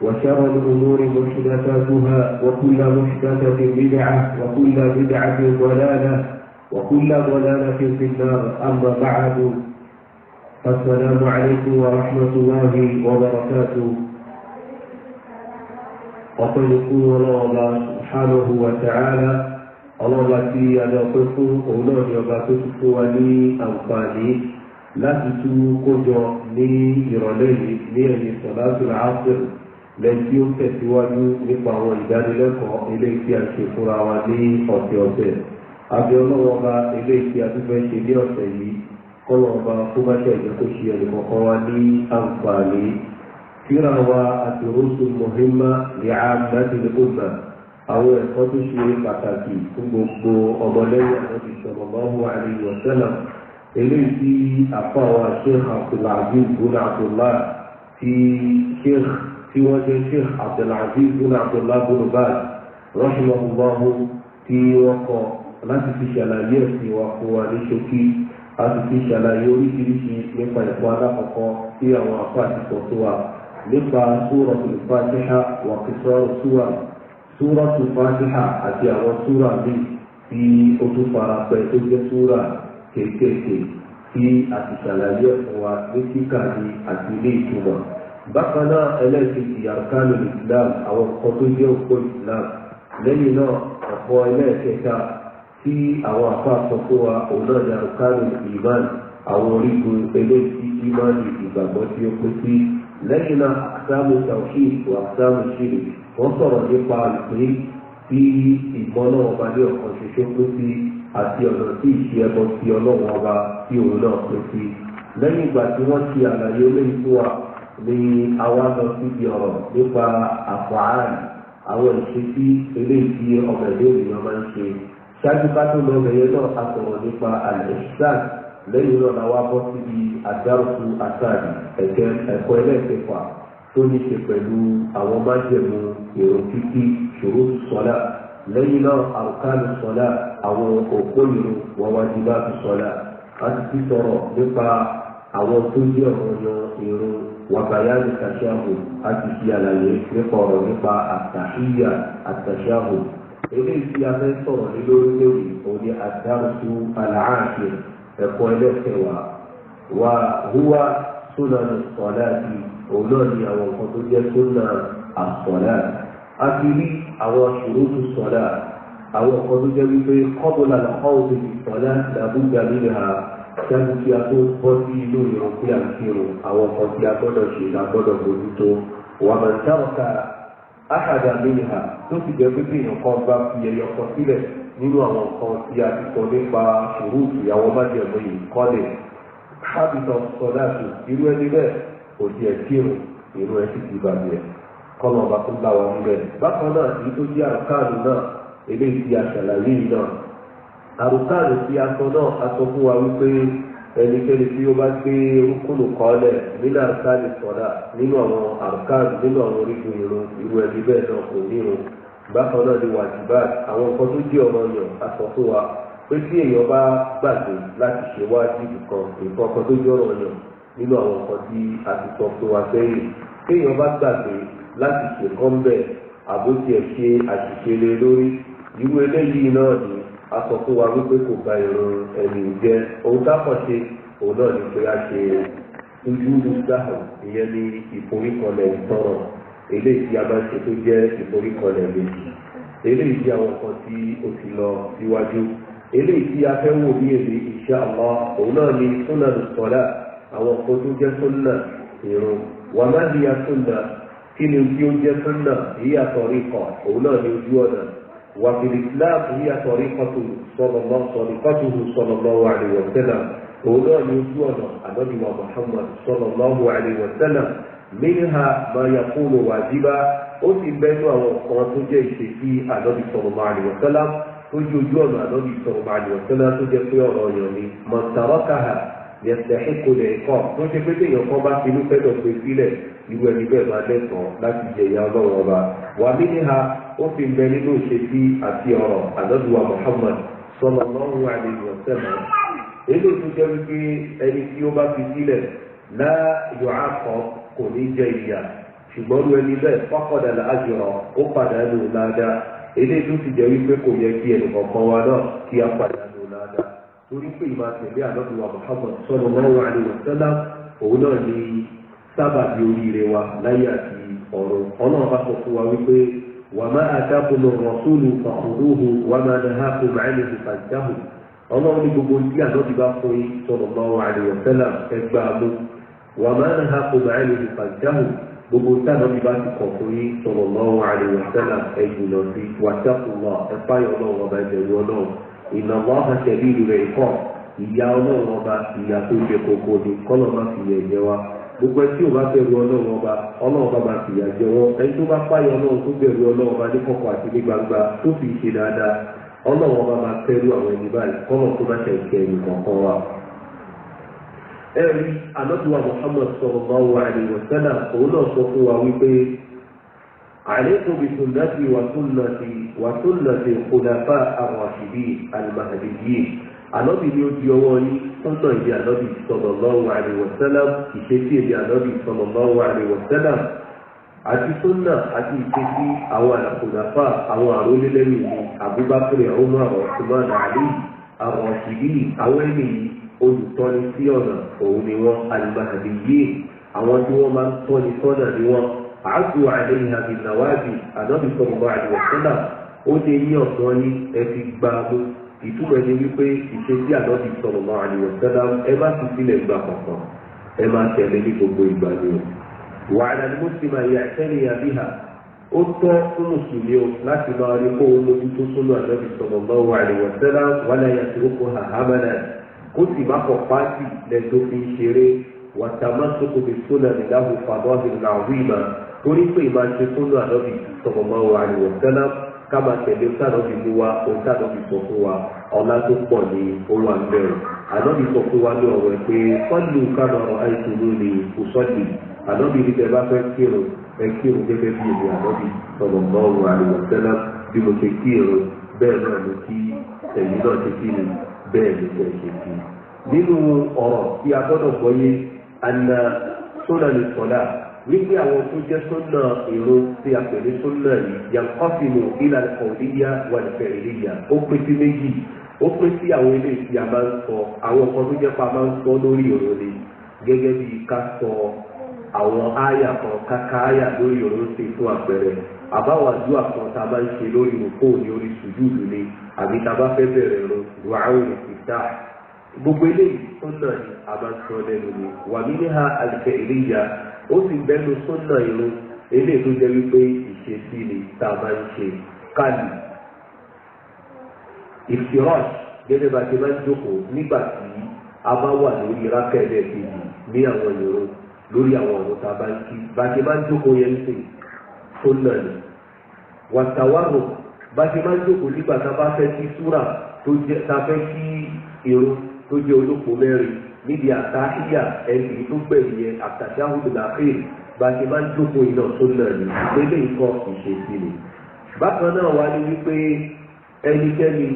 وشر الأمور محدثاتها وكل محدثة بدعة وكل بدعة ضلالة وكل ضلالة في النار أما بعد السلام عليكم ورحمة الله وبركاته ọ̀pẹ́ fún ọlọ́ọ̀lá ṣáàlọ́hù wàtàrà ọlọ́ọ̀lá tí a lọ pẹ́ fún òun náà ni ọba tó tún fún wa ní àǹfààní láti tún kójọ ní ìrọ̀lẹ́ yìí ní ẹ̀yìn sọ̀lá tó rà á pẹ̀lú lẹ́tí ó tẹ̀síwájú nípa àwọn ìdánilẹ́kọ̀ọ́ eléyìí tí a ṣe fúnra wa ní ọ̀sẹ̀ ọ̀sẹ̀ àbí ọlọ́wọ́ bá eléyìí tí a tún fẹ́ ṣe ní ọ̀sẹ̀ yìí kọ́lọ̀ ọba kó bá ṣe ìjọ tó ṣe ẹnìkọ̀ọ̀kan wa ní àǹfààní síra wa àti oṣù mọ̀hímà ní àmàtì lẹ́kọ̀ọ̀gbà àwọn ẹ̀kọ́ tó ṣe pàtàkì fún gbogbo ọmọlẹ́yìn àti ti Sheikh tí wọ́n ṣe sheikh abdulaziz bin abdullah bin baz rahimahullahu tí wọ́n kọ láti fi ṣàlàyé ẹ̀sìn wa fún wa ní ṣókí láti fi ṣàlàyé oríṣiríṣi nípa ẹ̀kọ́ alákọ̀ọ́kọ́ tí àwọn afọ àti sọ sí wa nípa suratul fatiha wà qisar súwà suratul fatiha àti àwọn súwà bíi tí ó tún fara pẹ́ tó jẹ́ súwà kéékèèké tí àti ṣàlàyé ẹ̀kọ́ wa ní kíkà ní àti ilé ìtumọ̀ bákan náà ẹlẹ́ẹ̀kejì àrùkánù islam àwọn kan tó jẹ́ òpó islam lẹ́yìn náà ọ̀pọ̀ ẹlẹ́ẹ̀kẹta tí àwọn àfa sọ fún wa òun náà ní àrùkánù iman àwọn orígun eléyìí iman ìgbàgbọ́ tí ó pín sí lẹ́yìn náà àkàtàmù tawhid wà àkàtàmù ṣìrì wọ́n sọ̀rọ̀ nípa ìpín tí ìmọ̀ ọba ní ọ̀kan ṣoṣo pín sí àti ọ̀nà tí ìṣe ẹbọ ti ọlọ́run ọba tí òun náà pín sí lẹ́yìn ìgbà tí wọ́n ti àlàyé olóyìn fún wa lè àwa lọ síbi ọ̀rọ̀ nípa àfọ̀hárì àwọn ìṣesí eléyìí tí ọmọ ẹ̀dẹ́ ènìyàn máa ń ṣe ṣáájú ká tó lọ bẹ̀yẹ náà a sọ̀rọ̀ nípa alẹ́sàn lẹ́yìn náà la wá bọ́ síbi àdárùkù àtàdì ẹ̀kẹ́ ẹ̀kọ́ ẹlẹ́ẹ̀kẹfà tó ní ṣe pẹ̀lú àwọn májẹ̀mú èrò kíkí ṣòro sọ́lá lẹ́yìn náà àrùkánù sọ́lá àwọn òpó ìrò bá ti sọ́lá a sọ̀rọ̀ nípa àwọn tó jẹ́ ọ̀rọ̀ yan èrò wàbàyáni tàṣáhù àti ṣe àlàyé nípa ọ̀rọ̀ nípa àtàhíyà àtàṣáhù eléyìí tí a fẹ́ sọ̀rọ̀ ní lórí lórí òní àdáhùsù àlàáṣe ẹ̀kọ́ ẹlẹ́kẹwàá wà húwà súnàní sọ̀láàtì òun náà ni àwọn nǹkan tó jẹ́ súnà àsọ̀láàtì a ti rí àwọn ṣòrótù sọ̀láàtì àwọn nǹkan tó jẹ́ wípé kọ́bùlà làkọ́ òfin sọ̀láàtì làbújá nílẹ̀ ha sẹ́nu tí a tó bọ́ sí inú ìran pé à ń kírun àwọn ọkọ̀ tí a gbọ́dọ̀ ṣe la gbọ́dọ̀ bójútó wà máa ń dáwọ́ta áṣàdà lóyìnbá tó sì jẹ́ pé kéèyàn kan bá fi ẹyọ kan sílẹ̀ nínú àwọn nǹkan tí a ti sọ nípa ṣòrúùtù ìyàwó májèmú yìí kọ́lẹ̀ hábìtọ̀ sọdáàtù irú ẹni bẹ́ẹ̀ kò tiẹ̀ kírun irú ẹ sì ti bàjẹ́ kọ́lọ̀ ọba tó bá wa níbẹ̀ bákan náà èyí tó jẹ́ àkáàlù náà náà àrùkárù tí a náà a fún wa wípé ẹnikẹ́ni tí ó bá gbé orúkúlù kọ́lẹ̀ nínú àrùkárù sọ̀dà nínú àwọn àrùkárù nínú àwọn orígun irun irú ẹni bẹ́ẹ̀ náà kò nírun bákan náà ni wàjibá àwọn nǹkan tó jẹ́ ọ̀rọ̀ yàn a fún wa pé tí èèyàn bá gbàgbé láti ṣe wájibu kan nǹkan kan tó jẹ́ ọ̀rọ̀ yàn nínú àwọn nǹkan tí a ti sọ fún wa sẹ́yìn téèyàn bá gbàgbé láti ṣe kọ́ńbẹ̀ àbótiẹ̀ ṣe àṣìṣe lé lórí irú eléyìí náà ni a sọ fún wa wípé kò bá irun ẹ̀mí jẹ́ ohun tápọ̀ ṣe òun náà ní pé a ṣe ojú ìdáhùn ìyẹn ní ìforíkọlẹ̀ ìtọ́rọ̀ eléyìí tí a máa ń ṣe tó jẹ́ ìforíkọlẹ̀ méjì eléyìí tí àwọn kan tí o ti lọ síwájú eléyìí tí a fẹ́ wò ní èdè insha Allah òun náà ní súnà sọ́lá àwọn kan tó jẹ́ súnà ìrun wà má ní a súnà kí ni tí ó jẹ́ súnà ìyàtọ̀ rí òun náà ní ojú ọ̀nà وفي الإسلام هي طريقة صلى الله طريقته صلى الله عليه وسلم هنا يوجد النبي محمد صلى الله عليه وسلم منها ما يقول واجبا ó ti bẹnu àwọn kan tó jẹ́ ìṣe sí ànábì sallallahu alaihi wasallam tó ju ojú ọ̀nà ànábì sallallahu alaihi wasallam tó jẹ́ pé ọ̀rọ̀ ọ̀yàn ni man tarakaha yastahiqqu al-iqab tó ṣe pé téèyàn kan bá finú fẹ́dọ̀ pé sílẹ̀ irú ẹni bẹ́ẹ̀ máa lẹ́tọ̀ọ́ láti jẹ ìyà ọlọ́run ọba wà mí níha ó fi bẹ nínú ìṣesí àti ọ̀rọ̀ àdọ́dúwà Muhammad sọlọ lọ́rùn àlejò sẹ́mọ̀ eléyìí tó jẹ́ wípé ẹni tí ó bá fi sílẹ̀ láàyò akọ kò ní jẹ ìyà ṣùgbọ́n lu ẹni bẹ́ẹ̀ fọ́kọ̀dà ó tó ti jẹ́ wípé kò yẹ kí wa náà kí á torí pé ìmọ̀ àtẹ̀lé àdọ́dúwà Muhammad sọlọ lọ́rùn òun náà ní sábàbí oríire wa láyé àti ọ̀rọ̀ ọlọ́run bá sọ fún wa wípé wà má àdákùn rọ̀súlù fàkùrúhù wà má nàhákù màálì fàjáhù ọlọ́run ní gbogbo ìdí bá fún yín sọ̀rọ̀ bá wà ẹgbẹ́ àmú gbogbo ìdí ànábì bá ti kọ̀ fún yín sọ̀rọ̀ bá wà àlèyàn sẹ́là ẹgbẹ́ lọ sí gbogbo ẹtí ò bá bẹ̀rù ọlọ́run ọba ọlọ́run bá máa fìyà jẹ wọn ẹni tó bá páyọ ọlọ́run tó bẹ̀rù ọlọ́run ọba ní kọ̀kọ̀ àti ní gbangba tó fi ṣe dáadáa ọlọ́run ọba máa kẹ́rù àwọn ẹni báyìí kọ́nà tó bá ṣe ìkẹ́ ẹni kọ̀ọ̀kan wa. ẹ̀rí alọ́dúnwà Muhammad sallallahu alaihi wasallam òun náà sọ fún wa wípé alaykum bi sunnati wa sunnati wa sunnati al-khulafa ànọ́bì ni ó di ọwọ́ yín ó tàn ìdí ànọ́bì sallallahu alaihi wasallam ìṣesí èdè ànọ́bì sallallahu alaihi wasallam àti sunna àti ìṣesí àwọn àlàkùnàfà àwọn àrólélẹ́yìn ní Abubakar Umar Usman Ali àwọn ọ̀sìbí àwọn ẹni yìí olùtọ́ni sí ọ̀nà òun ni wọ́n alùpàdé yìí àwọn tí wọ́n máa ń tọ́ni sọ́nà ni wọ́n àásù àdéhìn àbìnàwádìí ànọ́bì ó ṣe yí ọ̀sán ẹ fi gba gbogbo ìtumọ̀ ẹni wípé ìṣesí ànábì sọ̀rọ̀ máa ní ọ̀sẹ́dá ẹ má fi sílẹ̀ gbà kankan ẹ má tẹ̀lé ní gbogbo ìgbà ni o. wàhálà ni mùsùlùmí ayé àtẹ́lẹ̀ yàbí hà ó tọ́ fún mùsùlùmí o láti máa rí kó wọn lójú tó sólù ànábì sọ̀rọ̀ máa wà ní ọ̀sẹ́dá wàhálà yàtí ó hà hámánà kó sì má kọ̀ pàtì lẹ́tọ́ fi ń ṣeré wàtàmásókò ká máa tẹ̀lé sànàbí mú wa òun sànàbí sọ fún wa ọ̀la tó pọ̀ ní owó àgbẹ̀rù ànábì sọ fún wa ní ọ̀rọ̀ ẹ̀ pé sọ́ọ̀lù kámọ̀rọ̀ àìsùnú ni kò sọ́ọ̀lù ànábì ní bẹ́ẹ̀ bá fẹ́ kírun ẹ kírun gẹ́gẹ́ bí èmi ànábì sọ̀rọ̀ mọ́ ọ̀rọ̀ àríwọ̀ sẹ́lá bí mo ṣe kírun bẹ́ẹ̀ náà ló kí ẹ̀yìn náà ṣe kí ni bẹ́ẹ̀ ló fẹ́ ṣe kí. nínú ọ̀rọ̀ tí a gbọ́dọ̀ gbọ́yé àná sólà ní sọ́lá wípé àwọn tó jẹ́ sọ́nà ìrun tí a pè ní sọ́nà yìí yankọ́sìmù ìlànà ọ̀díyà wà ní fẹ̀rẹ̀lẹ́yà ó pé sí méjì ó pé sí àwọn ilé tí a máa ń sọ àwọn nǹkan tó jẹ́ pa máa ń sọ lórí ìrun ni gẹ́gẹ́ bí ká sọ àwọn àyà kan káka àyà lórí ìrun ṣe fún àpẹẹrẹ àbáwájú àkan tá a máa ń ṣe lórí òkú ní orí sùjúdù ni àbí tá a bá fẹ́ bẹ̀rẹ̀ ìrun rọ̀ àwọn ìfìtá gbogbo eléyìí sọ́nà àmàtọ́ lẹ́nu ni wà mí ní ha àlùfẹ́ ìléyà ó sì bẹ́nu sọ́nà irun eléyìí tó jẹ́ wípé ìṣesí ni tá a máa ń ṣe kálí ìfirọ́ọ̀ṣì gẹ́gẹ́ bá ti máa ń jókòó nígbà tí a bá wà lórí rákẹ́lẹ̀ kejì ní àwọn ìrún lórí àwọn ọ̀rọ̀ tá a bá ń kí bá ti máa ń jókòó yẹn sí sọ́nà ni wàtàwárò bá ti máa ń jókòó nígbà tá a bá fẹ́ kí súrà tó jẹ́ tá a fẹ́ kí irun tó jẹ́ olóko mẹ́rin níbi àtàkìyà ẹ̀yìn tó gbẹ̀yìn yẹn àtàkìyàwó làkèé bá a ṣe máa ń jókòó iná tó nà ní pélé nǹkan ìṣesí ni. bákan náà wá ní wípé ẹnikẹ́ni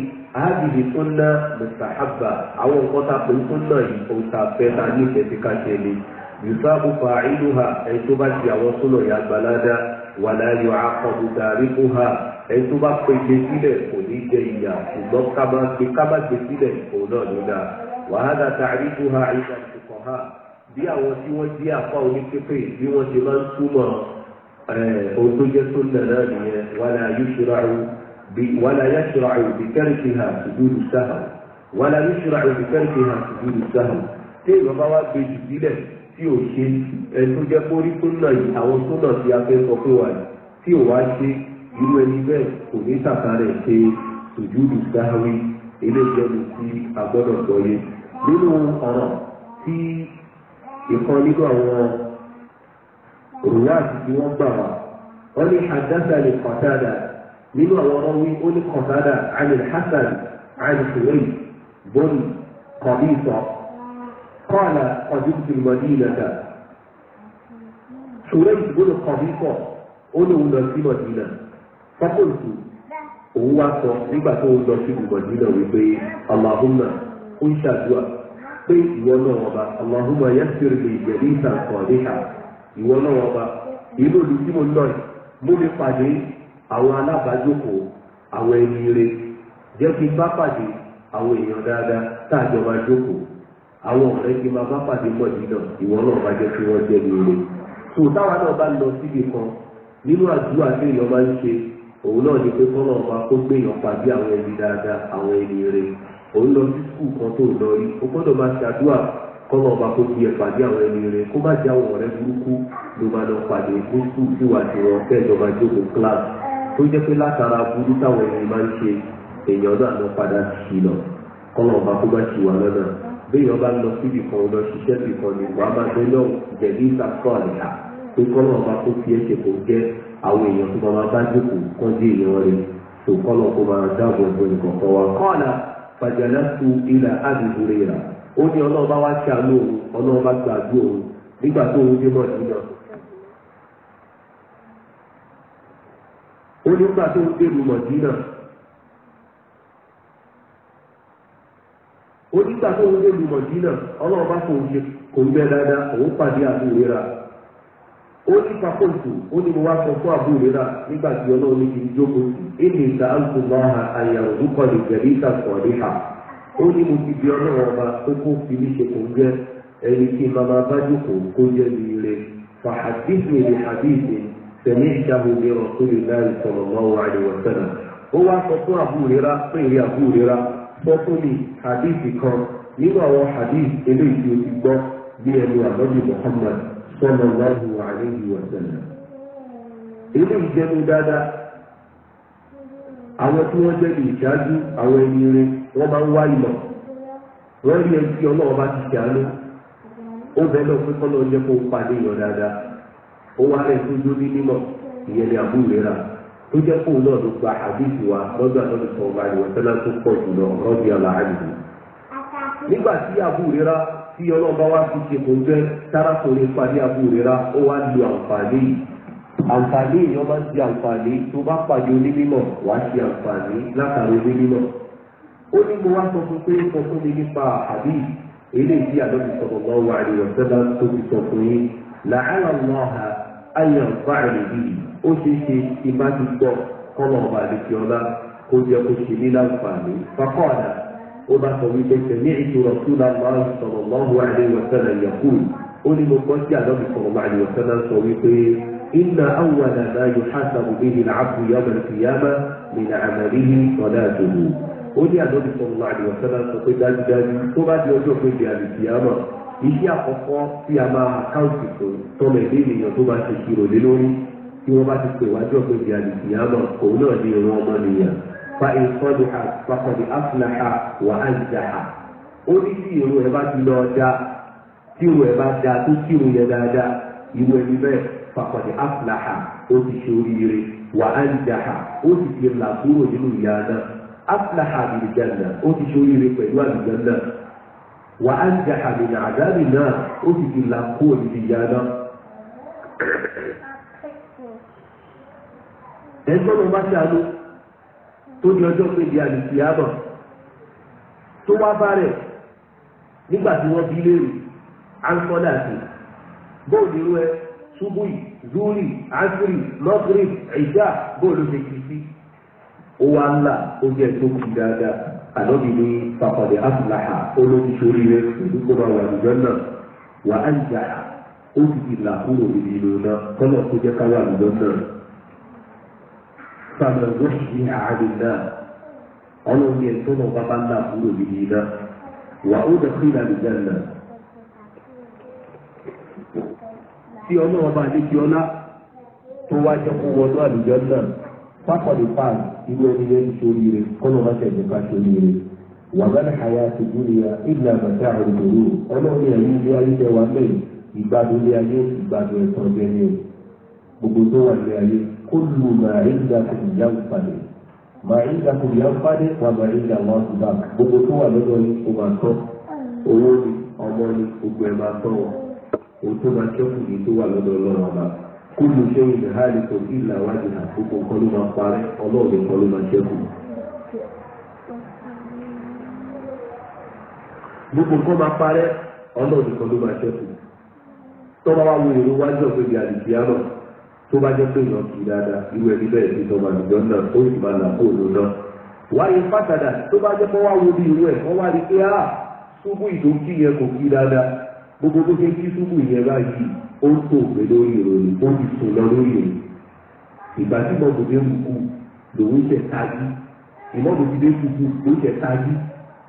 àádìdì tó ná mùsàhábà àwọn nǹkan tá a pè tó nà yìí òun fẹ́ ta ní ìtẹ̀síká ni yùsá òfà inú ha ẹni tó bá ṣe àwọn sólò yà gbalada wàlá yọ akọ̀bù dàrí ha ẹni tó bá pèsè sílẹ̀ kò ní jẹ ìyà ṣùgbọ́n ká bá sílẹ̀ òun náà ló dáa. وهذا تعريفها عند الفقهاء bí àwọn tí wọ́n jẹ́ apá onípépè bí wọ́n ti máa ń túmọ̀ ohun tó jẹ́ tó nà náà nìyẹn wàlá yusra'u bí wàlá yusra'u bí tarkiha sujudu sahw wàlá yusra'u bí tarkiha sujudu sahw tí èèyàn bá wá gbé jù sílẹ̀ tí eléyìí tí a gbọ́dọ̀ gbọ́ yé nínú ọ̀rọ̀ tí ìkan nínú àwọn òrùwá àti tí wọ́n gbà wá wọ́n ní àdáṣà lè kọ̀tàdà nínú àwọn ọ̀rọ̀ wí ó ní kọ̀tàdà àmì hasan àmì ṣùwẹ́yì bọ́ọ̀lù kọ̀bí sọ kọ́ọ̀là ọdún tìlùmọ̀dé ìlẹ̀dà ṣùwẹ́yì bọ́ọ̀lù kọ̀bí sọ ó lóun lọ sí mọ̀dínà fọ́kùnrin òun wá sọ nígbà tó ń lọ sí ìmọ̀dínà wípé Allahumma ó ń ṣàdúrà pé ìwọ náà ọba Allahumma yassir li jalisa saliha ìwọ náà ọba ìlú òní mo ń lọ yìí mú mi pàdé àwọn àwọn ẹni jẹ́ kí n bá pàdé àwọn èèyàn dáadáa tá a jọ máa jókòó àwọn ọ̀rẹ́ kí n máa bá pàdé òun náà ni pé kọ́nà ọba kó gbèyàn pàdé àwọn ẹni dáadáa àwọn ẹni rẹ̀ òun lọ sí skul kan tó lọ rí o gbọ́dọ̀ máa ṣe àdúrà kọ́nà ọba kó di ẹ̀ pàdé àwọn ẹni rẹ̀ kó má jẹ́ àwọn ọ̀rẹ́ burúkú ló máa lọ pàdé ní skul tí wàá ti rọ kẹ́ẹ̀jọba jókòó class tó jẹ́ pé látara burú táwọn ẹni máa ń ṣe èèyàn náà lọ padà sí lọ kọ́nà ọba kó má ti wà lọ́nà béèyàn bá lọ síbì kan lọ ṣiṣẹ́ bì kan ní wàá máa pé kọ́lọ̀ ọba tó fi ẹsẹ̀ kó jẹ́ àwọn èèyàn tó máa bá jókòó kọ́jú èèyàn rẹ̀ tó kọ́lọ̀ kó máa dáàbò bo nìkan wa. kọ́ọ̀nà fàjàlá tu ilà àdìgúrè rà ó ní ọlọ́run wá ṣe àánú òun ọlọ́run bá òun ó ní kakóòtù ó ní mo wá sọ fún àbúrò náà nígbà tí ọlọ́run ní kí n jókòó èmi ìta àlùkùnmọ́ àyàwó lùkọ́ ní gẹ̀rí ìtàkùn níhà ó ní mo ti di ọlọ́run ọba tó kó fi ní ṣe kò ń jẹ́ ẹni tí màmá bá jókòó kó jẹ́ mi rẹ̀ fàhàdìsì ní hàdìsì tẹ̀lé ìṣàbò ní ọ̀tún lè láì sọ̀rọ̀ mọ́ wa ni ó wá sọ fún àbúrò rẹ̀ pé sọ fún mi hàdìsì kan nínú àwọn hàdìsì eléyìí tí o ti gbọ́ bí ẹnu àlọ́bì Muhammad sọ́nà lọ́hùn àlejò ọ̀sẹ̀lẹ̀. eléyìí jẹ́nu dáadáa àwọn tí wọ́n jẹ́ ìṣáájú àwọn ẹni rẹ̀ wọ́n máa ń wá ìmọ̀ wọ́n rí ẹni tí ọlọ́run bá ti ṣàánú ó bẹ́ẹ̀ lọ pé kọ́nà jẹ́ kó pàdé yàn dáadáa ni àbúrò rà tó jẹ́ kóun wa tí ọlọ́ọ̀bá wá fi ṣe kòńgẹ́ tárakùnrin pàdé àbúrera ó wá lu àǹfààní yìí àǹfààní yìí wọ́n máa ń ṣe àǹfààní tó bá pàdé onímọ̀ wá ṣe àǹfààní látàrí onímọ̀ ó ní mo wá sọ fún pé ó sọ fún mi nípa àbí eléyìí sọ̀rọ̀ tó fi sọ fún yín làálà ó bá sọ wípé tẹ̀lé ètò ọ̀túnlá máa ń sọ̀rọ̀ lọ́wọ́ àdéhùwọ̀sánà yẹ̀kú ó ní mo gbọ́ sí àdọ́bì sọ̀rọ̀ àdéhùwọ̀sánà sọ wípé iná àwọn àdàdà yóò há sàbùdé ní làákù yọmọ ìyáma ní àmàlí ní sọ̀dá àjòwò ó ní àdọ́bì sọ̀rọ̀ àdéhùwọ̀sánà sọ pé dájúdájú tó bá di ọjọ́ pé di àdìsíyámà iṣẹ́ àkọ́kọ́ tí a máa àkáǹtì tó tọmọ ìdí ènìyàn tó bá ṣe kírò lé lórí tí wọ́n bá ti pè wájú ọ̀pẹ̀ di àdìsíyámà òun náà ní ìran ọmọ nìyàn فإن صلح فقد أفلح وأنجح ó ní tí ìrù ẹ̀ bá ti lọ ọjà tí ìrù ẹ̀ bá da tó kírun yẹn dáadáa ìwé ẹni bẹ́ẹ̀ faqad aflaha ó ti ṣe oríire wa anjaha ó sì ti là kúrò nínú ìyà náà aflaha bil janna ó ti ṣe oríire pẹ̀lú àlùjánnà wa anjaha min àdáàbì náà ó sì ti là kúrò nínú ìyà náà ẹgbẹ́ mi bá ṣe àlọ́ tó di ọjọ́ kejì àlùkìyàmọ̀ tó wá bá rẹ̀ nígbà tí wọ́n bí léèrè àǹkọ́dà sí bóòlù irú ẹ ṣubúì zúrì ásírì lọ́kìrì ìṣá bóòlù ṣe kì í sí. ó wá ńlá ó jẹ́ tó kù dáadáa ànábì ní pàpàdé afúláhà olóbi sórí rẹ pẹ̀lú kó wà lùjọ́ sábà wọ́ṣí àárín náà ọlọ́run yẹn tó náà bábá ńlá fún òbíní náà wà ó dẹ̀ fún ìlànà ìjà náà. tí ọlọ́run bá dé di ọlá tó wá jẹ́ kó wọnú àlùjọ náà pápọ̀lì pan irú ẹni wa kúlù màáyídàkùn yánfàdé màáyídàkùn yánfàdé wà màáyídàmọ́ bá gbogbo tó wà lọ́dọ̀ yìí kò máa tọ́ owó ni ọmọ ni gbogbo ẹ̀ máa tọ́ wọn òun tó máa kẹ́kù yìí tó wà lọ́dọ̀ ọlọ́run ọba kúlù ṣẹ́yìn ìhálì kò sí ìlàwádìí àkókò kan ló máa parẹ́ ọlọ́run kan ló máa ṣẹ́kù. gbogbo nǹkan máa parẹ́ ọlọ́run kan ló máa ṣẹ́kù tọ́ba wa wo ìró wájú ọ̀gbẹ́gbẹ́ àdìsí àná tó bá jẹ́ pé èèyàn kì í dáadáa irú ẹni bẹ́ẹ̀ ti tọ́ màlúùjọ́ náà ó sì máa là kó lò náà. wáyé fàtàdà tó bá jẹ́ pé wá wo bí irú ẹ̀ wọ́n wá rí pé á ah, ṣubú ìdókì yẹn kò kí dáadáa gbogbo tó ṣe kí ṣubú yẹn báyìí ó ń tó òpè lórí ìròyìn ó ti sùn lọ lórí ìròyìn. ìgbà tí mo ń kú lòun ṣe tají ìmọ̀bù ti lòun ṣe tají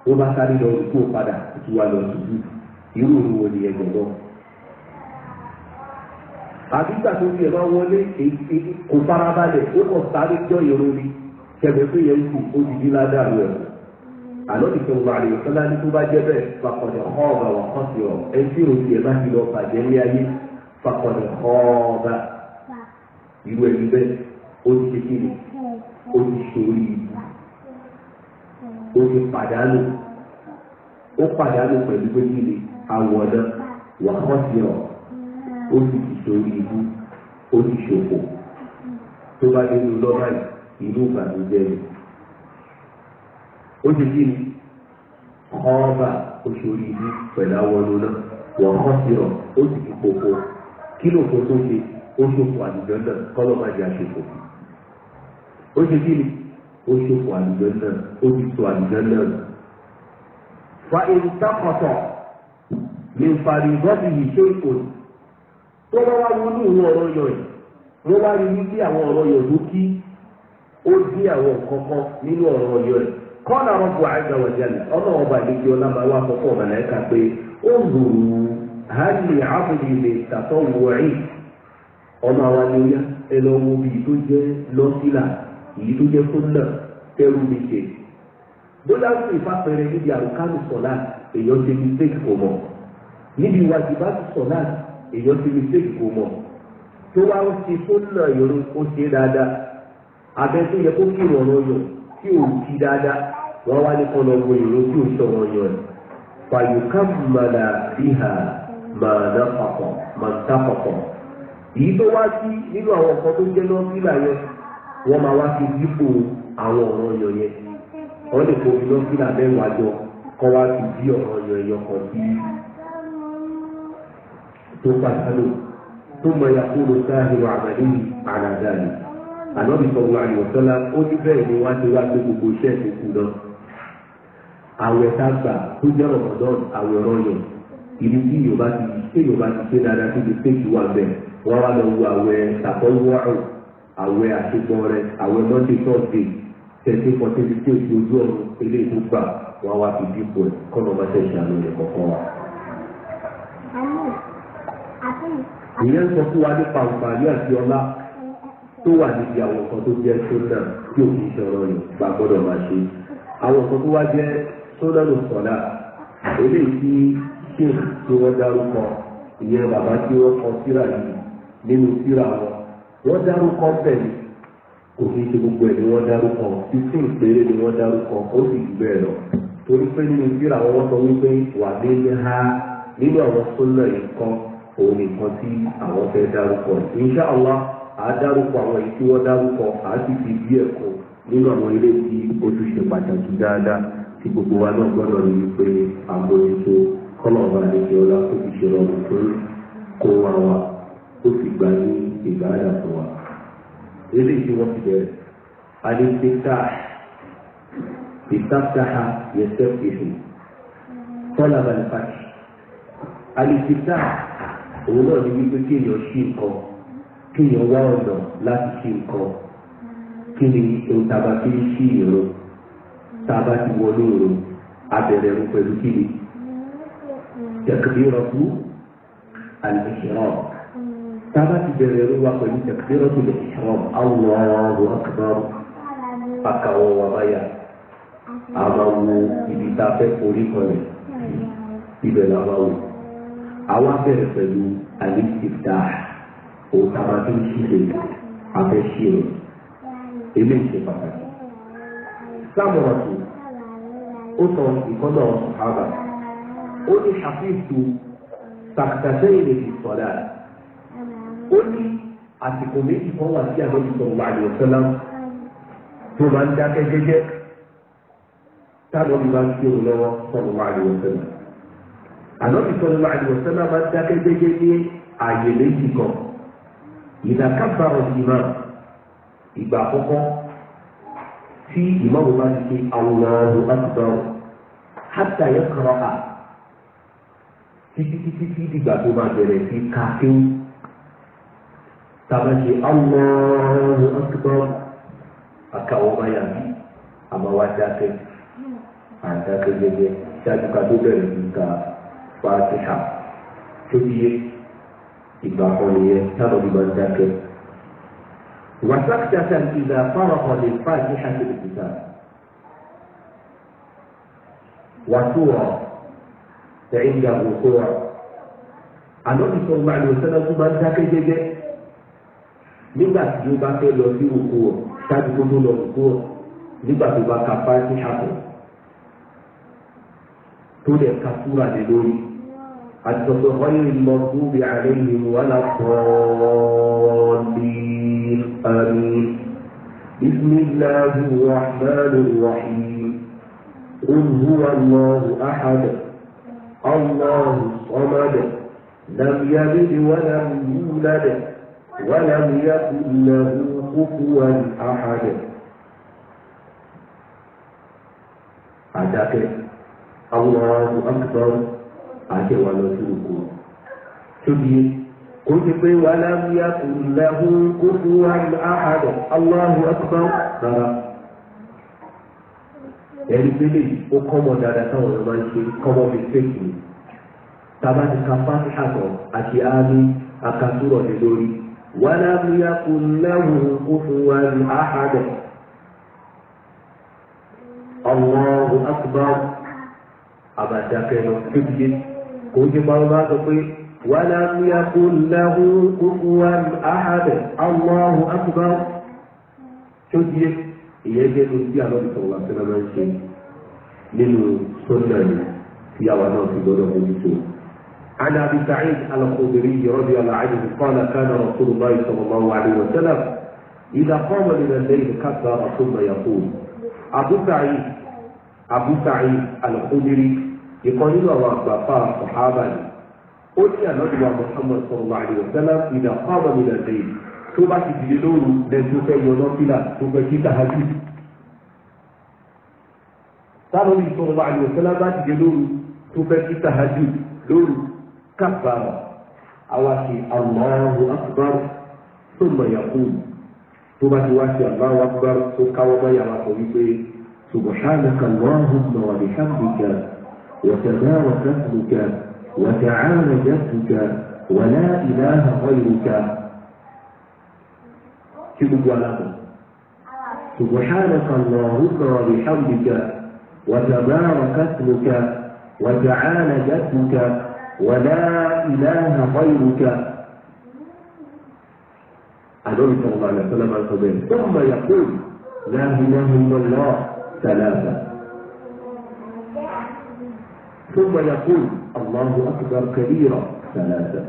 ó bá sáré lọ rúkú padà ìtura àbí gbà tó fi ẹ̀ máa wọlé kò farabalẹ̀ ó kọ̀ sáré jọ ìrún ni kẹ̀mẹ́ pé yẹn kù ó di nílá dàrú ẹ̀ àlọ́ ti fún wàlẹ̀ ìfọ́lá ní tó bá jẹ́ bẹ́ẹ̀ fakọ̀dẹ̀ ọ̀ọ̀bà wà kàn sí ọ̀ ẹ tí òsì ẹ̀ bá ti lọ bàjẹ́ ní ayé fakọ̀dẹ̀ ọ̀ọ̀bà irú ẹni bẹ́ẹ̀ ó ti ṣe kí ó ti ṣòrí ó ti pàdánù ó pàdánù pẹ̀lú pé kí ni wà kàn sí ọ̀ ó sì ti sórí ibú ó sì ṣòfò tó bá dé inú lọ́ba inú ìbànújẹ́ ni ó ti kí ni ọba oṣooṣi ibú pẹ̀lú àwọn ọdún náà wọ́n kọ́ sí ọ ó sì ti kókó kí ló kó tó ṣe ó ṣòfò àlùjọ náà kọ́lọ́ jẹ́ àṣòfò ó ṣe kí ni ó ṣòfò àlùjọ náà ó ti tó àlùjọ náà fa èrò tákọ̀tọ̀ lè fàrí bọ́ọ̀dì yìí ṣe ìkòlù. tó wọ́n wá wọnú ìwọ̀n ọ̀rọ̀ yọ̀ yìí wọ́n wá rí wípé àwọn ọ̀rọ̀ yọ̀ ló kí ó dé àwọn nǹkan kan nínú ọ̀rọ̀ yọ̀ yìí kọ́nà rọ́bù àìsàn wọ̀jẹ̀lẹ̀ ọlọ́run ọba àdéjì fọ́fọ́ pé ó hàlì àbùdí lè tàtọ́ ọmọ àwa ni ó yá ẹ lọ wo bí tó jẹ́ lọ́sílà èyí tó jẹ́ tẹ́rù mi ṣe bóyá èèyàn ti mistake kò mọ̀ tó wá ó ti tó nà yòrò ó ṣe dáadáa abẹ tó yẹ kó kírun ọ̀rọ̀ yàn tí ò ti dáadáa wọ́n wá ní kọ́nà ọgbọ́n yòrò tí ò sọ̀rọ̀ màdà màdà tó wá sí nínú àwọn tó máa wá sí dípò àwọn ọ̀rọ̀ yàn yẹn lè تسأل ثم يقول ساهر عمله على ذلك ànábì sọ̀rọ̀ àyọ̀sọ́lá ó ní bẹ́ẹ̀ ni wá ti wá pé gbogbo iṣẹ́ ìkókù náà àwẹ̀ tá gbà tó jẹ́ rọ̀mọ̀dán àwẹ̀ rọ̀yàn ibi tí yorùbá ti ṣe yorùbá ti ṣe dáadáa síbi péjì wà bẹ́ẹ̀ wọ́n wá lọ wo àwẹ̀ tàkọ́wọ́rùn àwẹ̀ àṣepọ̀ rẹ̀ àwẹ̀ mọ́tì tọ́sí tẹ̀sí fọ́tẹ́sí tí ojú ọ̀run eléyìí tó gbà wọ́n ìyẹn ń sọ fún wa nípa àǹfààní àti ọlá tó wà níbi àwọn kan tó jẹ́ sódà tí ò kìí ṣọ̀rọ̀ yìí gbà gbọ́dọ̀ máa ṣe àwọn kan tó wá sódà ló eléyìí tí tí dárúkọ ìyẹn bàbá tí kọ síra yìí nínú wọn dárúkọ kò ṣe gbogbo ni dárúkọ títí ni dárúkọ ó sì wọn sọ wípé wà ní ha nínú àwọn sódà òun nìkan tí àwọn fẹ́ dárúkọ insha Allah àá dárúkọ àwọn èyí tí wọ́n dárúkọ sì fi bí ẹ̀kọ́ nínú àwọn ilé tí ó tún ṣe pàtàkì dáadáa tí gbogbo wa náà gbọ́dọ̀ rí i pé àmójútó kọ́nà ọba àdéjọ ọlá tó fi ṣe rọrùn fún kó wa wa ó sì gbà ní ìgbàdà fún wa. eléyìí tí wọ́n ti bẹ̀rẹ̀ alẹ́sẹ̀tà ìtàkàhà yẹsẹ̀ òun náà ni wípé kéèyàn ṣí nǹkan kéèyàn wá ọ̀nà láti ṣí nǹkan kí ni ohun tá a bá fi ń ṣí ìrun tá a bá ti wọlé ìrun abẹ̀rẹ̀ ìrun pẹ̀lú kí ni tẹ̀kìdírọ̀kú àlùmíṣẹ́rọ̀ tá a bá ti bẹ̀rẹ̀ ìrun wa pẹ̀lú tẹ̀kìdírọ̀kú àlùmíṣẹ́rọ̀ Allahu akbar akàwọ̀ wà báyà àmàwò ibi tá a fẹ́ forí kan ibẹ̀ làwọn wò àwa bẹ̀rẹ̀ pẹ̀lú àlìsìtà òun táwa tó ń ṣiṣẹ́ abẹ́ṣe rẹ̀ eléyìí ṣe pàtàkì. sámúrọ̀tì ó sọ ìkọ́nà ọ̀hábà ó ní ṣàfihàn tàkìtàṣẹ́ ìrètí sọ̀dà ó ní àsìkò méjì kan wà sí àlọ́ ìsọ̀rọ̀ àyọ̀sọ́lá tó máa ń dákẹ́ jẹ́jẹ́ táwọn ìbá ń ṣe òun lọ́wọ́ sọ̀rọ̀ àyọ̀sọ́lá ànábì sọlọ àdìwọ sọlọ máa ń dákẹ́ jẹ́jẹ́ ní ààyè méjì kan ìdàkàbàrọ ìmọ̀ ìgbà àkọ́kọ́ tí ìmọ̀wò bá ti ṣe àwòrán bá ti dọ̀rọ̀ hátà yẹ kọ̀rọ̀ à títí títí tí ìdìgbà tó máa bẹ̀rẹ̀ sí kákéwù tàbá ṣe àwòrán bá ti dọ̀rọ̀ àkàwọ̀ máa yà bí àmọ́ wá dákẹ́ àdákẹ́ jẹ́jẹ́ ṣáájú ká tó bẹ̀rẹ̀ sí kákéwù fàtíhà tó yé ìgbà ọ̀nìyẹ táwọn ìgbà ń dákẹ́. wàsákìtàkà ìgbà fárọ̀kọ̀ lè fàtíhà tó lè kíkà. wàtúwọ̀ tẹ̀yìn ìyàwó kúrọ̀. àlọ́ ìfọ̀gbà ló sẹ́nà tó máa ń dákẹ́ gẹ́gẹ́ nígbà tí ó bá fẹ́ lọ sí òkú ọ̀ ṣáàbí tó tó lọ òkú ọ̀ nígbà tó bá ka fáìlì àpò tó lè ka súra lé lórí حتى غير المغضوب عليهم ولا الضالين آمين بسم الله الرحمن الرحيم قل هو الله أحد الله الصمد لم يلد ولم يولد ولم يكن له كفوا أحد الله أكبر àti wà lọ sí oko tóbi kó ti pé wà láwùyá kò lẹ́hu kó fi wà áhàdọ̀ aláhu akpọ̀ rárá ẹni pélé ó kọ́mọ dáadáa táwọn ọ̀rọ̀ máa ń ṣe kọ́mọ fi fèkì tàbá ti ka fásitì àti àmì akásúrọ̀ ní lórí wà láwùyá kò lẹ́hu kó fi lọ ojú bàbá sọ pé wàlá níyà kó lẹ́hu kókó wa áhàbẹ̀ Allahu akbar tó di yẹ ìyẹn jẹ́ ló bí àlọ́ ìtàn wà fẹ́rẹ́ máa ń ṣe nínú sọ́nà ni tí àwa náà fi gbọ́dọ̀ mú na ìkan nínú àwọn àgbàfà sọ̀hábà ni ó ní ànádùwà Muhammad sallallahu alaihi wasallam ìdá kọ́ọ̀mọ̀ mi nà dé tó bá ti dìde lóru lẹ́nu fẹ́ yọ lọ́fílà tó fẹ́ kí tàhájú. sáwọn sallallahu alaihi wasallam bá dìde lóru tó fẹ́ kí tàhájú lóru kàfàrà àwa ṣe Allahu akbar thumma yaqul tó bá ti wá sí Allahu akbar tó káwọ́ báyà wá sọ wípé subhanaka Allahumma wa bihamdika. وتبارك اسمك وتعالى جدك ولا إله غيرك سبحانك اللهم وبحمدك وتبارك اسمك وتعالى جدك ولا إله غيرك النبي صلى الله عليه وسلم ثم يقول لا إله إلا الله ثلاثة ثم يقول الله أكبر كبيرا ثلاثة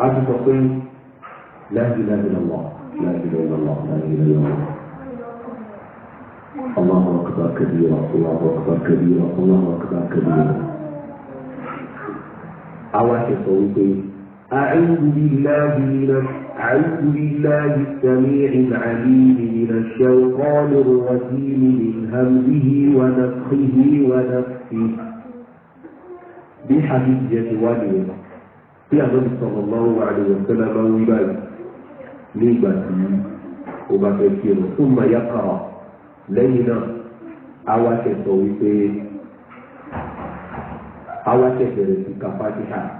عشان تقول لا إله إلا الله لا إله إلا الله لا إله إلا الله الله أكبر كبيرا الله أكبر كبيرا الله أكبر كبيرا أواحي صوتي أعوذ بالله من أعوذ بالله السميع العليم من الشيطان الرجيم من همزه ونفخه ونفخه sí bí hadith yẹn ti wá nìyẹn bí àlọ́bí sọ̀rọ̀ máa ń wà nìyẹn sẹ́lá máa ń wí báyìí ní ìgbà tí ó bá fẹ́ kí ẹnu fún màyà kàrà lẹ́yìn náà àwa tẹ̀sọ̀ wípé àwa rẹ̀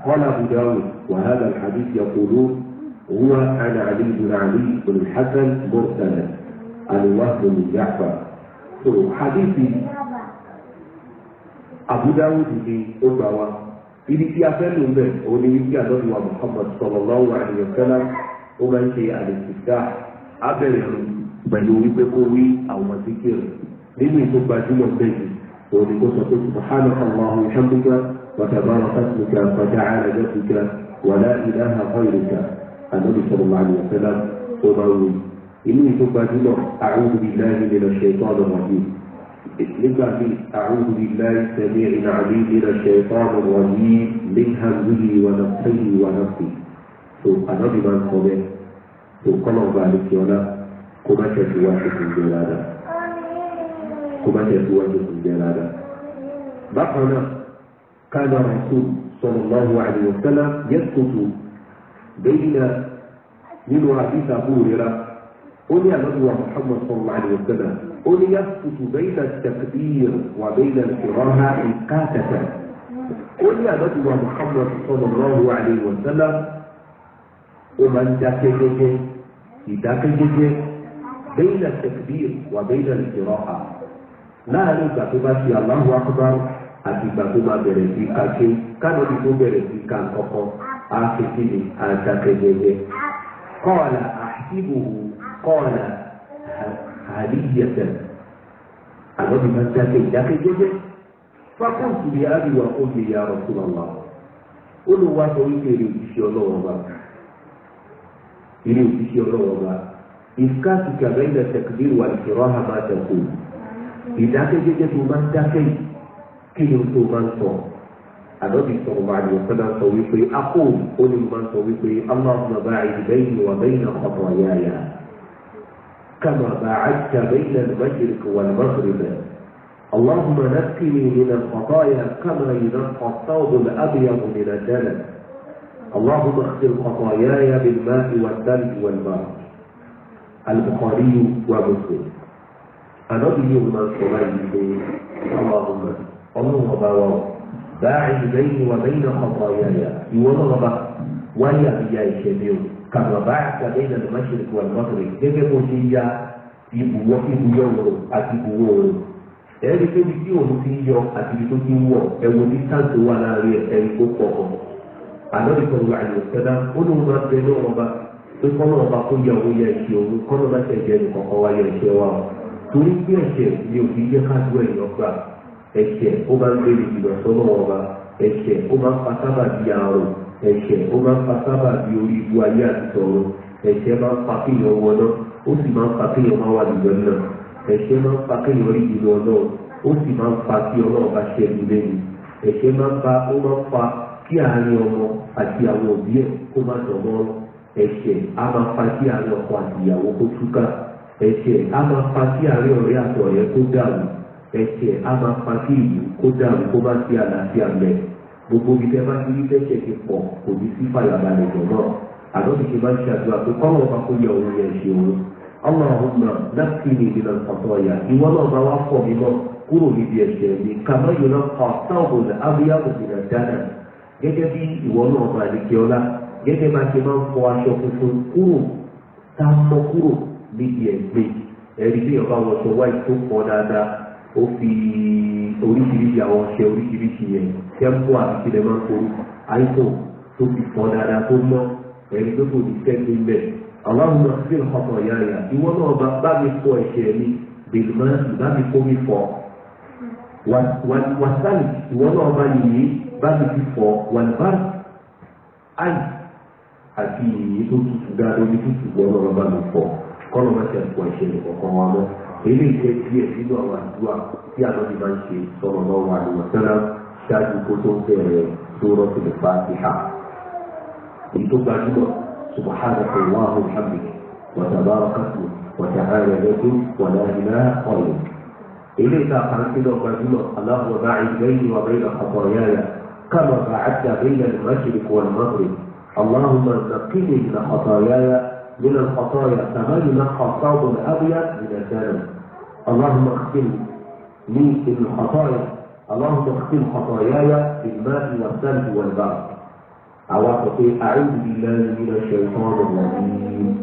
kọ́lá budáwù hadith yẹn kò ló àbúdáwùdù ni ó gbà wá ibi tí a fẹ́ lò ń bẹ̀ òun ni wípé àlọ́dù wa Muhammad sallallahu alaihi wasallam ó máa ń ṣe àlèkùsá abẹ́rẹ́ rẹ̀ pẹ̀lú wípé kó wí àwọn síkìrì nínú ìtò gbajúmọ̀ bẹ́ẹ̀ òun ni kó sọ pé subhanaka Allahumma wa hamdika wa tabaraka ismuka wa ta'ala jadduka wa la ilaha ghayruka àlọ́dù sallallahu ó máa wí inú ìtò gbajúmọ̀ a'udhu billahi نبعد أعوذ بالله السميع العليم من الشيطان الرجيم من همزه ونفسه ونفسه ثم أنا بمن قبل ثم قال ذلك ولا كما تسواكم جلالا كما تسواكم جلالا بقنا كان الرسول صلى الله عليه وسلم يسقط بين من حديث أبو هريرة قل يا محمد صلى الله عليه وسلم ó ní yàtùtù bẹ́yìnà tẹ̀kìdìyà wà bẹ́yìnà ìrọ́hà ìkáàtẹ̀tẹ̀ ó ní àdọ́tùwà Muhammad sallallahu alaihi wa sallam ó máa ń dákẹ́ jẹ́jẹ́ ìdákẹ́ jẹ́jẹ́ bẹ́yìnà tẹ̀kìdìyà wà bẹ́yìnà ìrọ́hà láàrin ìgbà tó bá fi Allahu akbar àti ìgbà tó máa bẹ̀rẹ̀ sí kàké kánọ́dì tó bẹ̀rẹ̀ sí ká kọ́kọ́ àkẹ́kẹ́ ni àdákẹ́ jẹ́jẹ́ kọ́ọ̀là àṣìbò kọ́ọ̀là àṣìbò àríyẹsẹ̀ àlọ́ mi máa ń dákẹ́ ìdákẹ́ jẹ́jẹ́ fákóǹtù bí ábí wà ó lè yára tó lọ wá ó lè wá sọ wípé èrè òṣìṣẹ́ ọlọ́wọ́ bá èrè òṣìṣẹ́ ọlọ́wọ́ bá ìskáàtì kàbẹ́ńdà tẹ̀kílì wà ìṣòro àbá tẹ̀kù ìdákẹ́ jẹ́jẹ́ tó máa ń dákẹ́ yìí kí ni tó máa ń sọ àdọ́bí sọ̀rọ̀ bá àdìyẹ fẹ́ náà sọ wípé akóòlù ó ní máa ń sọ wípé aláwọ̀ bàbá ìdìbẹ́yìn wà bẹ́yìn náà ọ̀pọ̀ yáyà. كما باعدت بين المشرق والمغرب اللهم نقني من الخطايا كما ينقى الثوب الابيض من الدلل اللهم اغسل خطاياي بالماء والثلج والبرد البخاري ومسلم النبي من اللهم اللهم باعد بيني وبين خطاياي يوم wáyé àbíyá ìṣẹ̀mí o kàmá báyà kàmé ìlànà máṣẹ́lẹ̀kọ̀ àlùmọ́tòrè gẹ́gẹ́ bó ṣe ya ibùwọ́ ibùyọ̀ òòrùn àti ibùwọ̀ òòrùn ẹ̀rí tó ti tí òun ti ń yọ àti ibi tó ti ń wọ̀ ẹ̀wọ̀n ní táǹtì wà láàrin ẹ̀rí tó pọ̀ ọ̀ àlọ́dì kan wà ní ọ̀sẹ̀dá ó ní wọn máa bẹ ní ọba pé kọ́nà ọba kó yẹ òun yẹ ẹ̀ṣẹ̀ òun kọ́nà bá ṣe ẹ̀jẹ̀ nìkan wá yẹ ẹ̀ṣẹ̀ wa torí pé ẹ̀ṣẹ̀ ni òfin jẹ́ ká dúró ẹ̀yọ́ gbà ẹ̀ṣẹ̀ ó máa ń gbé ìdìbò sọ́nà ọba ẹ̀ṣẹ̀ ó máa ń fa sábà di àrùn ẹ̀ṣẹ̀ ó máa ń fa sábà bí orí ibu ayé àti tọ̀run ẹ̀ṣẹ̀ máa ń fa kéèyàn wọ náà ó sì máa ń fa kéèyàn máa wà nìyọ náà ẹ̀ṣẹ̀ máa ń fa kéèyàn rí ìlú ọlọ́run ó sì máa ń fa kí ọlọ́run bá ṣe ẹni lẹ́nu ẹ̀ṣẹ̀ máa ń fa ó máa ń fa kí àárín ọmọ àti àwọn gbogbo ibi tẹ́ bá ti rí tẹ́sẹ̀ ti pọ̀ kò ní sí fàyàbalẹ̀ jọ̀mọ́ àdókè ṣe máa ń ṣàdúrà pé kọ́mọ̀ bá kó yẹ òun yẹn ṣe òun ọmọ àwọn ọmọ láti ní ìdènà ọ̀tọ̀ ọ̀yà ìwọ náà bá wá pọ̀ mímọ́ kúrò níbi ẹ̀ṣẹ̀ mi kàmá yóò náà kọ́ sọ́ọ̀bùn abúyáwò ìrìnà dáná gẹ́gẹ́ bí ìwọ náà ó fi oríṣiríṣi àwọn ọṣẹ oríṣiríṣi yẹn tẹ́ḿpù àti lẹ́mọ́ orúkọ àìsàn tó fi pọ̀ dáadáa tó mọ́ ẹ̀rí tó kò ní sẹ́ni bẹ́ẹ̀. Allahumma fíl ọmọ ìyá rẹ̀ ìwọ náà bá bá mi fọ ẹ̀ṣẹ̀ mi bèlùmọ́ bá mi kó mi fọ. wàsálì ìwọ náà bá yìí bá mi fi fọ wàlúbá àì àti ìyí tó tutù dáadáa omi tutù ìwọ náà bá mi fọ kọ́nà má ti àpò ẹ̀ṣẹ̀ èyí jẹ́ díẹ̀ nínú àwọn àdúrà tí àlọ́dì máa ń ṣe sọ̀rọ̀ lọ́wọ́ wa ní wọ̀sánná ṣáájú kó tó ń bẹ̀rẹ̀ sórọ́ tìlẹ̀ fàtíhà. èyí tó gbajúmọ̀ subhanaka Allahu wa bihamdika wa tabaraka wa ta'ala lẹ́dún wa la ilaha èyí ta àkàntì náà gbajúmọ̀ Allahumma ba'id bayni wa bayna khataayaya kama من الخطايا فغلم خطاب أبيض إذا كان اللهم اغفر لي من الخطايا اللهم اغفر خطاياي بالماء والثلج والبرد أو أعوذ بالله من الشيطان الرجيم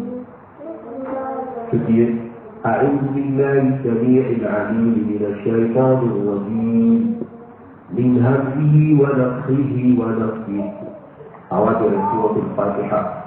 كثير أعوذ بالله السميع العليم من الشيطان الرجيم من همه ونفخه ونفخه أواتر سورة الفاتحة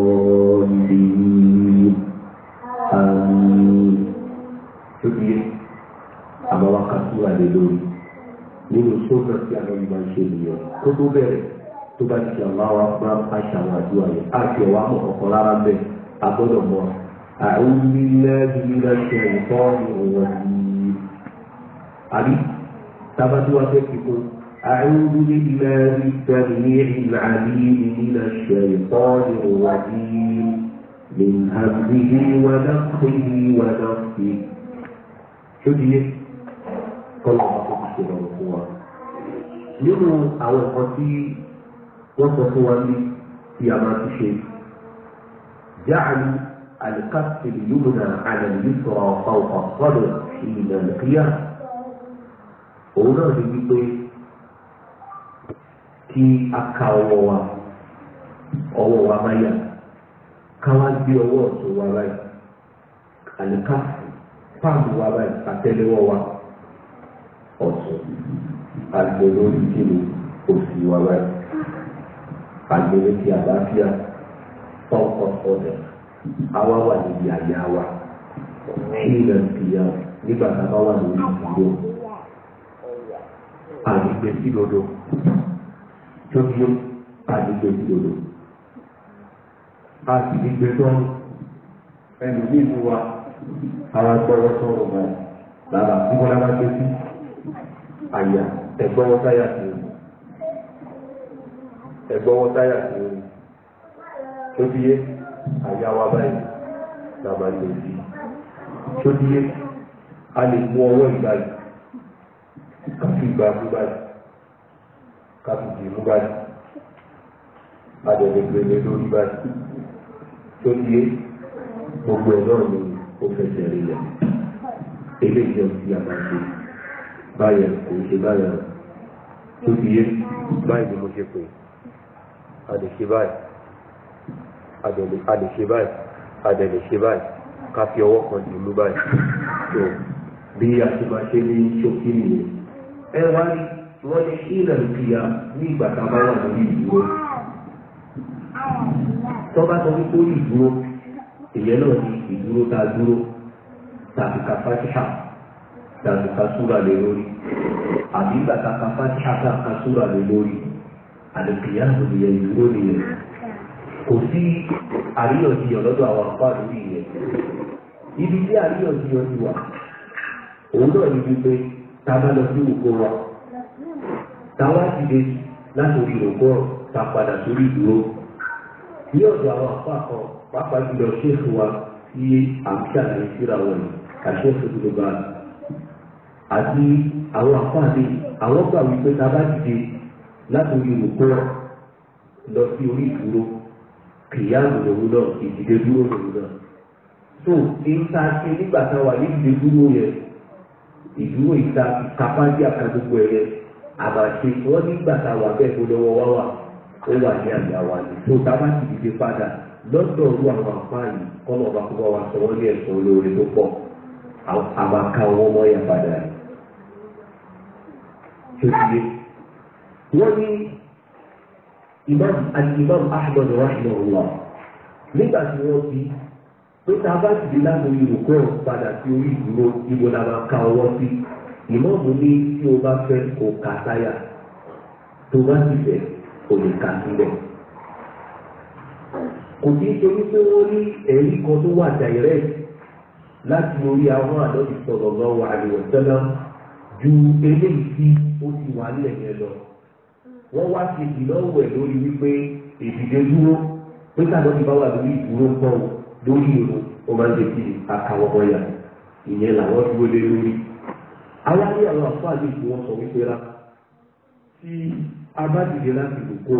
حميد حميد شكرا أما وقفوا على لوري nínú sókè tí àwọn ìgbà ń ṣe nìyẹn tó tó bẹ̀rẹ̀ tó bá ti àwọn àwọn apá àṣà àwọn àdúrà yẹn àti ọ̀wá mọ̀ ọ̀kan rárá bẹ́ẹ̀ agbọ́dọ̀ mọ́ أعوذ بالله السميع العليم من الشيطان الرجيم من همه ونقه ونقه ṣó di yé kọ́lá wa kó ṣe lọ fún wa nínú àwọn nǹkan tí wọ́n sọ fún wa ní tí a máa ti ṣe jáàlú alikásìlì yóòmùnà àlàyé sọ̀rọ̀ fáwọn ọ̀pọ̀lọ̀ ìlànà ìkíyà òun náà ní wípé kí a ka ọwọ́ wa ọwọ́ wa máa yàtọ̀ ká wá gbé ọwọ́ ọ̀tún wa báyìí àlùkà fáàmù wa báyìí àtẹ́lẹwọ́ wa ọ̀tún àgbẹ̀ lórí kíni òsì wa báyìí àgbẹ̀ létí àlàáfíà pọ́ńpọ́ ọ̀dẹ̀ àwa wà níbi àyà wa kí lè fi ya nígbà tá a bá wà lórí ìdúró àgbẹ̀ sí dodo tó yẹ àgbẹ̀ sí dodo. a sì fi gbé tọ́rù ẹnu ní ìlú wa ara gbọ́wọ́ sọ̀rọ̀ báyìí lára níbo lára gbé sí àyà ẹ̀gbọ́wọ́ táyà sí o ẹ̀gbọ́wọ́ táyà sí o tó bí àyà wa báyìí làbà lè fi tó bí a lè mú ọwọ́ ìgbà yìí mú tó yé gbogbo ẹ̀ náà ni ó fẹsẹ̀ rí lẹ̀ eléyìí náà ti àbáṣe báyà kò ṣe báyà tó ti yé báyìí ni mo ṣe pè àdèṣe báyìí àdèṣe báyìí àdèṣe báyìí ká fi ọwọ́ kan dì mú báyìí tó bí a ti máa ṣe ní ṣókí nìyẹn ẹ wá ní wọ́n ní ìlànà ìpìyà ní ìgbà tá a bá wà lórí ìdúró tọ́ba sọ wípé ó yìí dúró ìyẹn náà ni ìdúró tá a dúró tàbí ka fatiha tàbí ka súra lé lórí àbí bàtà ka fatiha tàbí ka súra lé lórí àdùkìyà nìyẹn ìdúró nìyẹn kò sí àríyànjiyàn lọ́dọ̀ àwọn àpá lórí yẹn ibi tí àríyànjiyàn ti wà òun náà ni wípé tá a bá lọ sí òkú wa tá a wá dìde láti orí òkú ọ̀ tá a padà sórí ìdúró ní ọ̀dọ̀ àwọn àpapọ̀ pàápàá jùlọ ṣéèfù wa tí à ń ṣàlàyé síra wọn yìí kàṣẹ́fù gbogbo àti àwọn àpáàdé àwọn gbà wípé tá a bá dìde láti orí olùkọ́ lọ sí orí ìdúró kìyà lòun náà ìdìde dúró lòun náà tó ìta ṣe nígbà tá a wà ní ìdìde dúró yẹn ìdúró ìta ìkápá jẹ́ àkàdúgbò ẹ̀yẹ àbàṣe wọ́n nígbà tá a wà bẹ́ẹ̀ kó lọ́wọ́ wá wà ó wà ní àyà wa ni tó ta bá ti dìde padà lọ́dọ̀ ọ̀rú àwọn àpá yìí kọ́nà ọba kó bá wa sọ wọ́n ní ẹ̀sán olóore tó pọ̀ àmàka wọn mọ́ yà padà yìí. tó ti yé wọ́n ní imam alimam ahmed rahimahullah nígbà tí wọ́n fi tó ta bá ti dìde láti ìrùkọ́ padà sí orí ìdúró ibo la máa ka ọwọ́ sí ní tí o bá fẹ́ kó kàtáyà tó bá ti fẹ́ o lè kà síbẹ̀. kò sí ṣe wípé wọ́n ní ẹ̀rí kan tó wà direct láti orí àwọn àdọ́bí sọ̀rọ̀ lọ́wọ́ àríwọ̀sẹ́lá ju eléyìí tí ó ti wà nílẹ̀ yẹn lọ. wọ́n wá ṣe ìdánwò ẹ̀ lórí wípé èdìdé dúró pé káàdọ́ ti bá wà lórí ìdúró pọ̀ lórí ìrò ó máa ń ṣe kí àkàwọ̀ ọmọ ìyẹn làwọn dúró lé lórí. aláyé àwọn àfáà lè wọn sọ wípé rárá tí a bá dìde láti lòkó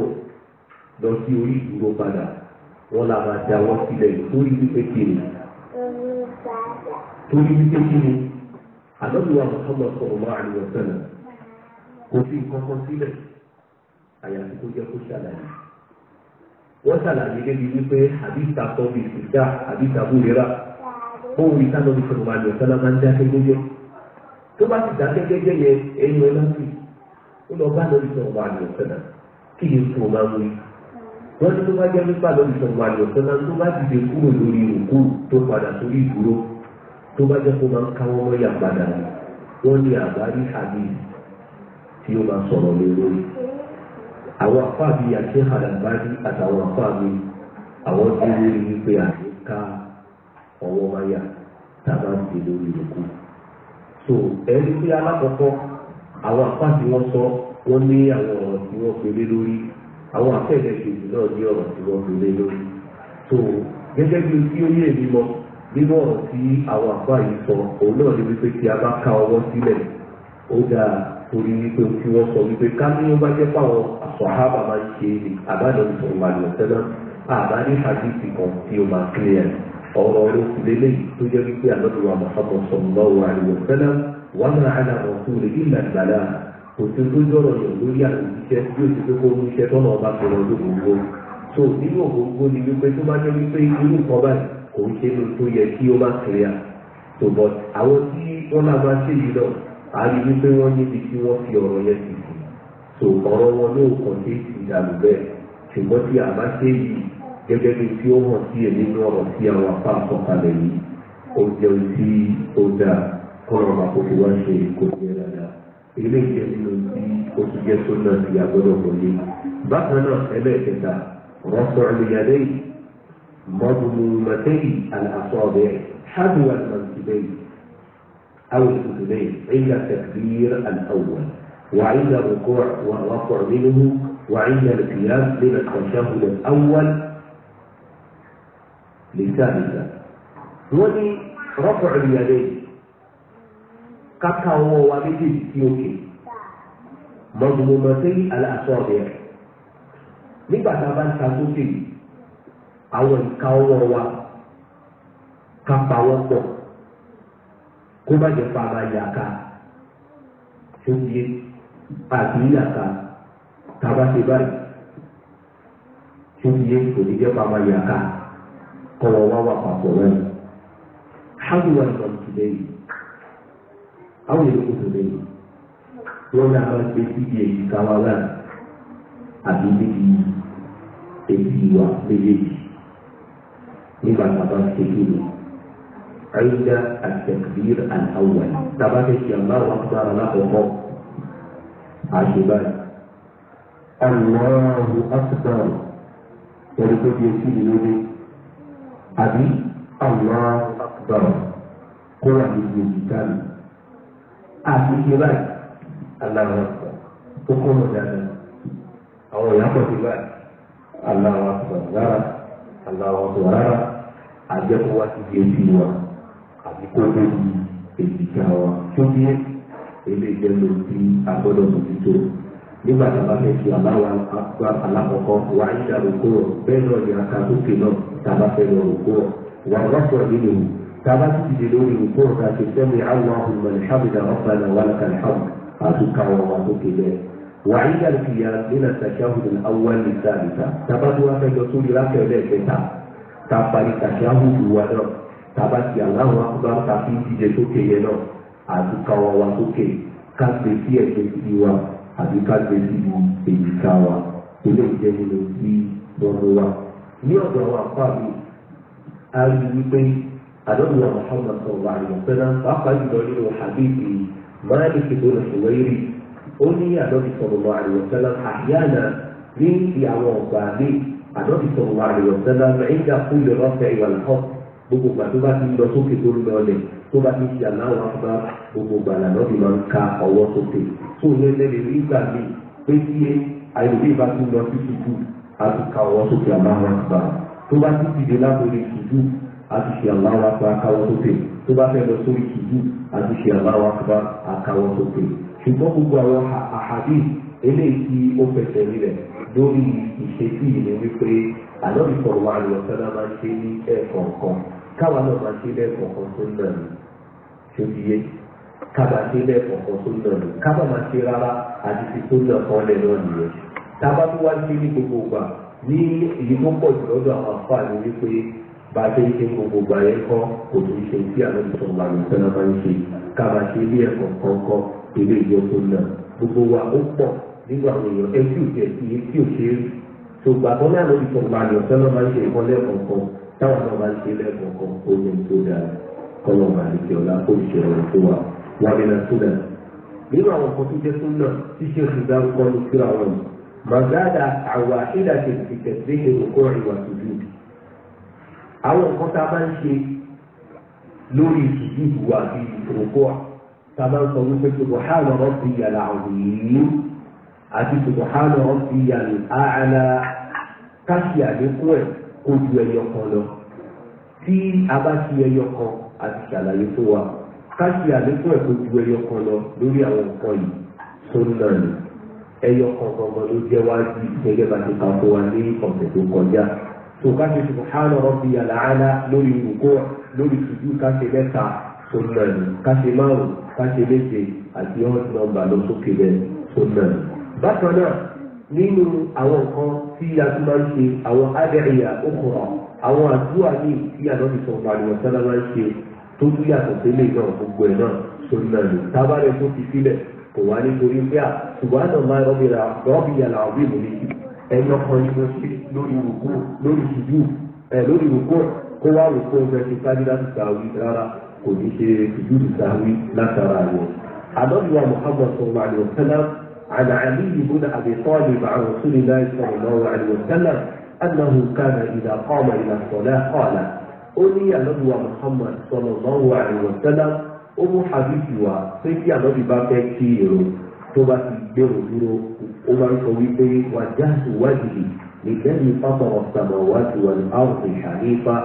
lọ sí orí ìdúró padà wọn là máa da wọn sílẹ̀ lórí wípé kiri torí wípé kiri àlọ́dúnwà mọ̀tọ́mọ̀ sọ̀rọ̀ máa ń lọ sẹ́nà kò fi nǹkan kan sílẹ̀ àyàfi kó jẹ́ kó ṣàlàyé wọ́n ṣàlàyé débi wípé àbí ìtakọ̀ bíi ìsìnká àbí ìtàbúrẹ́rà ohun ìtànà ìṣòro máa lọ sẹ́nà máa ń dá gẹ́gẹ́ tó bá ti dá gẹ́gẹ́ yẹn ẹnu ẹ lọ́sìn ó lọ bá lórí sọ̀rọ̀ wà ní ọ̀sẹ̀ náà kí ni tó máa ń wí. wọ́n ní tó bá jẹ́ nípa lórí sọ̀rọ̀ wà ní ọ̀sẹ̀ náà tó bá dìde kúrò lórí òkú tó padà sórí ìdúró tó bá jẹ́ kó máa ń káwọ́ mọ́yà padà wọ́n ní àbárí àbí tí ó máa sọ̀rọ̀ lé lórí. àwọn àpá mi àti àdàbárí àtàwọn àpá mi àwọn tí ó rí wípé àyíká ọwọ́ máyà tàbá ń dè lórí òkú. so ẹni pé alákọ̀ọ́kọ́ àwọn apá tí wọ́n sọ wọ́n ní àwọn ọ̀rọ̀ tí wọ́n pèlé lórí àwọn afẹ́fẹ́ kejì náà ní ọ̀rọ̀ tí wọ́n pèlé lórí tó gẹ́gẹ́ bí tí ó yé mi lọ nínú ọ̀rọ̀ tí àwọn apá náà ní wípé a bá ká ọwọ́ sílẹ̀ ó dáa torí wípé tí wọ́n sọ wípé ká ní bá jẹ́ máa ń ṣe é náà àbá ní wa على الرسول إلا البلاغ kò sí tó dọ̀rọ̀ yàn lórí àwọn òṣìṣẹ́ bí ó ti pé kó ní iṣẹ́ tọ́nà ọba tó so nínú ògbóngbó ni wípé tó bá jẹ́ wípé irú nǹkan báyìí but àwọn tí wọ́n náà ṣe yìí náà a rí wípé wọ́n níbi tí wọ́n fi ọ̀rọ̀ yẹn sì sí so ọ̀rọ̀ wọn ló kàn dé ìdàlù bẹ́ẹ̀ ṣùgbọ́n tí a bá ṣe yìí gẹ́gẹ́ bí tí ó hàn sí ọ̀rọ̀ kọ́rọ̀ máa kó fi wá ṣe kò jẹ́ dáadáa eléyìí jẹ́ nínú tí ó ti jẹ́ sọ́nà tí a gbọ́dọ̀ wọlé bákan náà ẹlẹ́ẹ̀kẹta rọ́pọ̀ ẹ̀lẹ́yàdẹ́ yìí mọ́dúnmú mẹ́tẹ́yì àlàáfọ́ ọ̀bẹ ṣáàdùwà màtìbẹ́ yìí àwọn ìkùtùbẹ́ yìí ẹ̀yà tẹ̀kìrìr àlàwọ̀ وعند الركوع والرفع منه وعند القيام من التشهد الأول لثالثة ولرفع اليدين káka ọwọ́ wa méjèèjì sí òkè mọ̀gbọ̀mọ̀ sẹ́yìn aláàtọ̀ rẹ̀ nígbà tá a bá ń ta sókè àwọn ìka ọwọ́ wa ká pa wọ́n pọ̀ kó má jẹ́ pa máa yàká sókè àti yàká tá a bá ṣe báyìí sókè kò ní jẹ́ pa máa yàká kọ̀wọ́ wá wà papọ̀ rẹ̀. How do I come today? àwọn èèyàn kò tẹ̀lé yìí wọ́n ní àwọn ṣe síbi èyí káwa náà àbí níbi èyí wa méjèèjì nígbà bàbá ṣe kí ni àyíká àtẹ̀kìbír àláwọ̀ tàbá ṣe ṣe àbáwọ̀ àkùbára lákòókò àṣìbá Allahu akbar ẹni tó di etí lóde àbí Allahu akbar kó wà ní ìgbèjì káàmì àti ṣe báyìí aláwọ̀ tó kúrò dáadáa àwọn ìyàpọ̀ ti báyìí aláwọ̀ àtùwọ̀ rárá aláwọ̀ àtùwọ̀ rárá àjẹkù wa ti di etí wa àti kó tó di èjìká wa tó bí èlé ìjẹun ti agbọ́dọ̀ mójútó nígbà tí a bá fẹ́ fi aláwọ̀ alákọ̀ọ́kọ́ wà á yíra bẹ́ẹ̀ náà ni a ka náà tá a bá fẹ́ lọ wà á rọ́pò nínú tàbá ti dìde lórí òkú ọ̀gá ti sẹ́mi àwọn ọ̀hùnmọ̀ ìṣàbùdà ọ̀gbà náà wà lákàlẹ̀ hàn àtúkà wọn wà tó kéde. وعند القيام من التشهد الأول للثالثة تبدو أن يصول لك لفتة تبدو التشهد ونا تبدو الله أكبر تبدو تجسوك ينا أدوك وواسوك كذبتي أجسيوا أبي كذبتي أجسوا ilé ìjẹun ló ti lọ́rọ̀ wa ní ọ̀dọ̀ àwọn àpá mi a rí i wípé àdókòwò Muhammad sallallahu alaihi wa sallam pàápàá jùlọ nínú habibi Malik ibn Huwairi ó ní àdókòwò sallallahu alaihi wa sallam àyànà ní ti àwọn ọ̀gbà ní àdókòwò sallallahu alaihi wa sallam ẹ̀yìnká fún ìlọ́rọ̀ fẹ́ ìwà lọ́kọ̀ gbogbo ìgbà tó bá ti lọ sókè tó lọ lẹ̀ tó bá ti ṣe aláwọ̀ àgbà gbogbo ìgbà làdókòwò máa ń ka ọwọ́ sókè tó yẹn lẹ́lẹ̀ nígbà míì pé kí àyòrí bá tún lọ sí ṣùkú àti ka ọwọ́ sókè aláwọ̀ àgbà tó bá ti dìde lábẹ́rẹ́ ṣùkú àti ṣe aláwọ̀ akpa akáwọ́ sókè tó bá fẹ́ lọ sórí ìṣíjú akpa sókè gbogbo àwọn àhàdí eléyìí tí ó fẹsẹ̀ nílẹ̀ lórí ìṣesí ìlú wípé àlọ́bí wa lọ sọ́dá máa ṣe ní ẹ̀ẹ̀kọ̀ọ̀kan káwa náà máa ṣe lẹ́ẹ̀kọ̀ọ̀kan tó ń nàní tó ti yé kábà ṣe lẹ́ẹ̀kọ̀ọ̀kan tó ń nàní kábà máa ṣe rárá àti ti tó nà kan lẹ̀ náà nìyẹn wá ṣe ní gbogbo ìgbà ní bá a ṣe ń ṣe gbogbo gbà yẹn kọ́ kò tún ṣe tí àwọn ìṣòro wà ní sọ́nà máa ń ṣe ká máa ṣe ilé ẹ̀kọ́ kọ́kọ́ ilé ìjọba náà gbogbo wa ó pọ̀ nínú àwọn èèyàn ẹtí òjẹ tí etí òṣèré ṣùgbọ́n àtọ́lé àwọn ìṣòro wà ní sọ́nà máa ń ṣe ẹ̀kọ́ lẹ́ẹ̀kọ̀ọ̀kan táwọn náà máa ń ṣe lẹ́ẹ̀kọ̀ọ̀kan ó ní tó dáa kọ́lọ̀ máa ní kí ọ̀la kó ìṣòro fún wa wàmí náà tó dáa nínú àwọn nǹkan tó jẹ́ súnà tí ṣe fi dá ń kọ́ ní síra wọn màgáàdà àwọn àṣídàṣe ti tẹ̀síhìn òkú àríwá tó dùn àwọn nǹkan tá a bá ń ṣe lórí ìṣùjú wa bíi ìṣòro tá a bá ń sọ wípé subhana rabbiyal azim àti subhana rabbiyal a'la káṣí àlékún ẹ̀ kó ju ẹyọ kan lọ tí a bá ṣe ẹyọ kan àti ṣàlàyé fún wa káṣí àlékún ẹ̀ kó ju ẹyọ kan lọ lórí àwọn nǹkan yìí sọ́nà ẹyọ kan gangan ló jẹ́ wájú gẹ́gẹ́ bá ti kà fún wa ní ọ̀sẹ̀ tó kọjá tó ká ṣe subhana rabbiyal a'la lórí ìwòkó lórí ìtújú ká ṣe mẹ́ta sunna ni ká ṣe márùn ká ṣe méje àti ọ̀n nọmba lọ sókè bẹ́ẹ̀ sunna ni. bákan náà nínú àwọn nǹkan tí a tún máa ń ṣe àwọn adẹ́rìyà ukhra àwọn àdúrà ní tí àdọ́bí sọ̀rọ̀ àdìwọ̀n sábà máa ń ṣe tó tún yàtọ̀ sílé náà gbogbo ẹ̀ náà sunna ni tábàlẹ̀ tó ti sílẹ̀ kò wá nítorí pé à ah, subhana máa rọ́bì yàrá ọ̀bí ẹ̀yìn ọkọ̀ yìí lọ sí lórí ìwòkó lórí ìdú ẹ̀ lórí ìwòkó kó wá òkú ọgbẹ́ ti sáájú láti sàwí rárá kò ní ṣe ìdú ìsàwí látara rẹ̀. àdọ́bíwá muhammad sallallahu alayhi wa sallam عن علي بن ابي طالب عن رسول الله صلى الله عليه وسلم انه كان اذا قام الى الصلاه قال اني النبي محمد صلى الله عليه وسلم ó mú hadithi wá pé kí ànábì bá fẹ́ kí irun tó bá ti gbèrò dúró ó máa ń sọ wípé wàjá ìwádìí nìkẹ́ni pápá ọ̀sàmọ̀ wájú wà ní áwùjọ ìṣàlífà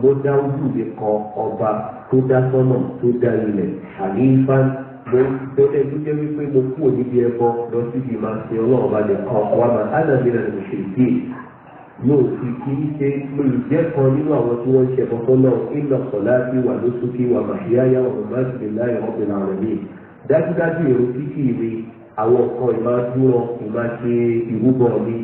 mo dá ojú mi kan ọba tó dá sọ́nà tó dá ilẹ̀ àlífà mo tẹ́lẹ̀ tó jẹ́ wípé mo kú òníbi ẹbọ lọ síbi máa ṣe ọlọ́run bá lẹ̀ kan wá máa ádàbíra lè ṣe ìdí yóò fi kí í ṣe mo lè jẹ́ kan nínú àwọn tí wọ́n ń ṣẹbọ sọ́nà ìlọ sọ̀láàbí wà lóṣù kí wà màṣíyáyá wà màṣíyáyá wà màṣíyáyá wà màṣíyáyá dájúdájú èrò kíkì mi àwọn nǹkan ìmáa dúró ìmáa ṣe ìrúbọ mi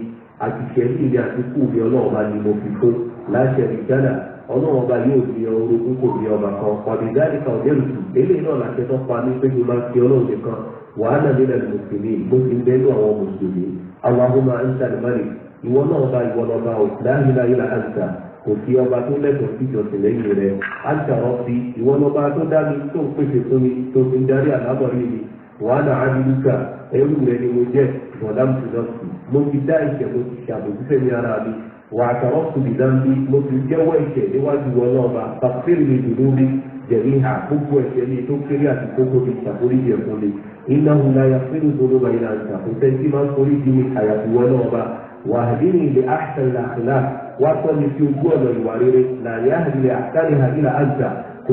àti ṣẹ́yìn mi àti kù mi ọlọ́run bá ní mo fi fún láṣẹ mi jálà ọlọ́run ọba yóò di orogún kò ní ọba kan pàdéjáde kan ọ̀dẹ́rù tù eléyìí náà làṣẹ tó pa ní pé mo máa fi ọlọ́run nìkan wàhálà nílẹ̀ mùsùlùmí mo ti ń bẹ́nu àwọn mùsùlùmí Allahumma anta al-malik ìwọ náà bá ìwọ náà bá ò láhìláyìí là àǹtà kò sí ọba tó lẹ́tọ̀ọ́ sí ìjọsìn lẹ́yìn rẹ̀ àǹtà ọ̀sìn ìwọ náà tó dá mi tó pèsè fún mi tó fi ń darí àlámọ̀rí mi wàhálà ábílíkà ẹrú rẹ ni mo jẹ bọ̀dámsì lọ́sì mo fi dá ìṣẹ̀ mo ti ṣàbòjúfẹ́ ní ara mi wà á tọrọ kùbì dáńbí mo fi jẹ́wọ́ ìṣẹ̀ níwájú ọlọ́ọ̀ba pàṣírí mi dùnú mi jẹ̀mí hà gbogbo ẹ̀ṣẹ̀ mi tó kéré àti kókó mi ṣàforíjì ẹ̀kún mi iná hu la yàfẹ́rù gbogbo bàyìí náà ṣàkóso ẹtí máa ń forí di mi àyàfi ọlọ́ọ̀ba wà á dín ní ilé àṣẹ làkìlá wá tọ́ mi sí ojú ọ̀nà ìwà rere làyà ilé àṣẹ àdìhà àjà kò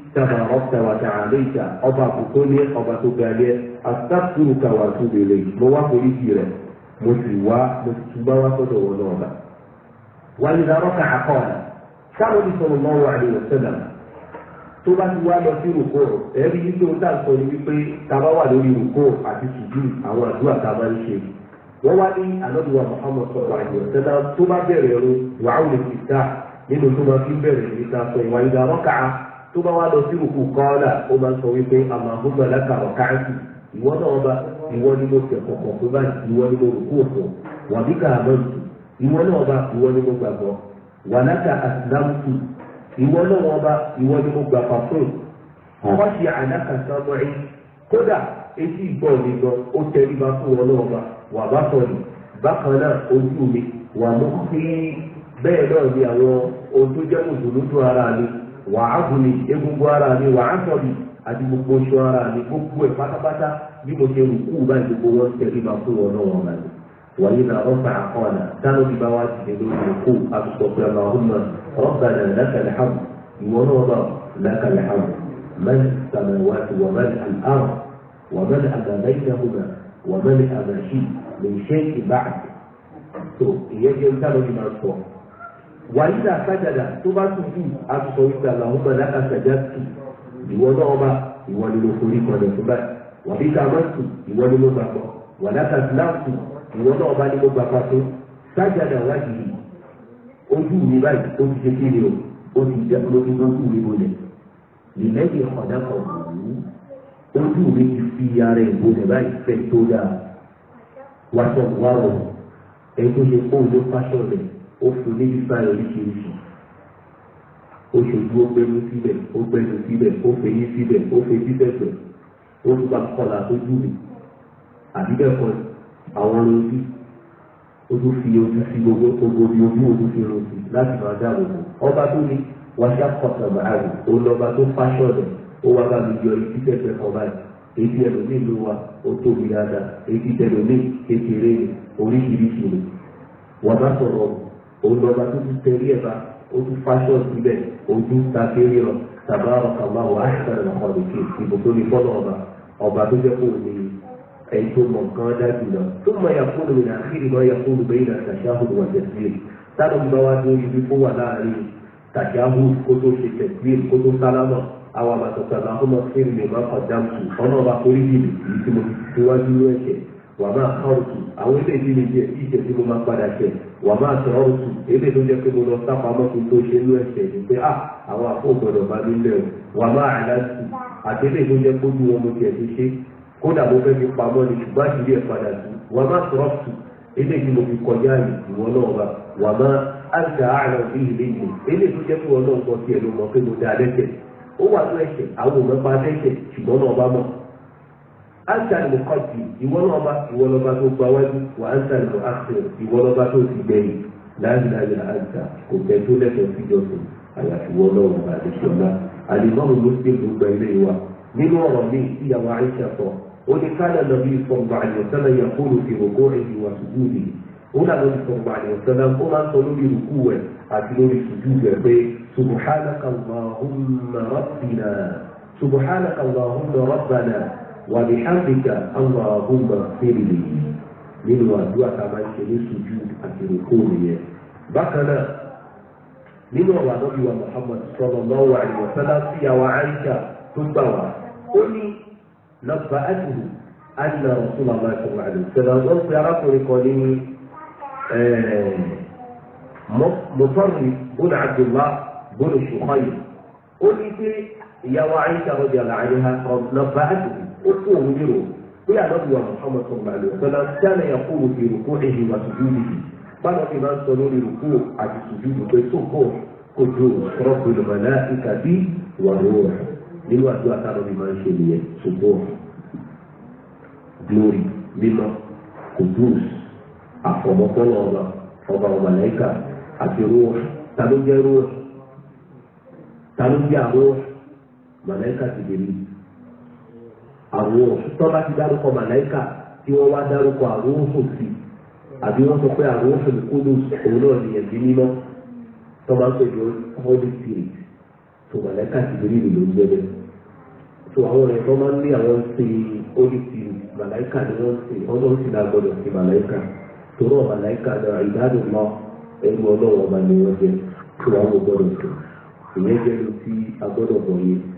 kama ọ̀sẹ̀ wa ta'ala ìjà ọba àkókò ní ọba tó ga ní astaghfiruka wa mo wá pẹ̀lú mo sì wá mo sì tún bá wá sọ́dọ̀ wọn náà bá. ní wà ní tó bá ti wá lọ sí rúkọ yìí tó ń sọ ni wípé a bá wà lórí rúkọ a bá ń tó bá wá lọ sí òkú kọ́ọ́là ó máa ń sọ wípé àmàhùnmá lákàrọ̀ káàkiri ìwọ náà bá ìwọ ni mo tẹ̀ kọ̀kọ̀ pé báyìí ìwọ ni mo rò kú òfò wàbí ká àmọ́ǹtù ìwọ náà bá ni mo gbàgbọ́ náà bá ni ara mi wàhálùmí egungun ara mi wàhálùmí àti gbogbo oṣù ara mi gbogbo ẹ̀ pátápátá bí mo ṣe rùkú báyìí gbogbo wọn tẹ̀lé máa fún wọn náà wọn báyìí wàyí náà rọ́bà àkọọ́nà dáná bí bá wá dìde lórí rùkú àtúntò pé ọmọ ọhún mọ rọ́bà náà lákàlẹ̀ hàn ìwọ náà bá lákàlẹ̀ hàn mẹ́lì sàmẹ̀wàtì wà mẹ́lì àlárọ̀ wà mẹ́lì àgbàláyìnàhùnà wà mẹ́lì àgbàṣì lè ṣe ìbáà tó ìyẹn jẹ́ dáná bí máa sọ wàyídà sájàdà tó bá tún bí àtúntò wípé àlàó gbọdá àṣàjà tù ìwọ náà bá ìwọ ni mo forí kan lẹ́sùn báyìí wàbí ká má tù ìwọ ni mo gbà pọ̀ wàdákà láàtù ìwọ náà bá ni mo gbà pàtó sájàdà wájìlì ojú mi báyìí ó ti ṣe kéde o ó ti jẹ lórí lójú mi bolẹ̀ ìlẹ́yìn ìkọ̀dá kan wù ojú mi ti fi ara ìbolẹ̀ báyìí fẹ́ tó dáa wàṣọ wàrọ̀ ẹ̀ tó ṣe kó o ló fáṣọ rẹ̀ ó fún ní ìsáyẹ oríṣiríṣi oṣojú ó gbẹnu síbẹ̀ ó gbẹnu síbẹ̀ ó fẹyín síbẹ̀ ó fẹjú bẹ̀bẹ̀ ó tún bá kọlà ojú mi àbíkẹ́kọ̀ọ́ àwọn ojú ó tún fi ojú sí gbogbo gbogbo bí ojú ojú fi rò sí láti máa dáàbò bò ọba tó ní wáṣà kọsàmà àrùn òun lọba tó fáṣọ̀dẹ̀ ó wá bá mi yọ ibi tẹ́tẹ́ kan báyìí èyí ẹlòmíì ló wa ó tóbi dáadáa èyí tẹlòmíì kékeré oríṣiríṣi ni wàá bá sọ̀rọ̀ òun lọ́ba tó ti tẹ̀lé ẹ̀ bá ó tún fáṣọ síbẹ̀ ojú ta kéré ọ tàbá ọkà bá wà áṣàrẹ̀ ọkọ̀ lókè ìbò tó ní fọ́lọ́ ọba ọba tó jẹ́ kó o ní ẹni tó mọ̀ nǹkan dájú lọ tó mọ yakúlù ní àkírí mọ yakúlù bẹ́ẹ̀ ní àtàṣáhùn wà tẹ̀síìrì táwọn ọba wa tó ibi fún wà láàrin tàṣáhùn kó tó ṣe tẹ̀síìrì kó tó sálámà àwọn àbàtọ̀tà làwọn ọmọ fẹ́ẹ̀rì lè má kọjá mùsùlùmí wà máa kọ́rùtù àwọn eléyìí lè jẹ́ ìṣe tí mo máa padà ṣe wà máa sọ̀rọ̀tù eléyìí ló jẹ́ pé mo lọ sápamọ́ kí tó ṣe ló ẹ̀ṣẹ̀ ní pé ah àwọn àfọ̀gbọ̀dọ̀ bá mi lẹ̀ wà máa àlàtù àti eléyìí ló jẹ́ kójú wọn mo tiẹ̀ ti ṣe kódà mo fẹ́ fi pamọ́ ni ṣùgbọ́n àṣírí ẹ̀ padà sí wà máa sọ̀rọ̀tù eléyìí mo fi kọjá ìwọ náà wà wà máa àṣà àrùn sí ilé ìlú eléyìí ló jẹ́ anta lukọti ìwọlọba ìwọlọba tó gba wájú wà anta lu akhir ìwọlọba tó ti gbẹ̀yìn láàbìláàbì anta kò bẹ tó lẹsọ síjọsìn àyàfi wọlọwọ àdìsọlá alimami muslim ló gba ilé wa nínú ọ̀rọ̀ mi ìyàwó aisha sọ ó ní kálá nàbí sọgbà àyọsánà yaqulu fi rògbò èyí wà sùdúùdì ó nà lórí sọgbà àyọsánà ó máa ń sọ lórí rùkú rẹ àti lórí sùdúùdì rẹ pé subhanaka allahumma rabbina subhanaka allahumma rabbana wàbíhàmdìkà àwọn àhùnmá fèrèlè yìí nínú àdúrà tá a máa ń ṣe ní sùjú àti rúkú nìyẹn. bákan náà nínú ọ̀rọ̀ àdọ́bí wa muhammad sallallahu alaihi wa sallam sí àwọn àríkà tó gbà wá ó ní nàbà àdùnnú àdìnà ọ̀túnmá máa ṣe wà lóṣù wọ́n pe arákùnrin kan ní mọ́tọ́rì bọ́nà àdùnnà bọ́nà ṣùkọ́yì ó ní pé ìyàwó àríkà rọ̀bì àlàyé ha nàbà àdùnnú ó kó òun ní o pé àdọ́bùwà Muhammad sọ̀rọ̀ àlè ọ̀sán náà jáde ẹ̀kọ́ òfin rògbò èyí wà tùdú nìyí báwo ni máa ń sọ lórí rògbò àti tùdú rògbò tó kọ̀ kó ju rọ́pò ìlọ̀mọ̀lá ìkàbí wà lówó rẹ̀ nínú àdúrà táwọn mi máa ń ṣe nìyẹn ṣùgbọ́n glory mímọ́ kudus àfọ̀mọ́kọ́lọ́ ọba ọba ọmọlẹ́kà àti rúwọ́ ta ló jẹ́ rúwọ́ ta ló jẹ́ àrúwọ́ mọ̀lẹ́kà ti dèrè àwọn tó bá ti dárúkọ màláìkà tí wọ́n wá dárúkọ àwọn òfò sí àbí wọ́n sọ pé àwọn òfò kúlù òun náà ní ẹ̀mí mímọ́ tó bá ń pè ní holy spirit tó màláìkà ti lórí ìlú ló ń gbẹ bẹ́ẹ̀ tó àwọn ọ̀rẹ́ tó máa ń ní àwọn ṣe holy spirit màláìkà ni wọ́n ṣe ọlọ́run sì náà gbọ́dọ̀ sí màláìkà tó náà màláìkà náà ìdádùn náà ẹnu ọlọ́run ọba ni wọ́n jẹ tó àwọn gbọ́dọ̀ sọ ìyẹn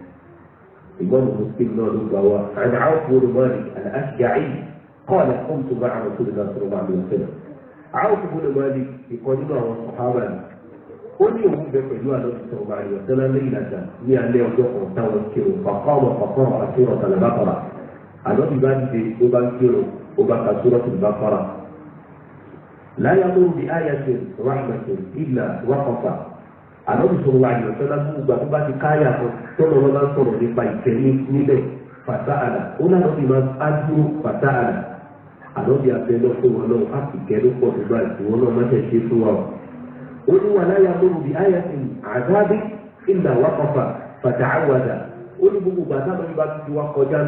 الإمام مسلم نادوا هو عن عوف بن مالك الأشجعي قال قمت مع رسول الله صلى الله عليه وسلم عوف بن مالك يقدمه والصحابة قل يوم بفجوة النبي صلى الله عليه وسلم ليلة من الليل يقرأ توكل فقام فقرأ سورة البقرة النبي بان يبكر وبقى سورة البقرة لا يمر بآية رحمة إلا وقف àlọ́bù tó wà ní ọ̀sẹ̀ lásìkò gbà tó bá ti káyà kan tó lọ́wọ́ bá ń sọ̀rọ̀ nípa ìtẹ̀lé níbẹ̀ fàtà àlà ó lálọ́bì máa á dúró fàtà àlà àlọ́bì abẹ́ lọ fún wọn náà á sì kẹ́ ló pọ̀ nígbà tí wọn náà má tẹ̀sí fún wa o. ó ní wà láyà tó rùbí àyà sí àdábí ìlà wákọ̀fà fàtà àwàdà ó ní gbogbo gbàtà ló bá ti wá kọjá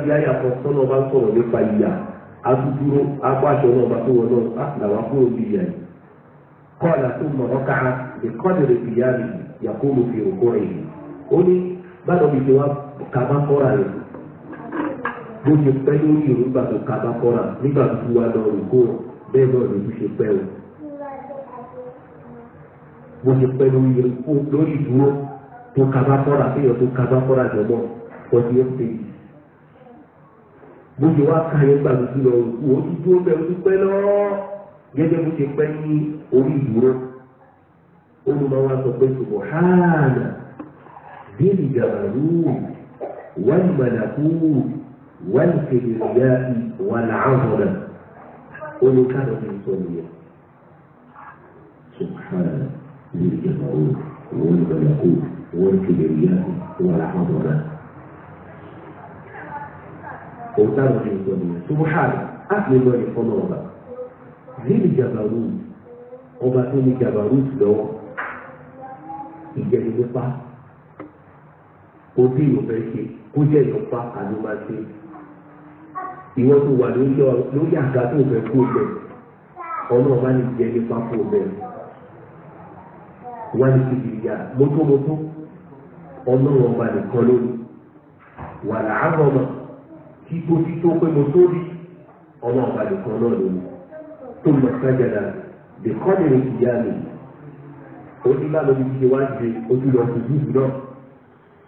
yàkúrú fi òkú rẹ̀ yìí ó ní báwo ni wọ́n kaba kọ́ra rẹ̀ bó ṣe pẹ́ lórí ìrún gbà tó kaba kọ́ra nígbà tó wà lọ o bó ṣe pẹ́ lórí ìrún lórí ìdúró tó kaba kọ́ra kéèyàn tó kaba kọ́ra jọmọ́ forty eight pages bó ṣe wá ká yẹn gbàgbé lọ òkú ó ti dúró bẹ́ẹ̀ ó ti pẹ́ lọ́ọ́ gẹ́gẹ́ bó ṣe pẹ́ ní orí ìdúró. ثم وقضته حالا ذي الجبروت والملكوت والكبرياء والعظمة ونكرر من سبحان ذي الجبروت والملكوت والكبرياء والعظمة ونكرر الدنيا سبحان أهل الله ذي الجبروت وما ذي الجبروت ìjẹni nípa òbí ìfẹ́ ṣe kó jẹ́ ìyọ̀pá àdúgbàṣe ìwọ́n tó wà lórí àga tó fẹ́ kó bẹ̀ ọlọ́run bá ní nípa kó bẹ̀ wá ní kíbi ìyá mọ́tòmọ́tò nìkan wà láàárọ̀ mọ́ kí tó ti tó pé mo tó rí ojú bá lórí ṣe wá ṣe ojú lọ sí ìlú náà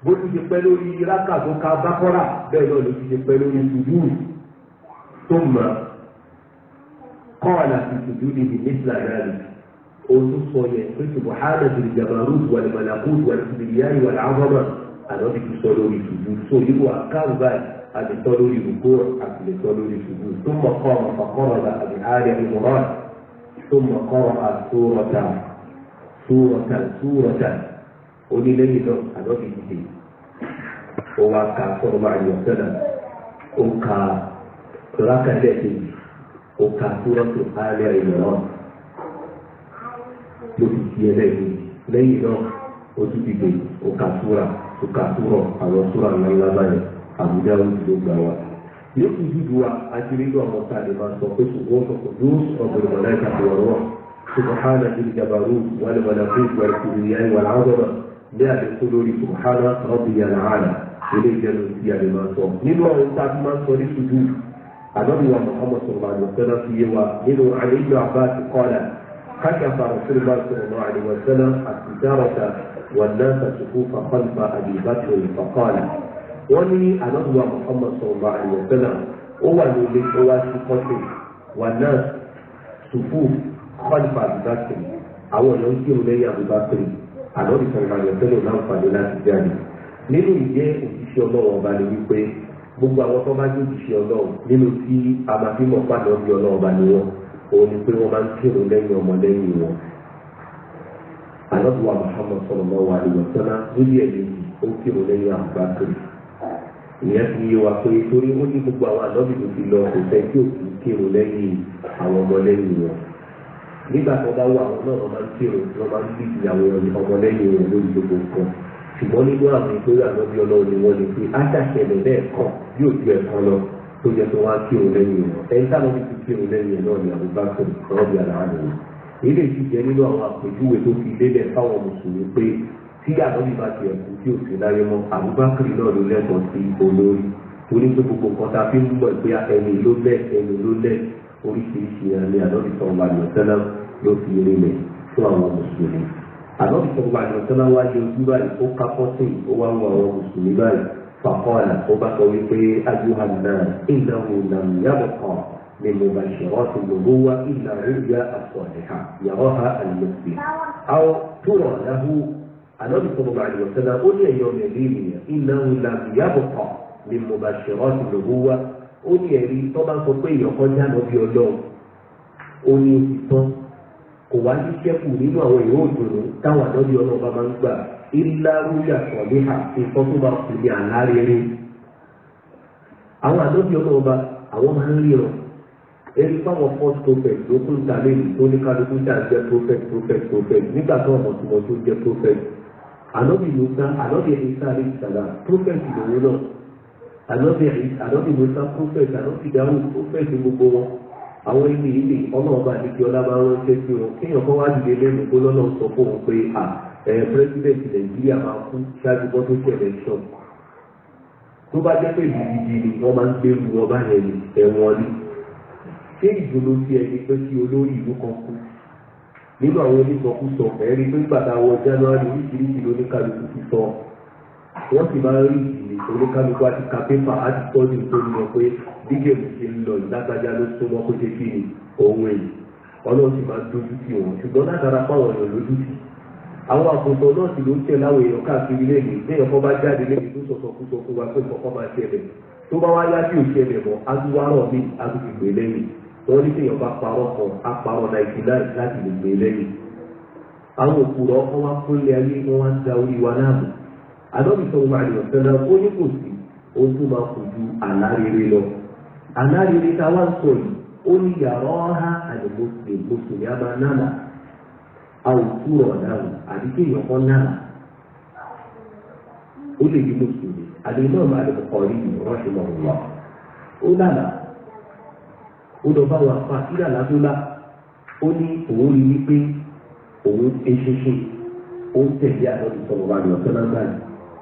bó ti ṣe pẹ́ lórí rákà tó ka bákọ́rà bẹ́ẹ̀ náà ló ti ṣe pẹ́ lórí ṣubú tó mọ̀ kọ́ àlàfi ṣubú níbi nígbà náà lè ojú sọ yẹn pé ṣubú hánà ti ìjàmbá rúdù wà lẹ́mọ̀lá kúrú wà lẹ́sìn ìyá ìwà làwọn àlọ́ ti sọ lórí ṣubú so irú àkáwù báyìí àtìtọ́ lórí rúkú àtìlẹ́tọ́ lórí ṣubú tó mọ̀ kọ́ súrọ̀tà súrọ̀tà onílẹ́yìn náà àlọ́bì dìde ó wá ka sọ́dọ̀mọ́ àyọ̀sẹ́nà ó ka rákàlẹ̀ kejì ó ka súrọ̀tù alẹ́ ìmọ̀ràn ló fi di ẹlẹ́yìn lẹ́yìn náà ó tún dìde ó ka súra ó ka súrọ̀ àwọn súra ńlá ńlá báyìí àbújá ó ti ló gbà wá yóò fi dúdú wa àti nínú àwọn tá a lè máa sọ pé ṣùgbọ́n ọkọ̀ yóò sọ ọ̀gbìn mọ̀lẹ́ka tó wà سبحانك الجبروت والملكوت والكبرياء والعظمة بأن قلولي سبحان ربي العالى ilé ìjẹun tí a lè máa sọ nínú àwọn tá a ti máa ń sọ ní ṣùjú àdọ́bíwá muhammad sọ̀rọ̀ àdìwọ̀sẹ́lá fi yé wa nínú àlejò àbá ti kọ́lá káṣàfà òfin bá sọ̀rọ̀ àdìwọ̀sẹ́lá àti dárọ̀tà wọn náà ṣàṣùkú fàkọ́lùfà àdìbàtì òyìnbàkọ́lá wọ́n ní àdọ́bíwá muhammad sọ̀rọ̀ àdìwọ̀sẹ́lá ó wà ní ilé tó wá sí kọ́tù wọn náà ṣùkú kọ́lùfà àbúbákiri àwọn ọ̀nà ń kírun lẹ́yìn àbúbákiri àlọ́ọ̀dì sọ̀rọ̀ àyọ̀ tẹ́lẹ̀ láǹfààní láti jáde nínú ìjẹ́ òṣìṣẹ́ ọlọ́run ọba ni wípé gbogbo àwọn tó bá jẹ́ òṣìṣẹ́ ọlọ́run nínú tí a máa fi mọ̀ pàdé ọbí ọlọ́run ọba ni wọn òun ni pé wọ́n máa ń kírun lẹ́yìn ọmọ lẹ́yìn wọn. àlọ́dúnwà Muhammad sallallahu alaihi wasallam lórí ẹ̀mí ó kírun lẹ́yìn àbúbákiri ìyẹn ti yé wa pé torí ó ní gbogbo àwọn àlọ́bì tó ti lọ kò fẹ́ kí òkú kírun lẹ́yìn àwọn ọmọ lẹ́yìn wọn nígbà tó bá wà àwọn náà wọ́n máa ń kírun wọ́n máa ń bí ìyàwó ọmọlẹ́yìn wọn lórí gbogbo nǹkan ṣùgbọ́n nínú àmì ìgbéra ànábì ọlọ́run ni wọ́n lè fi áṣàṣẹlẹ̀ lẹ́ẹ̀kan yóò ju ẹ̀kan lọ tó jẹ́ tó wá kírun lẹ́yìn wọn ẹni táwọn fi kírun lẹ́yìn náà ni àbúbákò rọ́bì aláàánú ilé ìtìjẹ́ nínú àwọn àpèjúwe tó fi lélẹ̀ fáwọn mùsùlùmí pé tí ànábì bá ti ẹ̀kú tí ò sí láyé mọ́ àbúbákò náà ló lẹ́tọ̀ọ́ sí olórí torí pé gbogbo nǹkan ta fi ń mọ̀ pé ẹni ló lẹ́ ẹni ló lẹ́ oríṣiríṣi ẹ̀rẹ́ àdọ́bí sọ̀rọ̀ àjọ̀tẹ́lá yóò fi eré lẹ̀ fún àwọn mùsùlùmí. àdọ́bí sọ̀rọ̀ àjọ̀tẹ́lá wá yọ ojú báyìí ó ká pọ́sì ó wá wọ àwọn mùsùlùmí báyìí fàkọ́ọ̀là ó bá sọ wípé ayúhànà ìnáwó ìlànà yàgò kan ní mo bá ṣe ọ́ ti lòbó wá ìlà rúbíà àsọ̀dẹ̀hà yàrá ha yàgò kan ní ó ní ẹ̀rí tó bá sọ pé èèyàn kan jáná bí ọlọ́run ó ní òtítọ́ kò wá ní sẹ́kù nínú àwọn ìwé òdòdó táwọn àdọ́bí ọlọ́run bá máa ń gbà ilá rúyà sọ̀líhà ìfọ́ tó bá kù ní àlá rere àwọn àdọ́bí ọlọ́run bá àwọn máa ń ríran èyí fáwọn first prophet ló kún sáré yìí tó ní kálukú tá a jẹ prophet prophet prophet nígbà tó ọmọ tìmọ̀ tó jẹ prophet ànọ́bì ló sá ànọ́bì ẹni sáré ìsàlà prophet lòun náà ànọ́bìnrin ànọ́bìnrin sá prophet ànọ́bìdáhùn prophet gbogbo wọn àwọn ilé ilé ọlọ́ọ̀bá àdìgbì ọlábà ránṣẹ́ sí wọn kéèyàn kan wá dìde lẹ́nu kó lọ́nà sọ fún wọn pé à ẹ̀ president nàìjíríà máa kú ṣáájú bọ́ tó ṣẹlẹ̀ ṣọ́ọ̀ tó bá jẹ́ pé ìdìdì ni wọ́n máa ń gbèrú ọba yẹn ní ẹ̀wọ̀n ni ṣé ìdùnnú ti ẹni pé kí olórí ìlú kan kú nínú àwọn onísọkúsọ ẹ̀rí pé gbàdá wọ January oríṣiríṣi lóníkàlùkù ti wọ́n sì máa rí oníkálukú àti kàpépà àti pọ́ọ̀dù tó ń lọ pé bígèmù ti ń lọ ìdágbájá ló súnmọ́ pé ṣe kí ni òun èyí ọlọ́run sì máa dojú sí òun ṣùgbọ́n látara páwọn èèyàn lójú sí àwọn àkóso náà sì ló ń tẹ̀lé àwọn èèyàn káàkiri lẹ́nu lẹ́yìn ọkọ bá jáde lẹ́yìn tó sọ̀tọ̀ kú sọ fún wa pé kọ́kọ́ máa ṣẹlẹ̀ tó bá wá yá sí òṣẹlẹ̀ mọ́ adúwárọ̀ mi adúgbìgbè lẹ́yìn wọ́n ní kéèyàn bá parọ́ kan á parọ́ náìtì náà láti lè gbé lẹ́yìn àwọn òkúrọ̀ ọkọ wá kólé ayé wọn wá ń da orí wa náà àdọ́bìsọ̀ ọmọ àdìọ̀sẹ́lẹ̀ ó ní kò sí ohun tó máa kù ju àlárere lọ àlárere tá a wá ń sọ yìí ó ní yàrá ọ̀há àdìmọ́sẹ̀ mùsùlùmí àbá náà àwùjọ ọ̀daràn àbí kéèyàn kan náà ó lè di mùsùlùmí àdìmọ́ ọmọ àdìmọ́kọ̀ rí ìrọ́ṣẹ́ mọ̀ wá ó dàgbà ó lọ bá wa fa sílẹ̀ ládúlá ó ní òun rí wípé òun eṣeṣe ó ń tẹ̀lé àdọ́bìsọ̀ ọmọ àdìmọ́sẹ̀ náà báyìí.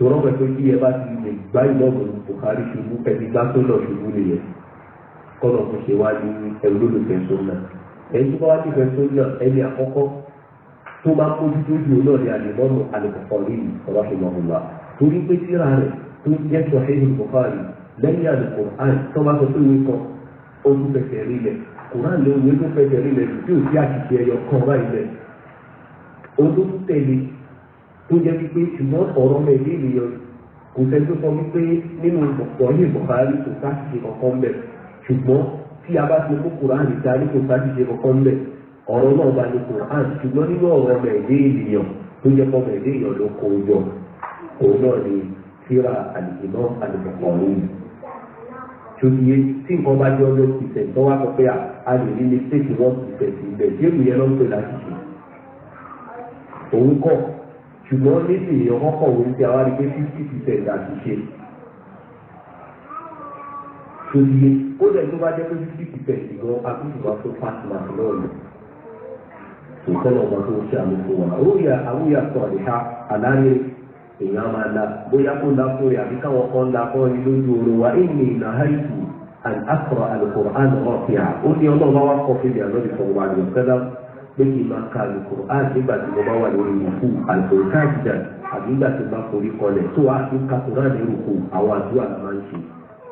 tòrọ́ pẹ̀ pé bí ẹ bá ti lè gbá ìlọ́gbọ̀n Buhari ṣubú ẹni gbá tó lọ ṣubú nìyẹn kọ́nà kò ṣe wá ní ẹ̀rú lólùfẹ́ sọ́nà ẹni tó bá wá nífẹ̀ẹ́ sọ́nà ẹni àkọ́kọ́ tó bá kójú tó ju náà ní àlùmọ́nù àlùkọ̀kọ́ yìí ọba ṣe máa ń wá torí pé síra rẹ̀ tó jẹ́ sọ ẹ̀yìn Buhari lẹ́yìn àlùkò àì tó bá sọ pé wíkọ́ ó tún fẹsẹ̀ rí lẹ̀ kùrán lé òwe fẹsẹ̀ rí lẹ̀ tí ò sí àṣìṣe ẹyọ kan báyìí lẹ̀ ó tẹ̀lé tó jẹ́ wípé ṣùgbọ́n ọ̀rọ̀ ọmọ ìlú ìlú kò fẹ́ tó sọ wípé nínú ìbọ̀pọ̀ ní ìbọ̀kárí kò sáṣìṣe kankan bẹ̀ ṣùgbọ́n tí a bá ti mú kùránì darí kò sáṣìṣe kankan bẹ̀ ọ̀rọ̀ náà bá ní kùránì ṣùgbọ́n nínú ọ̀rọ̀ ọmọ ìlú ìlú tó jẹ́ ọmọ ìlú ìlú ló kó jọ òun náà ni tíra àlùkìmọ́ àlùkọ̀ọ̀rù ṣòkìyẹ tí nǹkan bá jẹ́ ọdún ìfẹ̀ tó wá sọ pé a lè ní ní stéèkì wọn ìfẹ̀ sí ibẹ̀ tí èkìyẹ lọ́pẹ̀ láti ṣe òun kọ̀ ṣùgbọ́n nínú èèyàn wọ́n kọ̀ wọ́n ti àwọn àrígbé fifty percent àti ṣe ṣòdìye ó lẹ̀ tó bá jẹ́ pé fifty percent gan akúṣùwà tó pàṣẹ náà lọ kò sọ́nà ọmọ tó ń ṣe àlùkò wa àwòyà àwòyà sọ àdìhá àlàyé èèyàn máa la bóyá kó la fún rẹ àbí káwọn kan la fún rẹ lójú oorun wa ìní nàháìtù àkọrọ àlùkò àná ọ̀fìà ó ní ọlọ́run bá wà kọ́ fún mi àná ìfọwọ́ àlùkò pé kí n máa ka àlùkò á nígbà tí mo bá wà lórí ìrùkù àlùkò káàdìdà àbí nígbà tí mo bá forí kọlẹ̀ tó a fi ka kó náà ní ìrùkù àwọn àdúrà la máa ń ṣe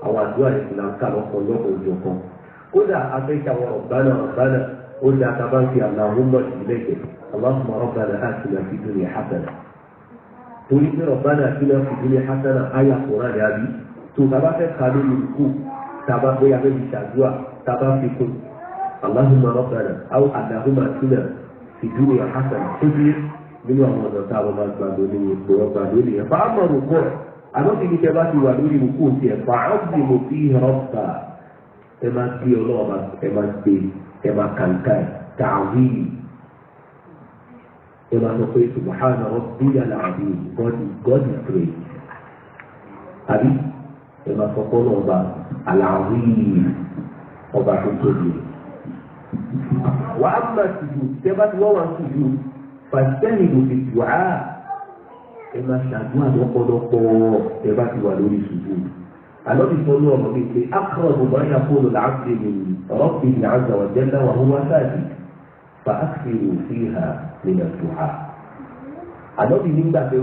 àwọn àdúrà yìí la ń kà lọ́kọ̀ lọ́kọ̀ òjò kan kódà abẹ́jà wọn ọ̀gbánà ọ̀gbánà ó Allahumma rabbana atina fid dunya hasana torí pé rabbana atina fid dunya hasana áyà kó náà ní àbí tó tàbá fẹ́ ka lórí ìrùkù tàbá bóyá Allahumma rabbana aw Allahumma atina fi dunya hasana tóbi nínú àwọn ọ̀nà tá a bá máa gbàgbọ́ ní ipò ọgbà lórí ẹ̀ bá mọ̀ rúkú ẹ̀ àbọ̀tí ní kẹ́ bá ti wà lórí rúkú ti ẹ̀ fà á bì mọ̀ fi rọ́bà ẹ máa gbé ọlọ́ọ̀bà ẹ máa gbé ẹ máa kàǹkà ẹ̀ tàwí ẹ máa sọ pé subahana rabbiya làbí God is God is great àbí ẹ máa sọ pé ọlọ́ọ̀bà àlàwí ọba tó tóbi rẹ̀. wà á máa tìjú tẹ́ bá ti wọ́n wá tìjú fàtẹ́nìlò fi tù á ẹ máa ṣàdúrà lọ́pọ̀lọpọ̀ tẹ́ bá ti wà lórí tìjú. àlọ́bí sọ́nù ọ̀rọ̀ mi pé akọ̀rọ̀bù bá yà kó lọ láti mi rọ́bì ní àgbà wà jẹ́lá wà wọ́n wá sáàdì fa àkìrò ha nínú tù á. àlọ́bí nígbà pé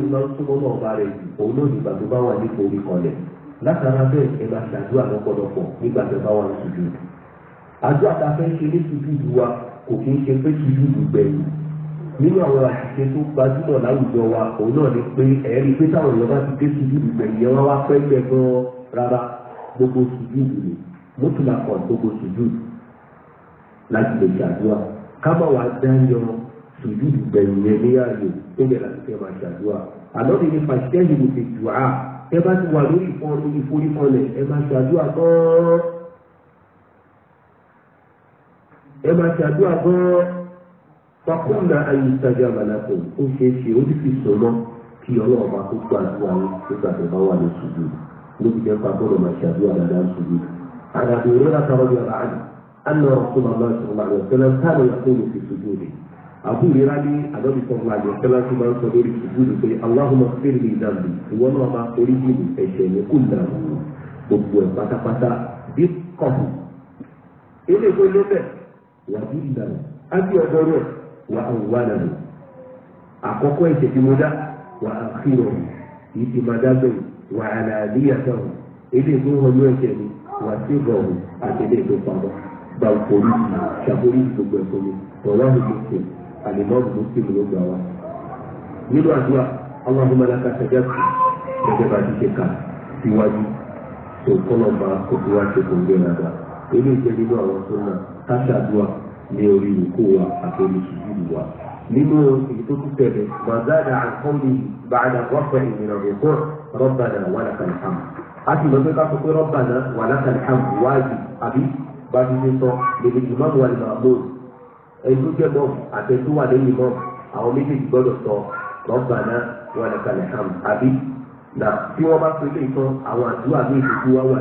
ó àdúrà tá a fẹ́ ṣe ní sùjúdù wa kò kí ń ṣe pé sùjúdù gbẹ̀yìn nínú àwọn àṣìṣe tó gbajúmọ̀ láwùjọ wa òun náà ni pé ẹ̀rí pé táwọn èèyàn bá ti dé sùjúdù gbẹ̀yìn yẹn wọ́n wá pẹ́ lẹ́ gan-an rárá gbogbo sùjúdù ni mọ́tòlá kan gbogbo sùjúdù láti lè ṣàdúrà ká má wàá dá yan sùjúdù gbẹ̀yìn yẹn ní ààyè tó yẹ láti fẹ́ máa ṣàdúrà àlọ́ mi ní fàṣẹ́yìn mo ti dùn á ẹ bá ti wà lórí ìforíkọlẹ̀ ẹ máa ṣàdúrà gan-an ẹ máa ṣàdúrà gan-an fakúnà ayé ìtajà màlàkù ó ṣe é ṣe ó sì sọ mọ́ kí ọlọ́run bá tó gbà àdúrà yín nígbà tó bá wà ní ṣubú lóbi jẹ́ pa gbọ́dọ̀ máa ṣàdúrà dáadáa ń ṣubú. àdàbò ìwé látàrọ́ àná fi ṣubú àbú ní àdọ́bí sọ̀rọ̀ tó máa ń sọ lórí ṣubú pé wà á bí ìlànà á bí ọgbọ́n náà wà á wà nàlẹ́ àkọ́kọ́ ẹ̀jẹ̀ tí mo dá wà á fi hàn yìí ti máa dábẹ̀ wà á là níyàtọ̀ hàn ilé ìlú hàn ẹ̀jẹ̀ mi wà á sí gàn hàn ìlú pamọ́ gba òkòrí yìí ṣàkórí gbogbo ẹ̀kọ́ mi ọ̀rọ̀ mi ló ṣe àlèmọ́ọ̀mù ló mi ló gbà wá. nínú àdúrà ọlọ́run máa lákà ṣẹjá bá ti ṣe kà káṣàdúrà ní orí ìkó wa àti orí ìṣubú wa. nínú ètò títẹ̀lé mazada àkọ́lì bàdà wọ́pẹ̀ ìrìnà òkú rọ́bàdà wà lákàlhàm. a sì lọ pé ká sọ pé rọ́bàdà wà lákàlhàm wáyé àbí bá ti ṣe sọ lèlè ìmọ̀ wà ní màmú ẹ̀dùn jẹ́ mọ́ àtẹ̀tù wà lẹ́yìn mọ́ àwọn méjèèjì gbọ́dọ̀ sọ rọ́bàdà wà lákàlhàm àbí nà tí wọ́n bá pè é tán àwọn àdúrà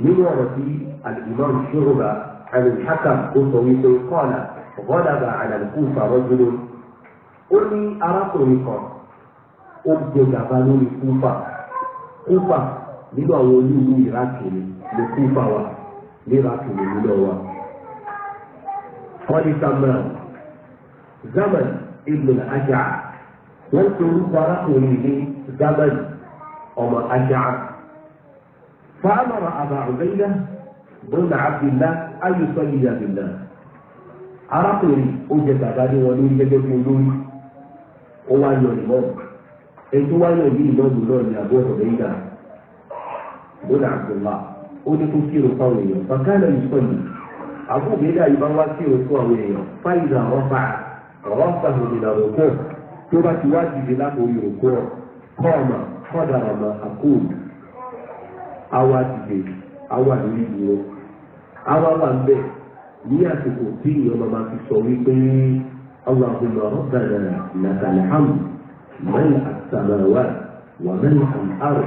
nínú ọ̀rọ̀ tí alimami ṣòro àmì hakam tó sọ wípé kọ́ọ̀là gọ́dàbà àdàlùkù fàrọ́júlò ó ní arákùnrin kan ó gbé gàba lórí kúfà kúfà nínú àwọn olúwo ìrákì ni ló kúfà wa ní zaman فأمر أبا عبيدة بن عبد الله أن يصلي بالناس arákùnrin ó jẹ bàbá ní wọn lórí gẹ́gẹ́ bí olórí ó wá yan ìmọọmù ètò wá yan ìlú ya náà ní abọ ọ̀rọ̀ ìgbà na àgbọlá ó ní kó kírò fáwọn èèyàn bàkàlà ìsọyìn àbúgbéga yìí bá wá kírò fún àwọn èèyàn fáìlà àwa dìde àwa lórí ìdúró àwa wà ń bẹ̀ ní àsìkò tí ìyọ́ bàbá fi sọ wípé Allahumma rabbana lakal hamd mẹ́lẹ̀ àtàmàwá wà mẹ́lẹ̀ àmàrò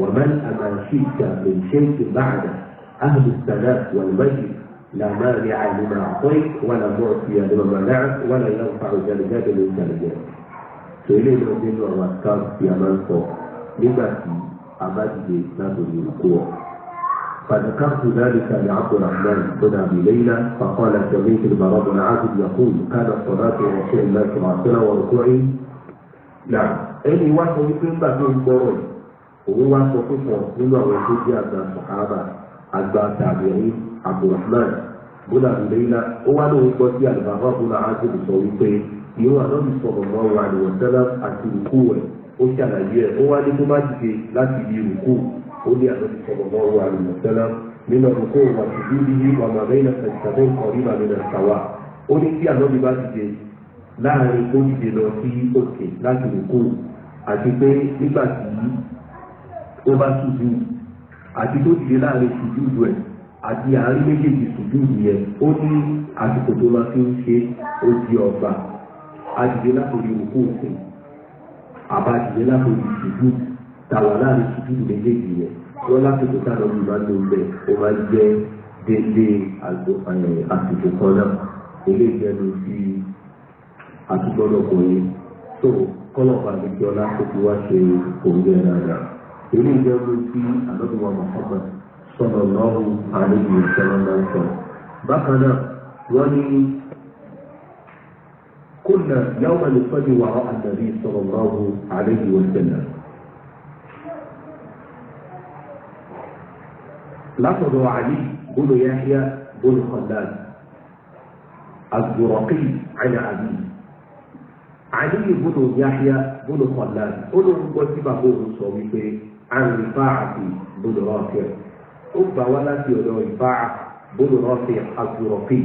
wà mẹ́lẹ̀ àmàṣíkà lẹ́ṣẹ́kì báàdà ahlu sana wàlúmẹ́jì làmárì àlùmọ̀ àkọ́yì wàlà mọ́ọ̀tì àlùmọ̀mọ́lá wàlà yẹn fa òjàlè jáde lóṣàlẹ̀ yẹn. tòlé lọ nínú àwọn àkáǹtì àmà ń sọ nígbà tí abájìde látòrí òkú ọ. فذكرت ذلك لعبد الرحمن بن ابي ليلى فقال سمعت البراء بن عازب يقول كان صلاه رسول الله صلى الله عليه وسلم وركوعي نعم ẹni wá sọ wípé nígbà tó ń gbọ́rọ̀ òun wá sọ púpọ̀ nínú àwọn tó jẹ́ àgbà sàhábà àgbà tàbíyí abdulrahman bùnà àbílẹ́yìnà ó wá lóun gbọ́ sí àlùbáwá bùnà àti ìsọ wípé ìwọ ànábì sọ̀rọ̀ mọ́ wa ni wọ́n tẹ́lá àti ìkú rẹ̀ ó ṣàlàyé ẹ̀ ó wá ní tó bá dìde láti ibi ìrùkú ó ní àlọ́ ti sọ̀rọ̀ mọ́ wa àrùn mọ̀sẹ́lá nínú ìrùkú wa ti bí bí yí wàmà bẹ́yìn àtẹ̀síṣàbẹ́ nǹkan rí màmí náà sàwà ó ní kí àlọ́ bí bá dìde láàrin ó dìde lọ sí òkè láti ìrùkú àti pé nígbà tí ó bá ṣùjú àti tó dìde láàrin ṣùjú ẹ̀ àti àárín méjèèjì ṣùjú yẹn ó ní àsìkò tó máa fi ń ṣe ó di ọgbà àdìde látòrí òkú òkè àbájìlẹ̀ lápòjì ṣùgbù tàwa láàrin ṣùgbù méjèèjì yẹn wọ́n lásìkò tá a lọ bí máa ń lò bẹ́ẹ̀ ó máa ń jẹ́ délé àsìkò kan náà eléyìí ẹnu sí àtúgbọ́dọ̀kùnrin tó kọ́lọ̀pàá àdìgbọ́ lásìkò wá ṣe òwúrọ̀ ẹ̀ dáadáa eléyìí ẹnu sí àdọ́gbọ̀n Muhammad sọ̀rọ̀ lọ́rùn àríwí ìṣẹ́lẹ̀ náà sọ bákan náà wọ́n ní كنا يوم نصلي وراء النبي صلى الله عليه وسلم لفظ علي بن يحيى بن خلاد الزرقي على علي علي بن يحيى بن خلاد قلوا وسبه الصوفي عن رفاعة بن رافع أبا ولا في رفاعة بن رافع الزرقي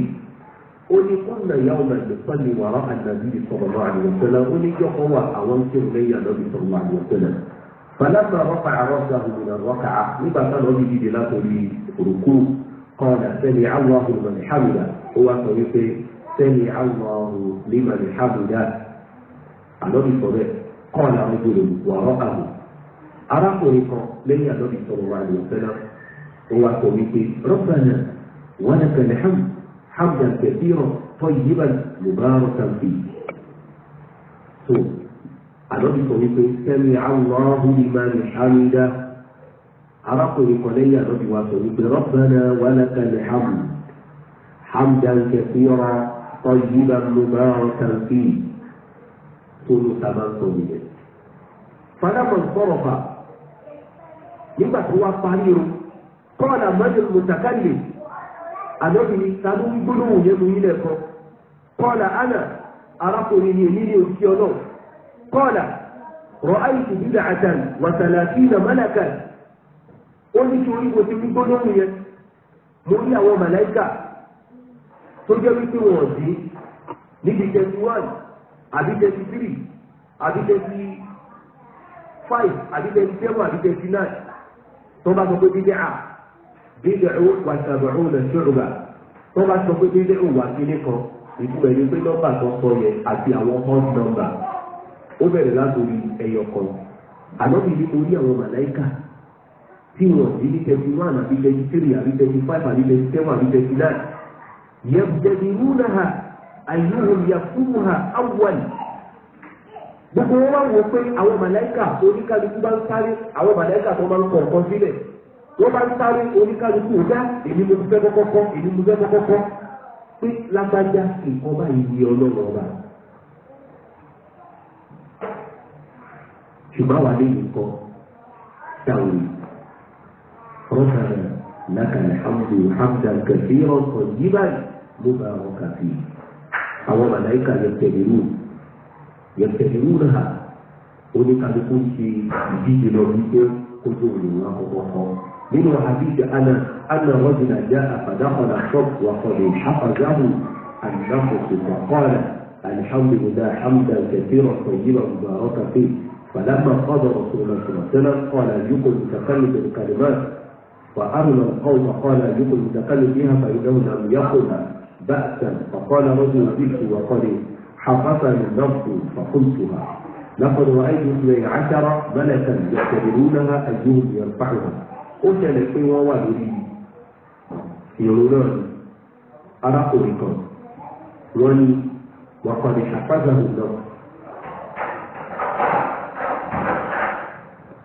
ó ní kọ́nà ìyá ọmọ ìgbésọ́ ni wàrà àdàbí ìsọ̀rọ̀ àdìyànfẹ́lẹ́ ó ní jọ́kọ́ wà àwọn tí ò lẹ́yìn àdàbí ìsọ̀rọ̀ àdìyànfẹ́lẹ́ fàlàbà rọ́pà àrọ́sà òmìnira rọ́kà á nígbà táwọn ọbí dìde látòrí òrùkú kọ́nà sẹ́ni àwọn ọmọdé hàmìlà ó wá sọ wípé sẹ́ni àwọn ọmọdé hàmìlà àlọ́bí sọ̀rọ̀ kọ́nà ọjọ́ wàrọ́ àmì arákùnrin kan lẹ́yìn àlọ́bí sọ̀rọ̀ àdìyànfẹ́lẹ́ ó wá sọ wípé rọ́pà náà wọ́n حمدا كثيرا طيبا مباركا فيه so àlọ́bí sọ wípé sẹ́mi aláhu liman hamida arákùnrin kan lẹ́yìn àlọ́bí wa sọ wípé rabbana walaka alhamd hamdan kathira tayyiban mubarakan fihi tóyún sábà ń sọ nìyẹn. fadakọ̀ sọ̀rọ̀ fà nígbà tó wá parí o kọ́ọ̀dà mọ́jọ́ mùtàkàlì àdókìní ta ló wí gbólóhùn yẹn mú ilẹ̀ kan kọ́ọ̀là ana arákùnrin ni èmi ní òkè ọlọ́run kọ́ọ̀là rọ àìsí bíbà àtàn wàtàlà sí ìnà mọ́làkà ó ní kí orí mo ti wí yẹn mo rí àwọn màláìkà tó jẹ́ wípé wọ́n dé níbi twenty one àbí twenty three àbí twenty five àbí twenty seven àbí twenty nine tó bá sọ pé bíbẹ́ à bídẹ̀rù wà sàbẹ̀rù lẹ̀ sọ̀rọ̀ wọ́n bá sọ pé bídẹ̀rù wà kíní kan ìtumọ̀ ẹni pé nọ́mbà tó sọ yẹn àti àwọn hot number ó bẹ̀rẹ̀ látòrí ẹyọ kan ànábì ní orí àwọn màláìkà tí wọ́n sì ní tẹ̀sí one àbí tẹ̀sí three àbí tẹ̀sí five àbí tẹ̀sí seven àbí tẹ̀sí nine yẹn tẹ̀sí rúnà ha àyùhùn yà fún ha awọ́lì gbogbo wọn wá wò pé àwọn màláìkà oníkàlùkù bá ń sáré àwọn màláìkà tó máa ń kọ̀ọ̀kan sílẹ̀ wọ́n bá ń sáré oníkálukú dá èmi mo fẹ́ kọ́kọ́kọ́ èmi mo fẹ́ kọ́kọ́kọ́ pé lágbájá nǹkan báyìí di ọlọ́run ọba. ṣùgbọ́n wà ní nǹkan dáwọ̀ rọ́kàrà lákàlẹ̀ hamdu hamdu kẹfì ọkọ̀ yí báyìí ló bá ọkà fi àwọn màláìka yẹtẹ̀lérú yẹtẹ̀lérú náà oníkálukú ṣe ìdíje lọ wípé kójú òní wọn kọ́kọ́ من حديث أنا أن رجلا جاء فدخل الصف وقد حفظه النفس فقال الحمد لله حمدا كثيرا طيبا مباركا فيه فلما قضى رسول الله صلى الله عليه وسلم قال أيكم متكلم الكلمات فأرنا القوم قال أيكم متكلم بها فإنه لم يقل بأسا فقال رجل بك وقد حفظني النفس فقلتها لقد رأيت اثني عشر ملكا يعتبرونها أيهم يرفعها ó ṣẹlẹ̀ pé wọ́n wà lórí ìró náà ni arákùnrin kan wọ́n ní wàkọ̀dé ṣàpàdánù náà.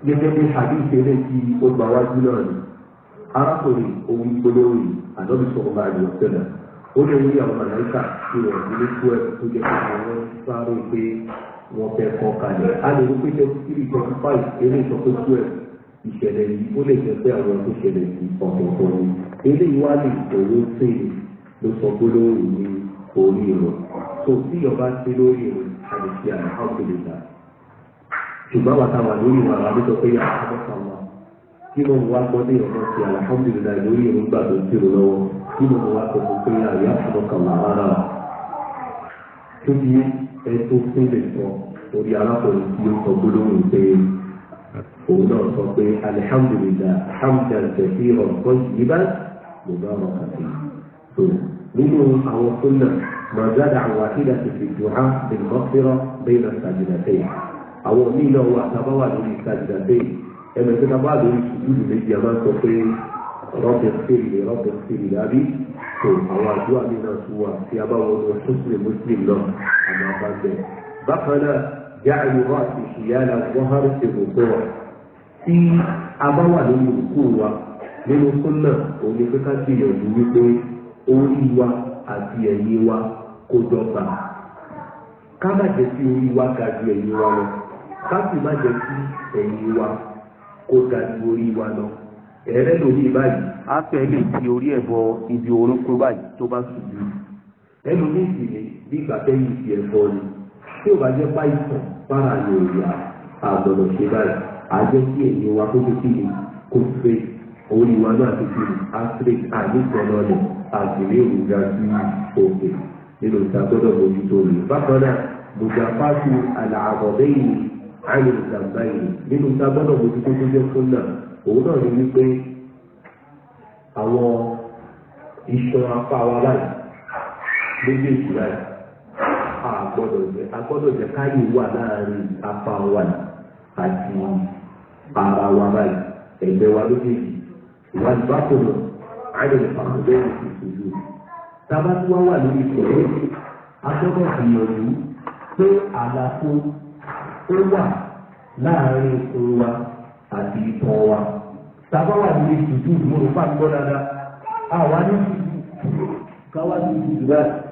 gẹ́gẹ́ bí hadith eré tí ó gbà wájú náà ni arákùnrin ohun gbólóhùn àdọ́bí sọ̀rọ̀ máa lè ọ̀sẹ̀lẹ̀ ó lè rí àwọn àlàyé tí wọ́n ti lé ẹ̀ tó jẹ́ pé àwọn sáré pé wọ́n fẹ́ kọ́ kalẹ̀ a lè rí pé tẹ́tí twenty five eré ìsọ̀kó tó ìṣẹ̀lẹ̀ yìí ó lè jẹ́ pé àwọn tó ṣẹlẹ̀ yìí ọ̀tọ̀ọ̀tọ̀ ni eléyìí wá lè owó tèmi ló sọ gbólóhùn ní orí rẹ̀ tó tí ọba sí lórí rẹ̀ àdìsí àlàáfíà ṣùgbọ́n wà lórí wà lábẹ́ sọ pé yàrá mọ́ta wà kí mo wá gbọ́ ní ọ̀nà ti àlàáfíà lórí rẹ̀ nígbà tó ń tèrò lọ́wọ́ kí mo wá sọ fún pé àyà mọ́ta wà rárá tó bí ẹ tó sílẹ̀ sọ orí arákùnrin òun náà sọ pé alihamudulilá hamdan kẹfìrọ tayyiban mubarakan fi so nínú àwọn súnà màgádà àwọn àkídà ti fi dùn á bẹ́ẹ̀ mọ́fírọ́ bẹ́ẹ̀ náà sàjìnà tẹ̀yìn àwọn míì náà wà tábà wà lórí sàjìnà tẹ̀yìn ẹnu tí tábà lórí sùdúrù méjì a sọ pé rọ́bẹ̀ fèrè rọ́bẹ̀ fèrè lábí tó àwọn àdúrà mi náà tún wà tí a bá wọnú muslim jáàlú rọ́ọ̀sì ìyára wọ́hárì ṣègùnkọ́ wa tí a bá wà lórí wa nínú súnà òun ni pé ká gbìyànjú wípé orí wa àti ẹ̀yìn wa kó ká wa ká wa ẹ̀rẹ́ lórí báyìí lè fi ibi báyìí tó bá sùn jù bí ìgbà ni. tí ò bá jẹ́ pa ìtàn fara lè yà àgbọ̀dọ̀ ṣe báyìí àjẹ́ kí èyí wa kó tó kí ni kó fẹ́ orí wa náà ti kí ni áfíríkì àníkànnà rẹ̀ àgbèrè òrùga sí òkè nínú ìta gbọ́dọ̀ bójú tó rè bákan náà mùjàpáàtì àlàbọ̀dẹ́yìn àyè ìjàmbá yìí nínú ìta gbọ́dọ̀ bójú tó tó jẹ́ fún náà òun náà ní wípé àwọn iṣan apá wa láì méjèèjì láì àgbọ́dọ̀ jẹ́ àgbọ́dọ̀ jẹ́ káyè wà láàrin apá wa àti ara wa báyìí ẹgbẹ́ wa lókèjì ìwà ìbákòrò àyẹ̀wò àkọ́jọ́ ìṣòjú. tábà tí wọ́n wà lórí ìṣòro agbọ́dọ̀ gbìyànjú pé àlàfo ó wà láàrin ikùn wa àti ìtàn wa. tábà wà lórí ìṣòjú ìmúrùpá gbọ́ dáadáa àwa ní ìṣòjú káwá ní ìṣòjú báyìí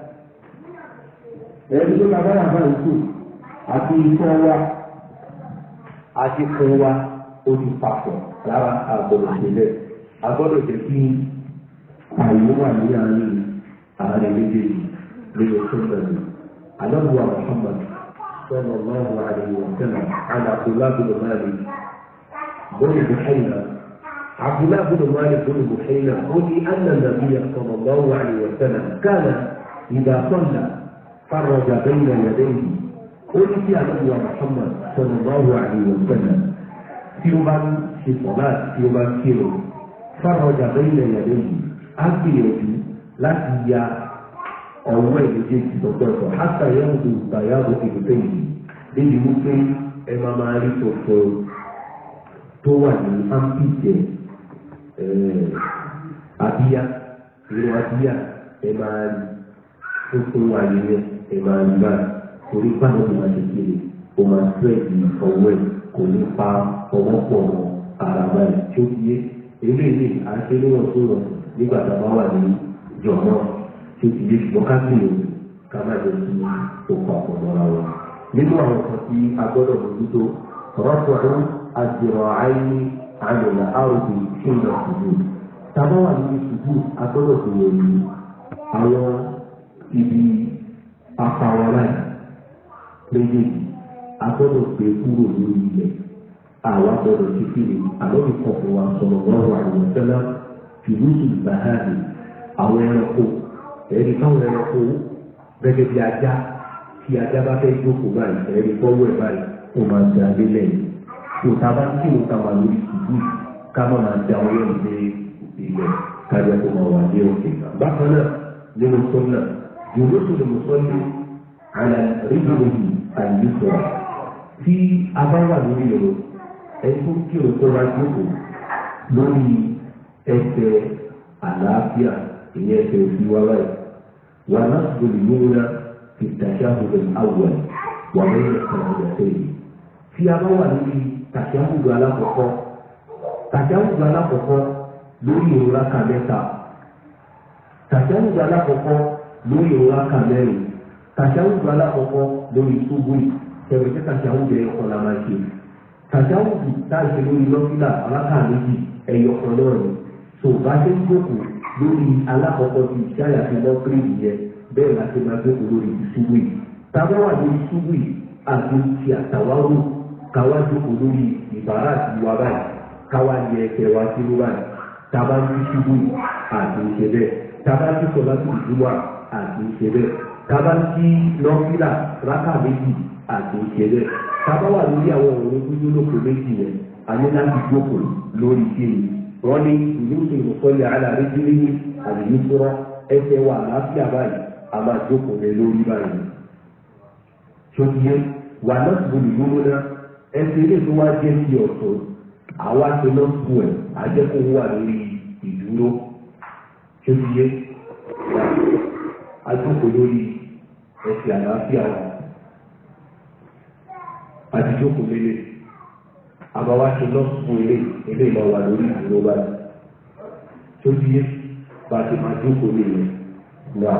ẹ̀rí tó ta báyà bá ìkú àti ikọ́ wa àti kun wa ó ti papọ̀ lára àgbọ̀dọ̀ sílẹ̀ àgbọ̀dọ̀ jẹ́ kí àyè wà ní àárín àárín méjèèjì lórí ṣọ́ọ̀tà yìí aláwọ̀ Muhammad sọ̀rọ̀ lọ́wọ́ àdéhùn ọ̀tẹ́nà alákòólábì lọ́mọ́rin bọ́ọ̀lù bùhẹ́yà عبدالله بن مالك بن بحيرة قل أن النبي صلى الله عليه وسلم كان إذا صلى فرج بين يديه ó ní kí àlejò Muhammad sallallahu alaihi wa sallam tí ó bá ń ṣe sọ̀lá tí ó bá ń kírò faraj bayna yadayhi á gbìyànjú láti ya ọwọ́ ìdíje ti sọ̀tọ̀tọ̀ hátà yẹn ń dùn bàyàwó ìdíje yìí débi wípé ẹ máa máa rí tuntun tó wà ní ampíjẹ àbíyá ìrọ̀ àbíyá ẹ máa rí tuntun wà nìyẹn ẹ máa gbà torí pàdé tó máa tètè rè o máa tírẹ̀dì ọwọ́ ẹ̀ kò ní pa ọwọ́ pọ̀ mọ́ ara balẹ̀ tó yé eré ilé àti níwọ̀n tó rọ̀ nígbà tá a bá wà ní jọ̀mọ́ tó ti yé ṣùgbọ́n ká sì lò ká má jẹ́ kí o pa ọ̀pọ̀ mọ́ra wa. nínú àwọn kan tí a gbọ́dọ̀ mójútó rọ́pò ọ̀hún àdìrọ̀ àìní àlùlà àròkè tí ìlọ ṣubú. tá a bá wà ní ṣubú a gbọ́dọ̀ gbìyànjú àwọn ibi apàwọ̀lá méjèèjì agbọ́dọ̀ gbé kúrò lórí ilẹ̀ àwa gbọ́dọ̀ ti fi àlọ́bí kọ̀ọ̀kan wa sọ̀rọ̀ lọ́rọ̀ àwọn sẹ́lá fìlúùsù ìbáhàdì àwọn ẹranko ẹ̀rí káwọn ẹranko gẹ́gẹ́ bí ajá tí ajá bá fẹ́ jókòó báyìí ẹ̀rí bọ́wọ́ ẹ̀ báyìí ó máa ń da lélẹ̀ òtá bá kí òtá wà lórí ìlú ká má máa da ọyọ́ ìlẹ̀ kájá tó máa wà ní òkè bákan náà nínú sọ́nà يدخل المصلي على رجله اليسرى في أبواب الرجل ẹkún kí o tó bá jókòó lórí ẹsẹ̀ àlàáfíà ìyẹn ẹsẹ̀ òfin wa báyìí wà láti gbòdì lóra fi tàṣàhùdù àwọ̀ wà lẹ́yìn ìtàkùnjà sẹ́yìn tí a bá wà níbi tàṣàhùdù alákọ̀ọ́kọ́ tàṣàhùdù alákọ̀ọ́kọ́ lórí ìrora kàmẹ́ta tàṣàhùdù alákọ̀ọ́kọ́ lórí ìrora kà mẹ́rin tàṣàwù gba alákọ̀ọ́kọ́ lórí ṣubú yìí tẹ̀wé tí tàṣàwù bẹ ẹ̀yọkọ̀ la máa ṣe tàṣàwù bì táàṣì lórí lọ́fílà alákà méjì ẹ̀yọkọ̀ náà ni tó bá ṣe ń jókòó lórí alákọ̀ọ́kọ́ ti ṣáyà fi lọ́ pé ìyẹn bẹ́ẹ̀ la ṣe máa jókòó lórí ṣubú yìí tàbá wà lórí ṣubú yìí àti ti àtàwárò káwá jókòó lórí ìbára àti ìwà báyìí káwá yẹ ẹ̀kẹ́ wá sí tàbá ní ṣubú àti ìṣe bẹ́ẹ̀ tàbá ní sọlá tó ìdúwà àti ìṣe bẹ́ẹ̀ tàbá ní nọ́fílà rákà méjì àti ìṣe bẹ́ẹ̀ tàbá wà lórí àwọn òun gbígbó lóko méjì yẹn a ní láti jókòó lórí kéyìí wọ́n ní ìlúùsì ìmọ̀kọ́lẹ̀ alárédílé ní àlèyúkúrọ́ ẹsẹ̀ wà láàfíà báyìí a máa jókòó lé lórí báyìí. ṣòkìyẹ wà lọ́sibúlù lómọ́ná ẹsẹ̀ ilé tó wá jẹ́ sí ọ̀tún àwa ti lọ bu ẹ̀ àjẹkù wà lórí ìdúró tó ti yé àjòkò lórí ẹsẹ̀ àlàáfíà wa àtijọ́kù lélẹ̀ àbáwá ti lọ bu ilé ilé ìlọ wà lórí ìdúró báyìí tó ti yé bá a ti máa jókòó lélẹ̀ náà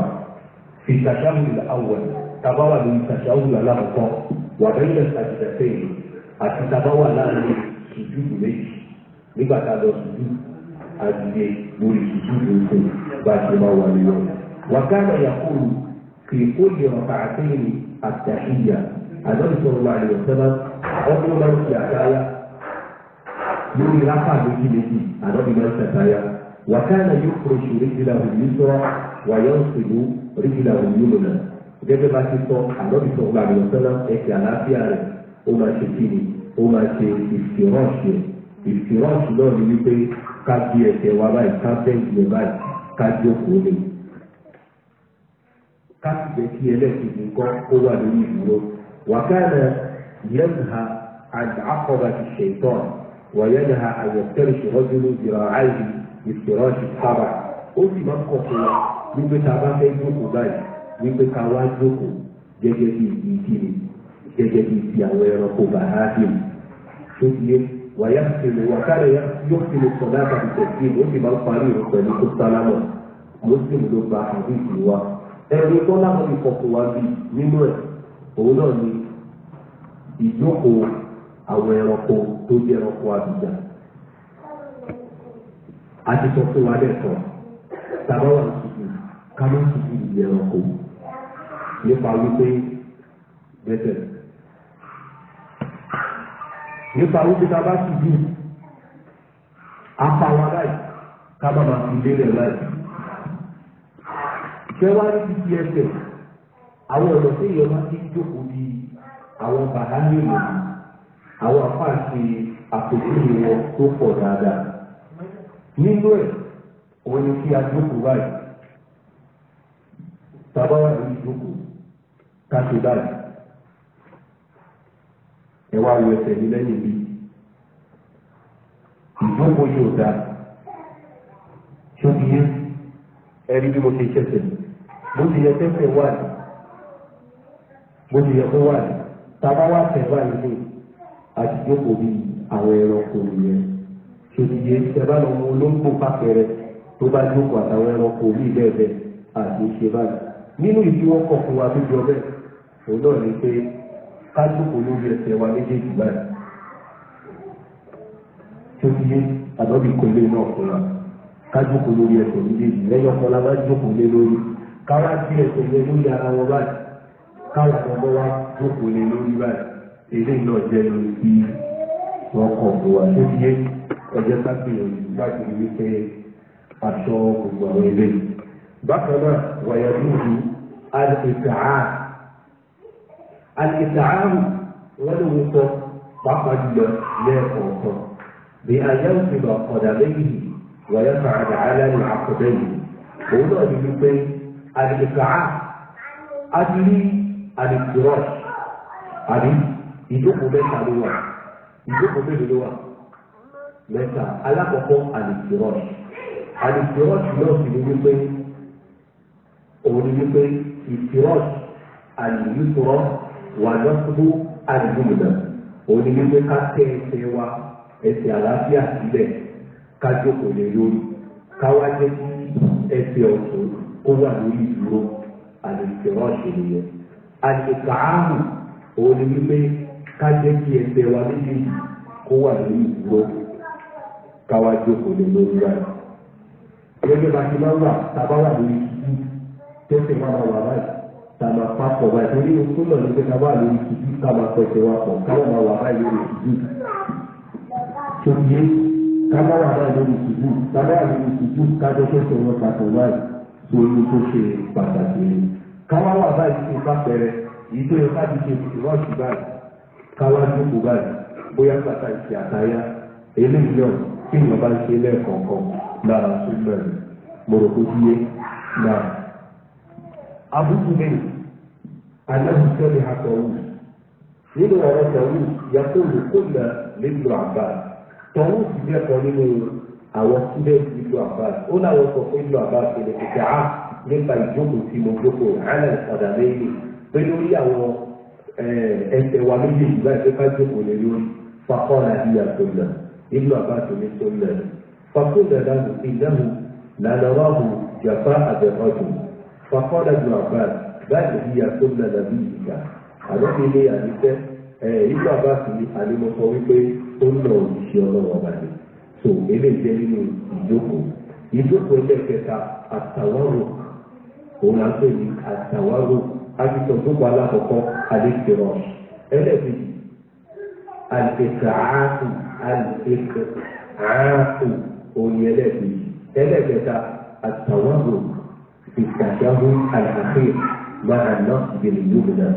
fi ìtàṣàwù ìlà àwọn tabawa lórí ìtàṣàwù ìlà àlàkọ́ wà bẹ́ẹ̀ lẹ́sàgìdà sẹ́yìn àti tabawa láàrin sùjúdù méjì nígbà tá a lọ sùjúdù àdìyẹ lórí sùjúdù oṣù bá a ṣe máa wà ní wọn. wàkàrà yàkúrú kì í kó lè ọ̀kà àtẹ́yìn àtàhíyà àdọ́sọ̀rọ̀ wà ní ọ̀sẹ́lá ọdún máa ń ṣe àtàyà lórí ráfà méjì méjì àdọ́bí máa ń ṣe àtàyà. wàkàrà yóò kọ̀ ṣù rígìlà òyìn sọ wàyọ̀ òṣèlú rígìlà òyìn lónà gẹ́gẹ́ bá ti sọ àdọ́bí sọ̀rọ̀ wà ní ẹ̀kẹ́ àlàáfíà rẹ̀ ó máa ṣe kí ni ó máa ṣe ìfìrọ́ọ̀ṣì ìfìrọ́ọ̀ṣì náà ni wípé ká di ẹsẹ̀ wa báyìí ká bẹ́ẹ̀kì ẹ báyìí ká jókòó lè. ká sì jẹ́ kí ẹlẹ́sìn nǹkan ó wà lórí ìdúró wàkàrà yẹ́nha àkọ́bà ti ṣètọ́ wàyẹ́nha àyẹ̀tẹ́rìṣì rọ́júlù jìrà àìyí ìfìrọ́ọ̀ṣì sábà ó sì máa ń kọ̀ fún wa wípé tá bá fẹ́ jókòó báyìí wípé ká wá jókòó gẹ́gẹ́ bí ìdíkiri gẹ́gẹ́ bí ti àwọn ẹranko bàhádìm tó ti yé wàyà sílò wàkàrẹ̀ yóò sílò sọ̀dá àbàtì tẹ̀sí ó sì máa ń parí ìrù pẹ̀lú tó sálámọ̀ muslim ló gba àdìsí wa ẹni tó láwọn ìkọ̀kọ̀ wa bí nínú ẹ̀ òun náà ni ìjókòó àwọn ẹranko tó jẹ́ ẹranko àbíjà a sọ fún wa lẹ́kọ̀ọ́ tàbá wà lùsùkù ká má sùkù ìyẹn ẹranko nípa wípé bẹ́tẹ̀ nípa wípé tá a bá sì dùn apá wa láì ká bá máa fi lélẹ̀ láì. ṣé wàá ní títí ẹsẹ̀ àwọn ọ̀dọ́ tí èèyàn máa ti jókòó di àwọn bàbá nílò àwọn àfáàṣe àpèjúwe wọn tó pọ̀ dáadáa. nínú ẹ̀ wọ́n ní kí a jókòó báyìí tàbá wà ní ìjókòó ká ṣe báyìí ẹ wá lu ẹsẹ̀ ní lẹ́yìn bí ìjókòó yóò dáa ṣókí yé ẹrí bí mo ṣe ṣẹ̀ṣẹ̀ bó ti yẹ tẹ́sẹ̀ wà ní bó ti yẹ kó wà ní tábà wà tẹ̀ báyìí ní àti jókòó bí àwọn ẹranko nìyẹn ṣókí yé ẹ bá lọ mú olóńgbò pàkẹrẹ tó bá jókòó àtàwọn ẹranko mí bẹ́ẹ̀ bẹ́ẹ̀ àti ṣe báyìí nínú ìdíwọ́kọ̀ fún wa tó jọ bẹ́ẹ̀ òun náà ní pé kájòkó lórí ẹsẹ̀ wa méjèèjì báyìí tó ti yé àdọ́bì kọ́lé náà fúnra kájòkó lórí ẹsẹ̀ méjèèjì lẹ́yìn ọkọ la bá jókòó lé lórí káwá sí ẹsẹ̀ yẹn lórí ara wọn báyìí káwá ọmọ wa jókòó lé lórí báyìí eléyìí náà jẹ́ lórí bí wọ́n kọ̀ fún wa tó ti yé ọjọ́ sábìyànjú láti wípé aṣọ gbogbo àwọn eléyìí àtìsáàmù wọ́n ló ń sọ pàápàá jùlọ lẹ́ẹ̀kọ̀ọ̀kan bí ayé òfìlọ ọ̀dà lẹ́yìn wọ̀nyẹ́ fàdà aláìní àkọ́dẹ́ yìí òun náà ní wípé àdìsáà adìrí àdìsírọ̀ àbí ìjókòó mẹ́ta ló wà ìjókòó mélòó ló wà mẹ́ta alákọ̀ọ́kọ́ àdìsírọ̀ àdìsírọ̀ náà sì ní wípé òun ní wípé ìsírọ̀ àdìsírọ̀. wà lọ́sibú àdìmúdà òní wípé ká tẹ ẹsẹ̀ wa ẹsẹ̀ àlàáfíà sílẹ̀ ká jókòó lé lórí ká wá jẹ́ kí ẹsẹ̀ ọ̀tún kó wà lórí ìdúró àlèkè rọ́ọ̀ṣì nìyẹn. àlèkà áhùn òní wípé ká jẹ́ kí ẹsẹ̀ wa kó wà lórí ìdúró ká wá jókòó lé lórí wa bá ti máa ń wà tábà wà lórí tó máa wà tàmà papọ̀ báyìí torí o tún lọ nígbẹ́ káwá lórí kìkì káwá pẹ̀tẹ̀ wa pọ̀ káwá máa wà báyìí lórí kìkì tòkìyé káwá wà báyìí lórí kìkì káwá wà lórí kìkì kájọ tẹ̀sẹ̀ wọn papọ̀ báyìí torí tó ṣe pàtàkì rẹ̀ káwá wà báyìí tó bá pẹ̀rẹ̀ èyí tó yẹ káàdì ṣe ìwádìí báyìí káwá dúkù báyìí bóyá pàtàkì ìṣe àtàyà eléyìí abúlé bẹ́ẹ̀ aláwùjọ́lẹ̀ àtọ̀wù nínú ọ̀rọ̀ tọ̀wù yàtọ̀ olùkọ́là nílùú àbá tọ̀wù sì lẹ́kọ̀ọ́ nínú àwọn sílẹ̀sì nílùú àbá ó láwọn sọ fún nílùú àbá ṣẹlẹ̀ kẹkẹ á nípa ìjókòó tí mo jókòó àlẹ́ ọ̀dà lẹ́yìn pé lórí àwọn eh, ẹsẹ̀ wa méjèèjì báyìí pé jókòó lé lórí fakọ́ra ìyá sọ́nà nílùú àbá ṣẹlẹ̀ sọ́nà fakọ́ra dáhùn ìdáhùn làlọ́rọ́ فقال ابن عباس بل هي سنة نبيك àlọ́bí ilé àdìsẹ́ ìgbà bá fi àlèmọ́sọ wípé ó ń lọ òṣìṣẹ́ ọlọ́wọ́ ọba ni tó eléyìí jẹ́ nínú ìjókòó ìjókòó ẹlẹ́kẹta àtàwárò òun àgbẹ̀ ní àtàwárò àfihàn tó pa alákọ̀ọ́kọ́ àdìsẹ́rọ̀ ẹlẹ́kẹ̀ẹ́ àlèkàáàtù àlèkàáàtù òun ẹlẹ́kẹ̀ẹ́ ẹlẹ́kẹta àtàwárò. التشهد الأخير مع النصب اليمنى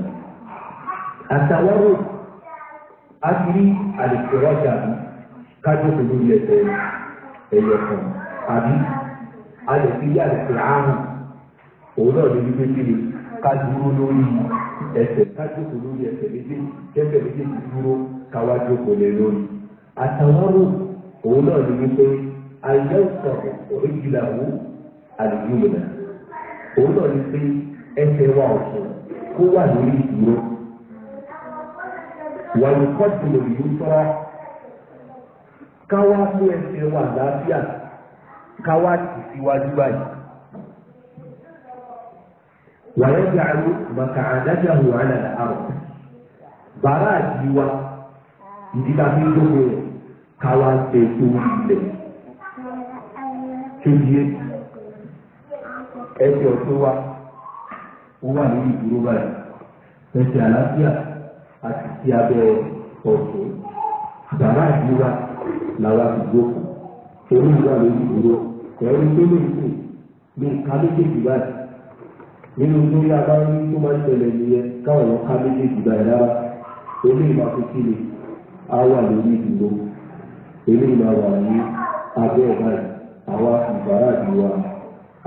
التورد أجري الاستراجة kájú pẹ̀lú ilé ẹ̀sẹ̀ ẹ̀yọ̀ kan àbí a lè fi yá ẹ̀sẹ̀ àrùn òun náà lè wípé kiri ká dúró lórí ẹsẹ̀ kájú pẹ̀lú ilé ẹsẹ̀ dúró káwájú kò lè lórí. àtàwárò òun náà ayé ọ̀sán oríjìláwó àdìyúmọ̀nà òótọ́ ni pé ẹsẹ̀ wa ọ̀tún kó wà lórí ìdúró wàyí kọ́tù lòdì ń káwá mú ẹsẹ̀ wa àlàáfíà káwá tì síwájú báyìí. wàyẹ̀ jàlú màkà àdájáhù àlàlà àrùn bàrá àdìwá ìdílé abíyókò káwá na tó wù lẹ̀ ẹsẹ̀ ọ̀tún wa ó wà lórí ìdúró báyìí ẹsẹ̀ àlàáfíà àti ti abẹ́ ọ̀tún bàbá ìdúrà làwọn àdúgbò kù orí ìwà lórí ìdúró ẹ̀rí tó lè kù ní ìka méjèèjì báyìí nínú tó yá bá tó máa ń tẹ̀lé nìyẹn káwọn lọ ká méjèèjì báyìí rárá ìwà tó kí ni á wà lórí ìdúró ìwà wà ní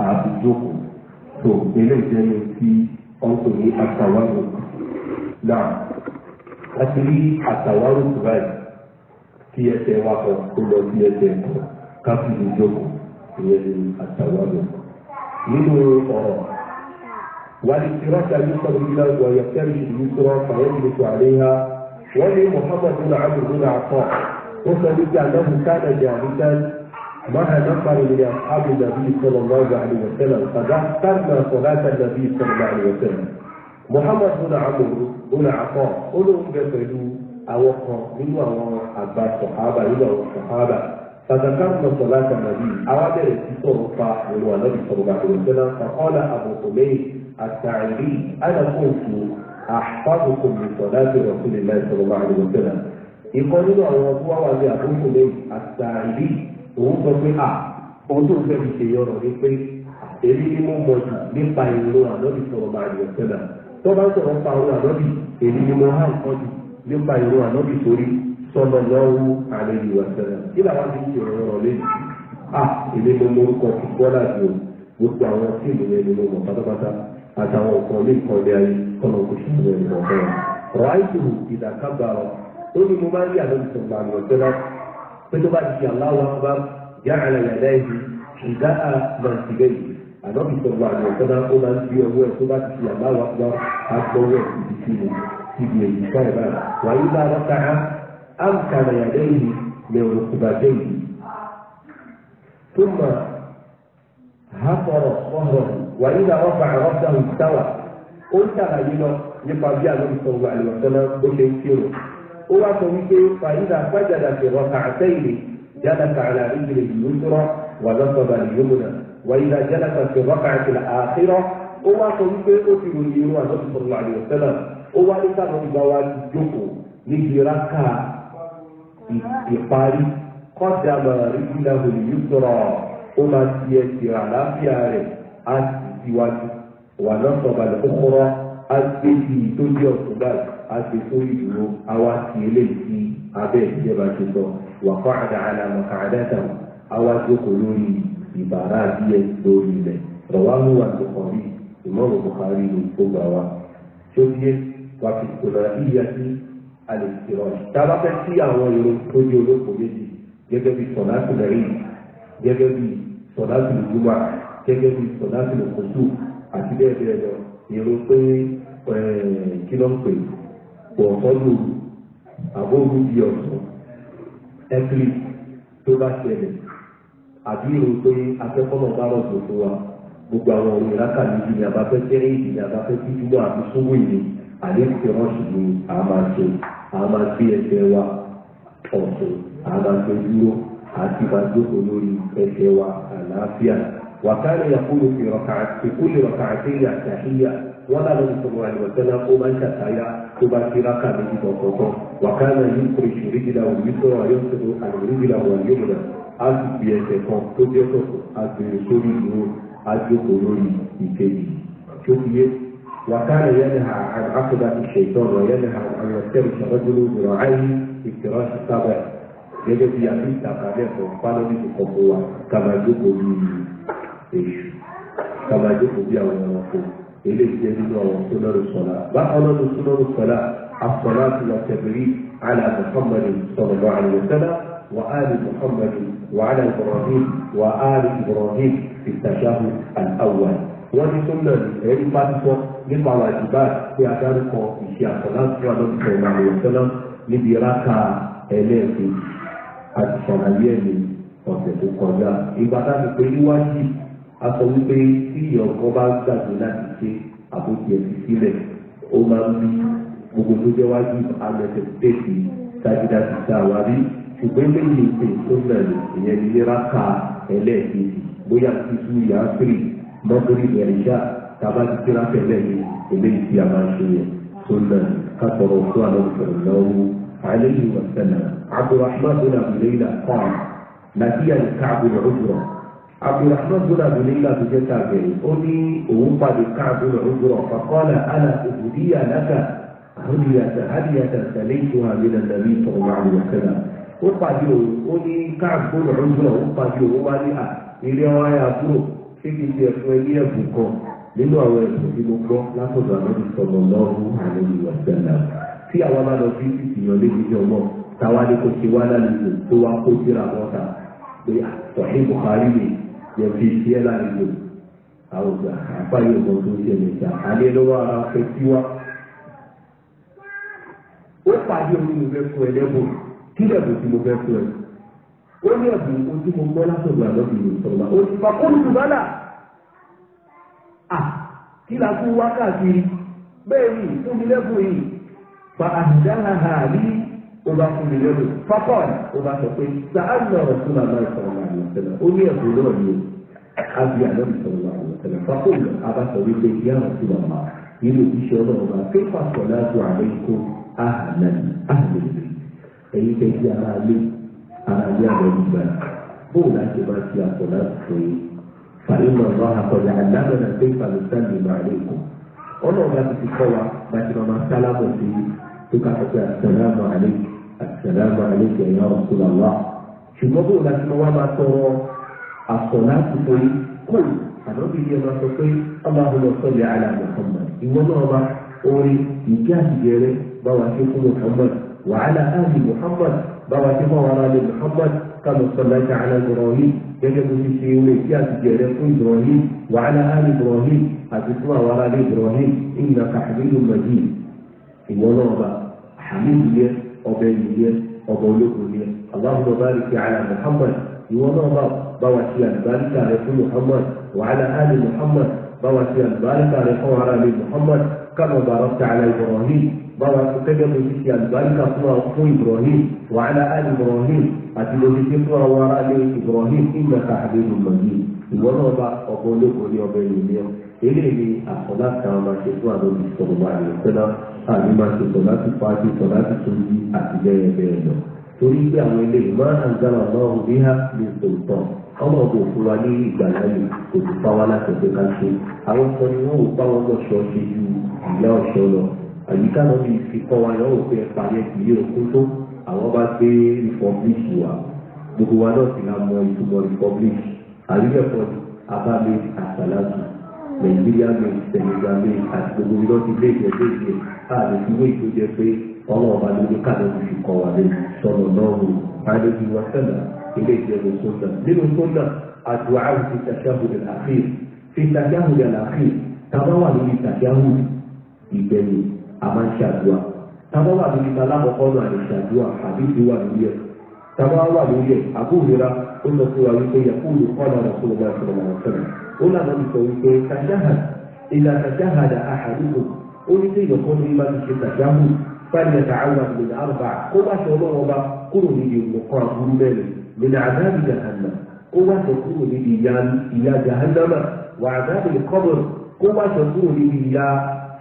àbújókò tó eléjẹ́ ní ti ọ̀tọ̀ ní àtàwárò náà láti rí àtàwárò tùbáyì kí ẹsẹ̀ wa kan tó lọ sí ẹsẹ̀ kan káfíìnì jókòó ìyẹn ní àtàwárò nínú ọ̀rọ̀ والاستراك يقر إلى ويفترش اليسرى فيجلس عليها ولي محمد بن عبد بن عطاء وصل أنه كان جالسا مع نفر من أصحاب النبي صلى الله عليه وسلم قد أحسن صلاة النبي صلى الله عليه وسلم محمد بن عمرو بن عطاء أولهم جسدوا أو من وهو أبا الصحابة إلى الصحابة فذكرنا صلاة النبي أوامر الكتاب فهو النبي صلى الله عليه وسلم فقال أبو حميد التعليمي أنا كنت أحفظكم بصلاة رسول الله صلى الله عليه وسلم يقولون أن الله هو أبو حميد التعليمي òun sọ pé a. òun tó ń fẹ́ fi ṣe yọrọ̀ ni pé èmi ni mo mọ̀ jù nípa ìlú ànábì sọ̀rọ̀ máa yọ̀ sẹ́dà tó bá sọ̀rọ̀ pa òun ànábì èmi ni mo há nǹkan jù nípa ìlú lọ́wọ́ àlẹ́ ìwà sẹ́dà kí làwọn ti ṣe ọ̀rọ̀ a èmi mo bọ́lá gbogbo àwọn ni mo mọ̀ pátápátá àtàwọn ní nǹkan ilé ayé kọ́nà kò pé tó bá ti di aláwọ àbá yá àlẹ yàrá ẹbí ìdá a máa ti bẹ́ẹ̀ yìí ànábì sọ̀rọ̀ àná ìtọ́nà ó máa ń di ọwọ́ ẹ̀ tó bá ti di aláwọ àbá agbọ́wọ́ ẹ̀ ibi tí mo ibi èyí ká ẹ̀ báyìí wàyí bá wá ká àmkàrà yàrá ẹbí lẹ́wọ̀n kùbà bẹ́ẹ̀ yìí tó máa hàkọ̀rọ̀ ọ̀rọ̀ wàyí bá wọ́n fà rọ́ṣà ìtawà ó ń tàbí ó wá sọ wípé fàyínà pàjáda fèrọ kàtẹ́ ìlè jálà kàlà ìlè ìlúdúrọ wà lọ́sọ̀bà ìlúmùnà wàyínà jálà fèrọ kàtẹ́ àkírọ ó wá sọ wípé ó ti ròyìn irú àdókò sọ̀rọ̀ àlùsẹ́nà ó wá ní sábà ìgbà wa jókòó níbi rákà ìparí kọ́dà máa rí ìlànà ìlúdúrọ ó máa ti ẹ̀ tìrà láfíà rẹ̀ á ti tiwájú wà lọ́sọ̀bà a ti sórí ìdúró a wá ti eléyìí sí abẹ́ ìjọba ti sọ wà fún àdàlà màkà àdàtà a wá jókòó lórí ìbàrá díẹ̀ lórí ilẹ̀ rọ̀wá mú wa tó kàn rí ìmọ̀ràn Bukhari ló tó gbà wá tí ó wà fi kùnà ìyá sí alẹ́ ìṣirọ́ tábà fẹ́ sí àwọn èrò tó di olóko méjì gẹ́gẹ́ bí sọ̀dá tìlẹ̀rì gẹ́gẹ́ bí sọ̀dá tìlùjúmọ́ gẹ́gẹ́ bí sọ̀dá tìlùkùsù àti bẹ́ẹ̀ bẹ́ẹ̀ lọ èrò pé kí ló ń pè é wọ̀kọ́lù àbóhùn bí ọ̀sán ẹ́kìlì tó bá ṣẹlẹ̀ àbí irun pé akẹ́kọ̀ọ́ bá rọ̀gbọ̀ fún wa gbogbo àwọn ọ̀rọ̀ ìrákà níbi ni àbáfẹ́ tẹ́rẹ́ ìdí ni àbáfẹ́ tí júbọ̀ àti súnwó ìní àlékún ránṣì ni a máa ṣe a máa gbé ẹsẹ̀ wa ọ̀sùn a máa gbé dúró àti máa jókòó lórí ẹsẹ̀ wa àlàáfíà wàkàrí àkúrò ìkúlè ọ̀kà àti ìyà àtàhíyà wọn lábẹ́ ìṣòro àlùbọ̀tẹ́lá ó máa ń ṣàtàyà tó bá ti rákà méjì kọ̀ọ̀kọ̀ọ̀kan wàkánà yìí kò ìṣòrí gíga òní sọ̀rọ̀ ayọ́sẹ̀rọ̀ àlòrí gíga wà yóò múlẹ̀ á sì fi ẹsẹ̀ kan tó jẹ́ sọ̀tọ̀ àgbèrè sórí ìdúró ájókòó lórí ìkejì tó fi yé wàkánà yẹn ha àkọ́dà ìṣẹ̀ ìtọ́rọ̀ yẹn ha àyọ̀sẹ̀rọ̀ ìṣàkọ́jọ́ló ìrọ̀ ayé ìkẹrọ sábà gẹ́gẹ́ bí àbí ìtàkàlẹ́kọ̀ọ́ eléyìí jẹ́ nínú àwọn sunnah sọ̀lá bákan náà ní sunnah sọ̀lá as-salatu wa at-tabrik ala Muhammad sallallahu alaihi wa sallam wa ali Muhammad wa ala Ibrahim wa ali ẹ̀rí bá nípa àwọn àjùbá pé adárúkọ ìṣe àsọ̀lá sí ọ̀dọ́ sallallahu alaihi wa sallam níbi ráka ẹlẹ́ẹ̀kejì àti ṣàlàyé ẹ̀mí ọ̀sẹ̀ tó kọjá ìgbà tá a ti pè níwájú a sọ wípé tí ìyọ̀kọ́ bá gbàgbé láti ṣe àbójẹ sílẹ̀ ó máa ń bí gbogbo tó jẹ́ wájú àgbẹ̀tẹ̀ tẹ̀sí dájúdájú tá a wá rí ṣùgbọ́n lẹ́yìn ìpè tó bẹ̀rẹ̀ ìyẹn ní ráka ẹlẹ́ẹ̀kejì bóyá títú ìyá pírì mọ́gírì ẹ̀ríṣà tàbá ti kíra yìí eléyìí tí a máa ṣe yẹn tó bẹ̀rẹ̀ kátọ̀rọ̀ fún àwọn ìfẹ̀rẹ̀ lọ́wọ́ àìlẹ́yìn wọ̀sẹ̀nà Abdulrahman bin Abdullahi kọ́ láti yà ní káàbù rẹ̀ ó abdulrahman bùnà dùnìlá tó jẹ́ tàbẹ̀rẹ̀ ó ní òun padì káàbù rẹ̀ ń gbọ́rọ̀ fàkọ́lá àlà òbúdíyà lága àhùnìyàtà àdìyàtà tẹ̀lé ìtura àbínà nàbí tọ̀wọ́ àwọn ọ̀sẹ̀lá ó padì òun ó ní káàbù rẹ̀ ń gbọ́rọ̀ ó padì òun wá ní à ilé ọ̀rá yà kúrò kékeré ẹ̀fọ́ ẹni ẹ̀bùn kan nínú àwọn ẹ̀bùn tí mo gbọ́ látọ̀dọ̀ àmọ́tí sọ̀rọ̀ lọ́rùn àwọn tí àwa bá lọ sí ìyàn lébi ní ọmọ táwa ní kò ṣe wá lálejò tó wá kó síra mọ́ta pé sọ̀hí Buhari nìyí yẹ̀bi tiẹ̀ lálejò àwùjọ àbáyọ̀ ọmọ tó ṣe lè jà alẹ́ lọ́wọ́ ara fẹ́ kí wá. ó pàdé omi mo fẹ́ fún ẹ lẹ́bùn kí lẹ́bùn tí mo fẹ́ fún ẹ. ó ní ẹ̀bùn ojú mo gbọ́ látọ̀dọ̀ àlọ́bì mi sọ̀rọ̀ ó ti fàkó lù bàlà. à kí la fún wá káàkiri bẹ́ẹ̀ ni fún mi lẹ́bùn yìí fa àdáhà hà ní ó bá fún mi lẹ́bùn fakọ́ọ̀lì ó bá sọ pé sàánù ọ̀rọ̀ fún màmá ìsọ̀rọ̀ وسلم قل لي أقول له أبي النبي صلى الله عليه وسلم فقل أبا سعيد يا رسول الله يلو في شغل كيف الصلاة عليكم أهلا أهل البيت أي كيف يا أهلي أنا يا غريبا قول أنت يا صلاة فإن الله قد علمنا كيف نسلم عليكم ọlọ́run láti fi kọ́ wa láti máa sálámù sí i tó ká sọ pé àṣàlámù àlékè àṣàlámù àlékè ẹ̀yà ọ̀ṣun làwọn ṣùgbọ́n bóun láti mọ wá máa tọrọ àpọ̀ láti torí kù àdóbi yẹn máa sọ pé ọlọ́run ọ̀sọ́lẹ̀ àlà Muhammad ìwọ náà bá orin ìgbé àtìgẹrẹ báwa ṣe fún Muhammad wàhálà áàlì Muhammad báwa ṣe fún àwọn aráàlú Muhammad kàmú sọlájà àlà Ibrahim gẹ́gẹ́ bó ti ṣe orin ìgbé àtìgẹrẹ fún Ibrahim wàhálà áàlì Ibrahim àti fún àwọn aráàlú Ibrahim ìgbà kàhàmídù Majid ìwọ náà bá àhàmídù yẹ اللهم بارك على محمد يوما بواسي البارك على محمد وعلى آل محمد بواسي البارك على آل محمد كما باركت على إبراهيم báwa kẹ́kẹ́ tó ti ṣe àlùbáríkà fún fún ibrahim wàhálà àlì ibrahim àti lórí tí fún àwọn ará lé ibrahim ìmẹ̀ka àdéhùn lọ́yìn ìwọ náà bá ọkọ̀ olóko ní ọbẹ̀ yìí eléyìí àkọlá kan máa ṣe fún àwọn olùsọ̀rọ̀ wa àyẹ̀fẹ́lá àbí máa ṣe sọ̀ láti pa á ṣe sọ̀ láti tó yí àtìlẹ́yìn bẹ́ẹ̀ lọ torí pé àwọn ilé ìmọ̀ àgbàlá ọlọ́run bí há ní òótọ́ ọmọ ọgbọ òfin wa ní ìgbàláyè kò sì pa wá láti ọjọ́ ká ṣe àwọn kan ni wọn ò bá wọn lọ sọ ṣe ju ìyá ọ̀ṣọ́ lọ àyíká lọ bí fi kọ́ wa lọ́wọ́ pé ẹ parí ẹ̀kú ilé òkú tó àwọn bá gbé republic wa gbogbo wa náà sì la mọ ìtumọ̀ republic àríwẹ̀kọ́ abámi àsàlámù nàìjíríà mi senegal mi àti gbogbo iná ìjọba ìjẹ ọlọ́run bá lórí káàdé ti fi kọ́ wa lé sọ̀rọ̀ lọ́rùn àdébí wa sẹ́là ilé ìjẹ́lu sọ́nà nínú sọ́nà àdúrà ti tàṣàhùdì àfíì fi tàṣàhùdì àfíì tábà wà lórí tàṣàhùdì ìgbẹ̀yìn àmáṣàdúà tábà wà lórí talákọ̀ọ́kọ́ náà àlèṣàdúà àbí ti wà lórí ẹ̀ tábà wà lórí ẹ̀ àbúrera ó lọ sí wa wípé yàkúùlù kọ́nà rọ̀kúlùmọ́ ìṣòro ó lànà fẹ́ẹ̀lì ẹ̀ka àwọn àgbègbè àrùbá kó wá sọ ọlọ́run ọba kúrò níbi ìmọ̀kọ́ àbúrú mẹ́rin lẹ́nu àdáàbì jahannama kó wá sọ kúrò níbi ìyá jahannama wà àdáàbì kọ́bọ̀n kó wá sọ kúrò níbi ìyá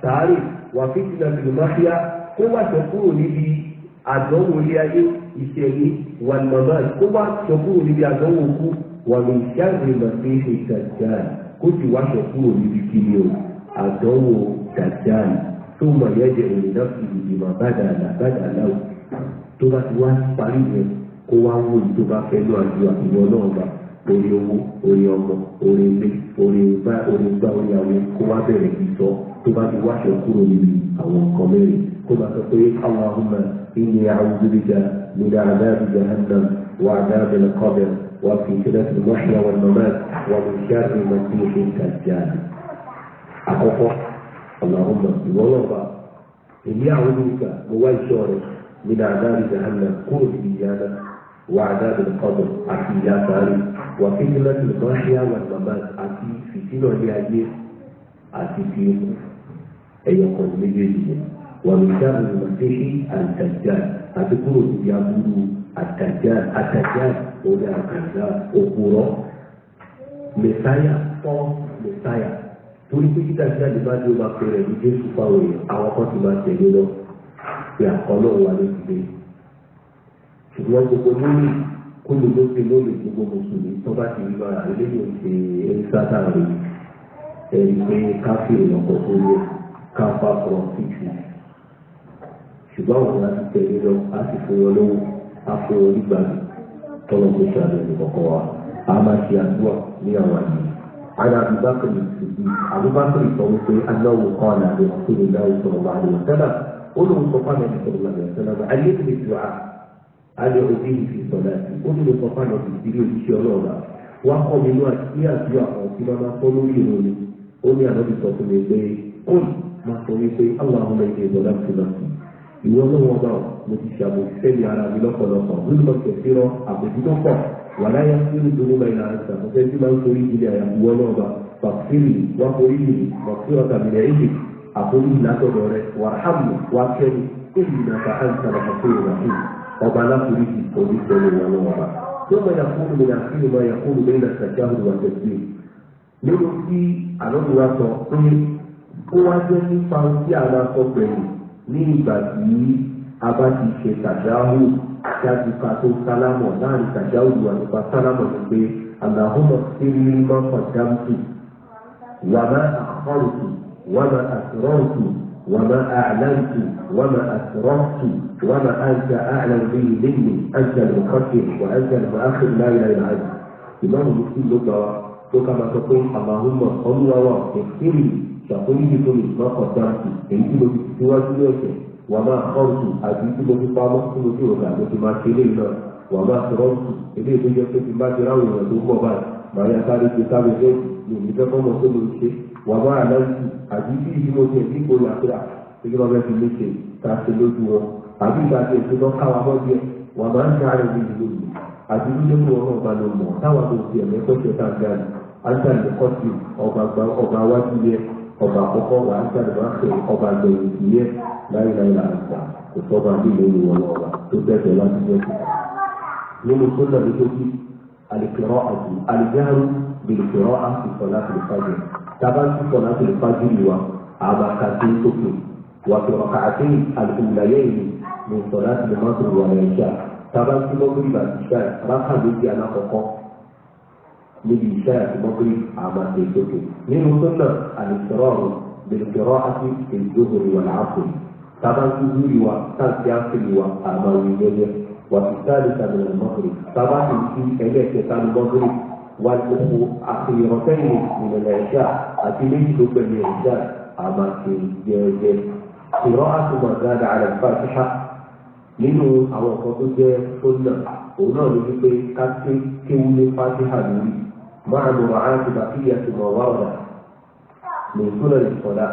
sàárè wà fìtìlà fìlùmáfíà kó wá sọ kúrò níbi àdánwò ilé ayé ìṣẹ̀lẹ̀ wà nàmá kó wá sọ kúrò níbi àdánwò kú wà ní ìṣàgbé màfíìsì dàjáì kó sì wá sọ kúrò níbi kíni o àdánwò dàjáì tó mọ̀ yẹ́jẹ̀ òun náà fi ìgbìmọ̀ bàdà àlà bàdà àlà o tó bá ti wá parí yẹn kó wá wó yìí tó bá fẹ́ lọ àjọ àtiwọ́ náà gbà orí owó orí ọmọ orí ilé orí bá orí gbá orí àwọn kó wá bẹ̀rẹ̀ ìsọ tó bá ti wáṣọ kúrò níbi àwọn nǹkan mẹ́rin kó bá sọ pé Allahumma inni a'udhu bika min adhabi jahannam wa adhabi al-qabr wa fitnati al-mahya wal-mamat wa min sharri ma fihi dajjal àkọ́kọ́. اللهم ووضع إياه منك مواجهة من عذاب جهنم قوت إيانا وعذاب القبر أحياء تاري وفتنة المحيا والممات أتي في سنة هي أتي فيه أي قد ومن شر المسيح الدجال يا بنو الدجال الدجال ولا الدجال أقول مسايا أو مسايا torí pé títà jáde bá ní o máa pèrè ní jésù fáwọn èèyàn àwọn kan ti máa tẹ̀lé lọ pé àkọlọ́ wà lójú dé ṣùgbọ́n gbogbo lórí kó lè ló ṣe lórí gbogbo mùsùlùmí tó bá ti rí bára eléyìí ṣe ẹnìsáta rè ẹni pé káfí ìlọ́kọ̀ tó yẹ káfá from fífi ṣùgbọ́n àwọn láti tẹ̀lé lọ á sì fún wọn lówó á fún wọn nígbàgbé tọ́lọ́ kó ṣàlẹ̀ nìkọ̀kọ̀ wa a máa ṣe àdúrà ní àwọn àyè على ابي بكر الصديق ابو بكر الصديق انه قال لرسول الله صلى الله عليه وسلم قل سبحان النبي صلى الله عليه وسلم علمني الدعاء أن أؤذيه في صلاتي قل سبحان النبي صلى الله عليه وسلم وقم الوقت يا دعاء كما ما تنويرني قل يا نبي صلى الله عليه وسلم قل ما تنويرني اللهم إني ظلمت نفسي ìwọ ló wọn bá mo ti ṣàbòsí sẹ́yìn ara mi lọ́pọ̀lọpọ̀ nínú ọ̀sẹ̀ fíràn àbòjútó pọ̀ wàlá yà sí ìdúró bá ìlànà àti àkọsẹ́ tí máa ń forí ìdílé àyàwó ọlọ́ọ̀bà fàkìrì wà forí ìlú fàkìrì ọ̀tà bìlẹ̀ ìlú àforí ìlàtọ̀dọ̀ rẹ wà hàmù wà kẹ́mi kó ìlànà àǹtà àkọsẹ́ ìwàhìn ọba aláforí ìlú orí sẹ́yìn wà lọ́wọ́ba. tó máa yà fún mi àti ìmọ̀ yà fún mi lẹ́yìn àtàjáwò wà tẹ̀sí. nínú tí àlọ́dún wa sọ ṣáàjú ká tó sálámọ̀ láàrin tàjá òdu àyùbá sálámọ̀ ní pé àlàhùnmọ̀ sírí mọ́ kọ̀dámtì wàmà àkọ́rùtù wàmà àtúrọ́ùtù wàmà àlàǹtù wàmà àtúrọ́ùtù wàmà àjà àlàǹtì lẹ́yìn àjà lùkọ́kẹ́ wà àjà lùkọ́kẹ́ láyà ìlà àjà ìmáàmù mi sì ló gbà wá tó ká máa sọ pé àlàhùnmọ̀ ọlúwa ẹ̀kírì ṣàkóyí wà máa kọ́ọ̀tù àti tí mo fi pamọ́ tí mo fi rògbà mo ti máa ṣe eléyìí náà wà máa kọ́ọ̀tù eléyìí tó yẹ pé ti bá ti ráwọ̀ èèyàn ń bọ̀ báyìí màá yà sáré ti sáré mi ò ní fẹ́ fọ́mọ tó mo ń ṣe wà máa àti ìdí mo ti ẹ̀ ta ṣe ọba ló ọba wájú yẹ láyé láyé là ń gbà kò sọ́ba bí lórí wọn náà wà tó tẹ̀sẹ̀ láti jẹ́ kí. nínú sọ́nà ní tó kí alìkìrọ́ àti alìjáàrú bìlìkìrọ́ àti sọ̀lá tìlìfájì tábà sí sọ̀lá tìlìfájì yìí wa àmà kàtí sókè wàtò ọ̀kàtí àlùkùnláyé yìí ní sọ̀lá tìlìmọ́tò wà lẹ́yìn tábà sí mọ́gírì àti ìṣáì rákà méjì alákọ̀ọ́kọ́ níbi ìṣáì àti mọ́gírì àmà tẹ̀ sókè nínú sọ́nà alìkìrọ́ bìlìkìrọ́ àti ìdóhùn wà láàpù tábà ń dúdú ìwà táàtì áfírí wa àmà òyìnbó wàtúntàlì sàmìlà mọ́kìrì tábà ń fi ẹlẹ́ẹ̀kẹta ní mọ́kìrì wà lóko àfihàn ìrìnlẹ̀ ẹ̀ṣà àti méjì tó pẹ̀lú ẹ̀ṣà àmà kiri jẹ́ẹ́jẹ́. ìrọ́ àtúmọ̀ dáadáa àlẹ́ fàtíhà nínú àwọn nǹkan tó jẹ́ sọ́nà òun náà ló ní pé ká kéwú ní fàtíhà lórí máa lọ àti bàkíyà tó mọ̀ wá ọ̀dà lè sọ́nà ìsọ̀dá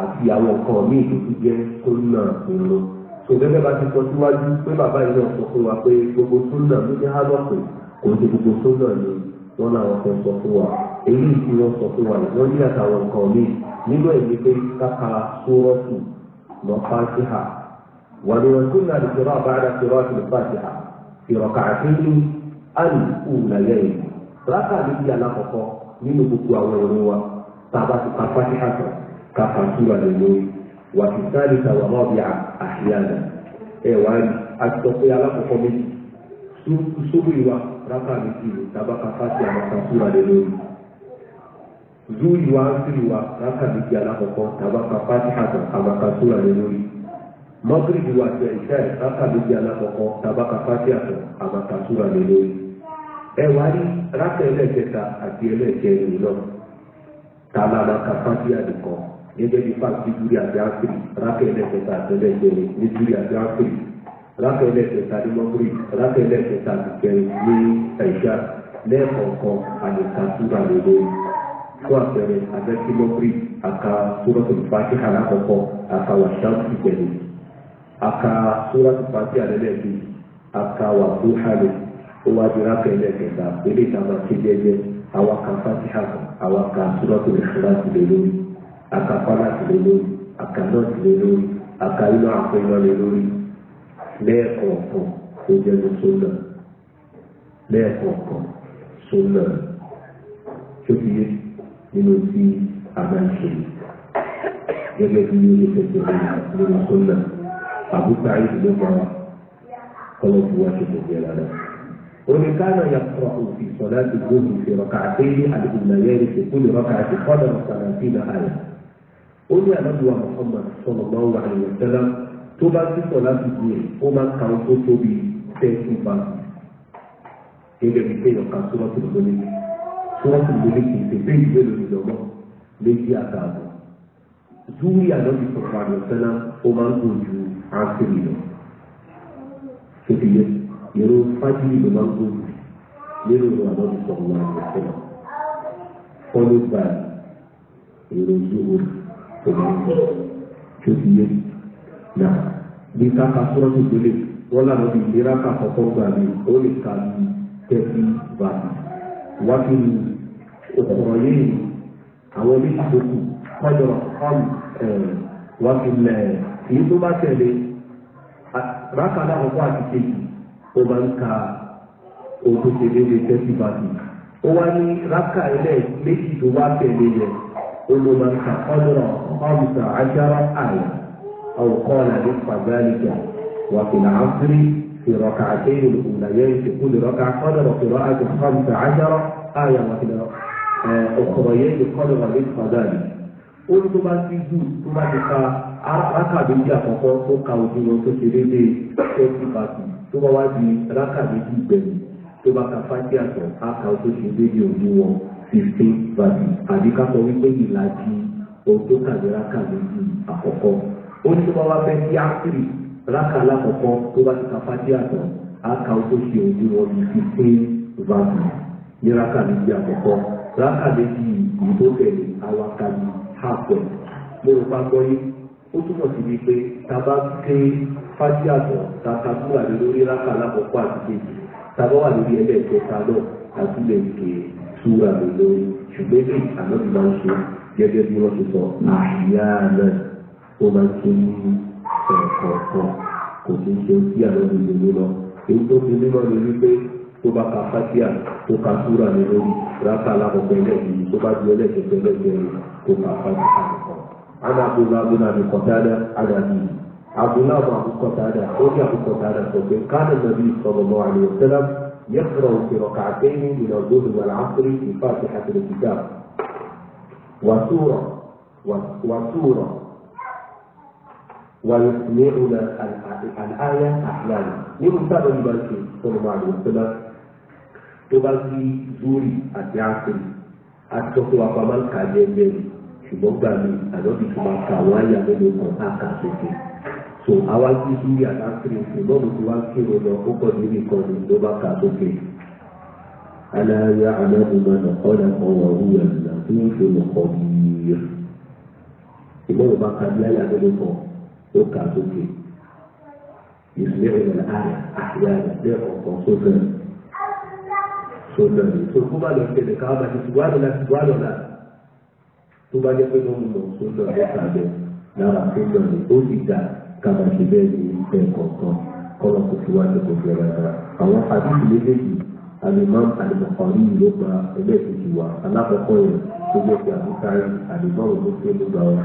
àti àwọn nǹkan míì tó ti jẹ́ súnà ìrun tó gẹ́gẹ́ bá ti sọ síwájú pé bàbá yìí náà sọ fún wa pé gbogbo súnà ló jẹ́ hálọ́pù kò ṣe gbogbo súnà ni wọ́n làwọn kan sọ fún wa èyí tí wọ́n sọ fún wa wọ́n ní àtàwọn nǹkan míì nínú ẹ̀mí pé káka sórọ́tù lọ fàtíhà wà ní wọn súnà lè sọ̀rọ̀ àbáradà sọ̀rọ̀ àti lè fàtíhà ìrọ̀kà àti ní àlùkù làyẹ̀ yìí rákà méjì alákọ̀ọ́kọ́ nínú gbogbo àwọn ìrun wa tá a bá ti pa fàtíhà sọ̀rọ̀ kàkà súra lè lórí wà sí sáàlì tàwọn ọmọ bíi àhíyànà ẹ wá rí àtọ pé alákọ̀ọ́kọ́ méjì sóbù ìwà rákà mi sí ìlú tábàkà fásitì àmàkà súra lè lórí zuri wa asiri wa rákà mi sí alákọ̀ọ́kọ́ tábàkà fásitì àmàkà súra lè lórí mọ́gìrìbì wa àti ẹ̀ṣẹ́ rákà mi sí alákọ̀ọ́kọ́ tábàkà fásitì àmàkà súra lè lórí ẹ wá rí rákà ẹlẹ́ẹ̀kẹta àti ẹlẹ́ẹ̀kẹrin náà tàbàkà fásitì àdìkọ́ di gẹ́gẹ́ bí fáàkì júrí àti áfírì rákẹ́lẹ́kẹta àtẹlẹ́gbẹ̀rin ní júrí àti áfírì rákẹ́lẹ́kẹta ní mọ́gírì rákẹ́lẹ́kẹta àtìkẹrin ní ẹ̀ṣá lẹ́ẹ̀kọ̀ọ̀kan àyẹ̀ká súra lórí fún àpẹẹrẹ abẹ́sí mọ́gírì àka súrọ́tò fàtíhà lákọ̀ọ́kọ́ àka wàṣáàtì pẹ̀lú àka súrọ́tò fàtíhà lẹ́lẹ́gbẹ̀ẹ́ àka wàbúhálẹ̀ ó wá di rákẹ́lẹ́kẹta eléyìí akakọ́lá ti lè lórí akaná ti lè lórí akayínà àpéyàn lè lórí lẹ́ẹ̀kọ̀ọ̀kan tó jẹ́ ní sónà lẹ́ẹ̀kọ̀ọ̀kan sónà tó fi yé nínú tí a máa ń ṣe gẹ́gẹ́ bí yóò ṣe tẹ̀lé nínú sónà àbúkà yìí ló máa kọ́lọ́ọ̀fù wá ṣe kò jẹ́ lára. ومن كان يقرأ في صلاة الظهر في ركعتين الأوليين في كل ركعة قدر ثلاثين آية ó ní ànábùwà Muhammad sallallahu alaihi wasallam tó bá sísọ láti gbé ẹ̀ ó máa ka ó tó tóbi tẹ́sí bá gẹ́gẹ́ bí pé ọ̀ka tó wọ́n ti lò lé tó wọ́n ti lò lé kì í ṣe pé ìwé lòdì lọ́mọ́ méjì àtààbọ̀ zúwì ànábì sọ̀rọ̀ àlọ́ sẹ́lá ó máa ń gùn ju áńsìrì lọ tóbi yẹ èrò ló máa ń gùn jù lérò lọ sọ̀rọ̀ àlọ́ sẹ́lá followed by èrò kò máa ń bọ̀ tó ti yé nà bí káka sọ́ọ́ ní ìdílé wọ́n lànà bí ìlera kà kọ́kọ́ gbà mí ó lè ka bí tẹ́tí bá mi wá kí ni òkùnrọ̀ yìí àwọn oníṣẹ́ tó kù kọ́jọ́ ọ̀hún wá kí ni èyí tó bá tẹ̀lé rákàdá ọ̀pọ̀ àti kejì ó máa ń ka ohun tó ṣe déédéé tẹ́tí bá mi ó wá ní rákà ilẹ̀ méjì tó bá tẹ̀lé yẹn olùmọ̀ọ́kà ọ̀dọ̀rọ̀ ọ̀mùsà àṣàrọ̀ àyà àwòkọ́ọ̀là ní fàgbáríkà wàkìlà áfírí في ركعتين الأوليين في كل ركعة قدر قراءة خمسة عشر آية وكذا أخريين قدر رزق ذلك ó ní tó bá ti dù tó bá ti ka rákàbéjì àkọ́kọ́ tó ka òjò lọ tó ṣe déédéé tó ti ka tù tó bá wá di rákàbéjì gbẹ̀yìn tó bá ka fájí àtọ̀ á ka tó ṣe déédéé òjò wọn fifteen verses àbí ká sọ wípé ìlàjì odó tàbí rákà méjì àkọ́kọ́ ó ní tó bá wá fẹ́ sí áfírì rákà alákọ̀ọ́kọ́ tó bá ti ka fájí àtọ̀ á ka ó tó ṣe ojú wọn bíi fifteen verses ní rákà méjì àkọ́kọ́ rákà méjì ìbò tẹ̀lé àwọn akábi hapẹ̀ mo rò pa gbọ́ yìí ó túmọ̀ sí ni pé ta bá ké fájí àtọ̀ ta ka kúrò àdé lórí rákà alákọ̀ọ́kọ́ àti kejì ta bá wà lórí ẹlẹ́ẹ̀kẹta náà àti lẹ́ẹ̀kẹ́ súra mi lórí ṣùgbọ́n kí àlọ́bí máa ń ṣe gẹ́gẹ́ bí wọ́n ti sọ àyà náà ó máa ń ṣe ní ẹ̀kọ̀ọ̀kan kò ní ṣe sí àlọ́bí mi lọ. èyí tó fi mímọ́ ni wípé tó bá ka fásíà tó ka súra mi lórí rákà alákọ̀ọ́kọ́ ẹlẹ́yìn tó bá di ẹlẹ́kẹ̀ẹ́kẹ́ ẹlẹ́kẹ̀ẹ́ tó ka fásíà nìkan. ana abúlé abúlé àbí kọ̀tádà ana bí abúlé àbọ̀ àbúkọ̀tádà ó ní àbúkọ̀tádà sọ pé káàdì nàbí sallallahu alaihi يقرأ في ركعتين من الظهر والعصر في فاتحة الكتاب وسورة وسورة ويسمعنا الآية أحلاما نقول تابع يبالكي صلى الله عليه وسلم يبالكي زوري أتعاكي أتوقع وقمان كاجين بني ṣùgbọ́n gbà mí àlọ́bí tó máa kà wọ́n tó àwa jí lórí àdákiri fún bọ́ọ̀lù tí wá kírun lọ ó kọ̀ níbi kan ní ló bá ka sókè. aláya aláàbùmá nà ọ̀nà ọ̀wọ̀ òwúrọ̀ nà tó ń fi lọ kọ̀ yíyá. ìbọ̀wọ̀ bá ka bí àyà mélòó kan ó ka sókè. ìsìlẹ̀ ìrọ̀lẹ́ àyà àyà ìsìlẹ̀ ọ̀kan sókè. sókè ni tó kó bá lọ tẹ̀lé káwọn bá ti wá lọ́la ti wá lọ́la tó bá jẹ́ pé ló ń lọ sókè ọ̀dọ́ kàmá ṣe bẹ́ẹ̀ ní ìfẹ́ kọ̀ọ̀kan kọ́lọ̀ kò fi wá ní kò fi ọ̀rọ̀ ẹ̀dá. àwọn àdúgbò méjèèjì alimam alimọ̀kànrí yìí ló gba ẹlẹ́ẹ̀kejì wa alákọ̀ọ́kọ́ yẹn tó jẹ́ pé àbúkárí alimọ̀rún ló fẹ́ ló gbà wá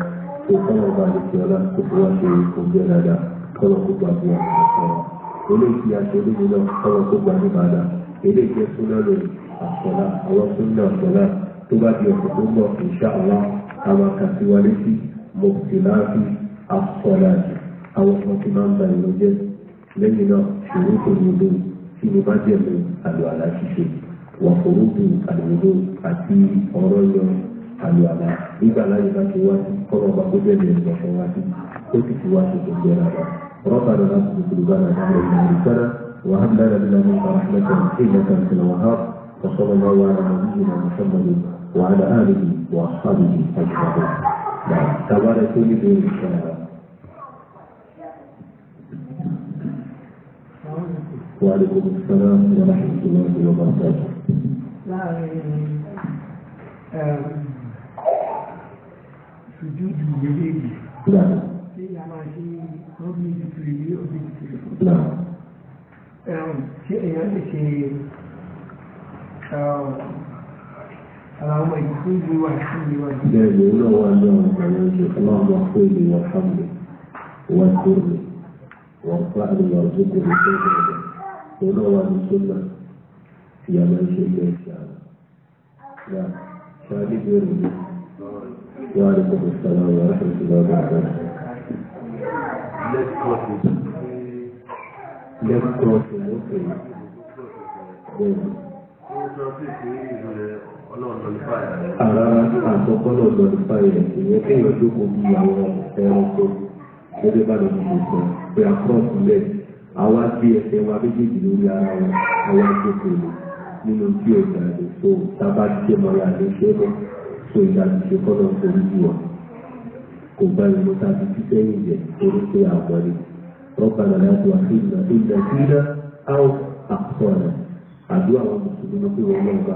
tó kọ́lọ̀ bá lè fi ọ̀rọ̀ kò fi wá ṣe kò fi ọ̀rọ̀ ẹ̀dá kọ́lọ̀ kó gba bí ọ̀rọ̀ aṣọ olóyìn náà kọ́lọ̀ kó gba ní bàdà eléyìí ẹ̀ fún lọ́rọ̀ àwọn tó ń tó bá di ọ̀sẹ̀ tó ń bọ̀ ìṣá àwọn àwọn kàtiwálé sí mọ̀tìláàbí àṣọlá yìí àwọn ọmọ tí máa ń ba ìlú jẹ́ lẹ́yìn náà ṣòro kò ní lò kí ni bá jẹ̀mú àlùhàlà ṣíṣe wàhóròdù àlùhòdù àti ọ̀rọ̀ yan àlùhàlà nígbà láyé bá ti wá sí kọ́nà ọba kó bẹ̀rẹ̀ ẹ̀rọ kan wá sí ó sì ti wá sí gbogbo ẹ̀rọ àbá rọ́bà rẹ̀ láti gbogbo bá rẹ̀ láti rẹ̀ láti sára وهب لنا من لدنك رحمة إنك أنت الوهاب وصلى الله على نبينا محمد وعلى آله وأصحابه أجمعين. تبارك الله وعليكم السلام ورحمة الله وبركاته sùjúdù méjèèjì tí a máa ṣe rọ́bì ìdìtìrì ní òbí ìdìtìrì tí èèyàn lè ṣe àwọn ọmọ ìdíjú wà sí ìwà ìdíjú lọ́wọ́ ọjọ́ àwọn ìṣẹ̀kọ́ ọmọ pé ìwà sáàmù wà tó rẹ̀ wọ́n pàdé ọdún kò ní tó rẹ̀ nínú wọn ní súnmọ́ tí a máa ń ṣe ilé ẹ̀sìn àwọn ya ṣáájú bẹ̀rẹ̀ mi wà ní kòkò sọ̀rọ̀ àwọn aláṣẹ ìṣúná ọ̀gá ọ̀gá. left crossing ló pè é bẹ́ẹ̀ Ara àkọ́kọ́ náà lọ́dúnfà rẹ̀ ìyẹn kéèyàn jókòó bí àwọn ẹranko gẹ́gẹ́ bá lọ́dún tó sọ pé àkọ́ọ̀tù lẹ́yìn àwa gbé ẹsẹ̀ wa méjèèjì lórí ara wa àwa gbókòlò nínú tí o gbà lè so tábà tí mo ra lè ṣe mọ́ so ìlànà ìṣe kọ́nà torí jù wá kò gbá ìlú tàbí títẹ́ ìjẹ́ torí pé àwọn ni rọ́bàlà láti wá sí ìlànà ìlànà áwọ̀ àkọ́ọ̀nà àdúrà àwọn mùsùlùmí pé wọn lọ́wọ́ bá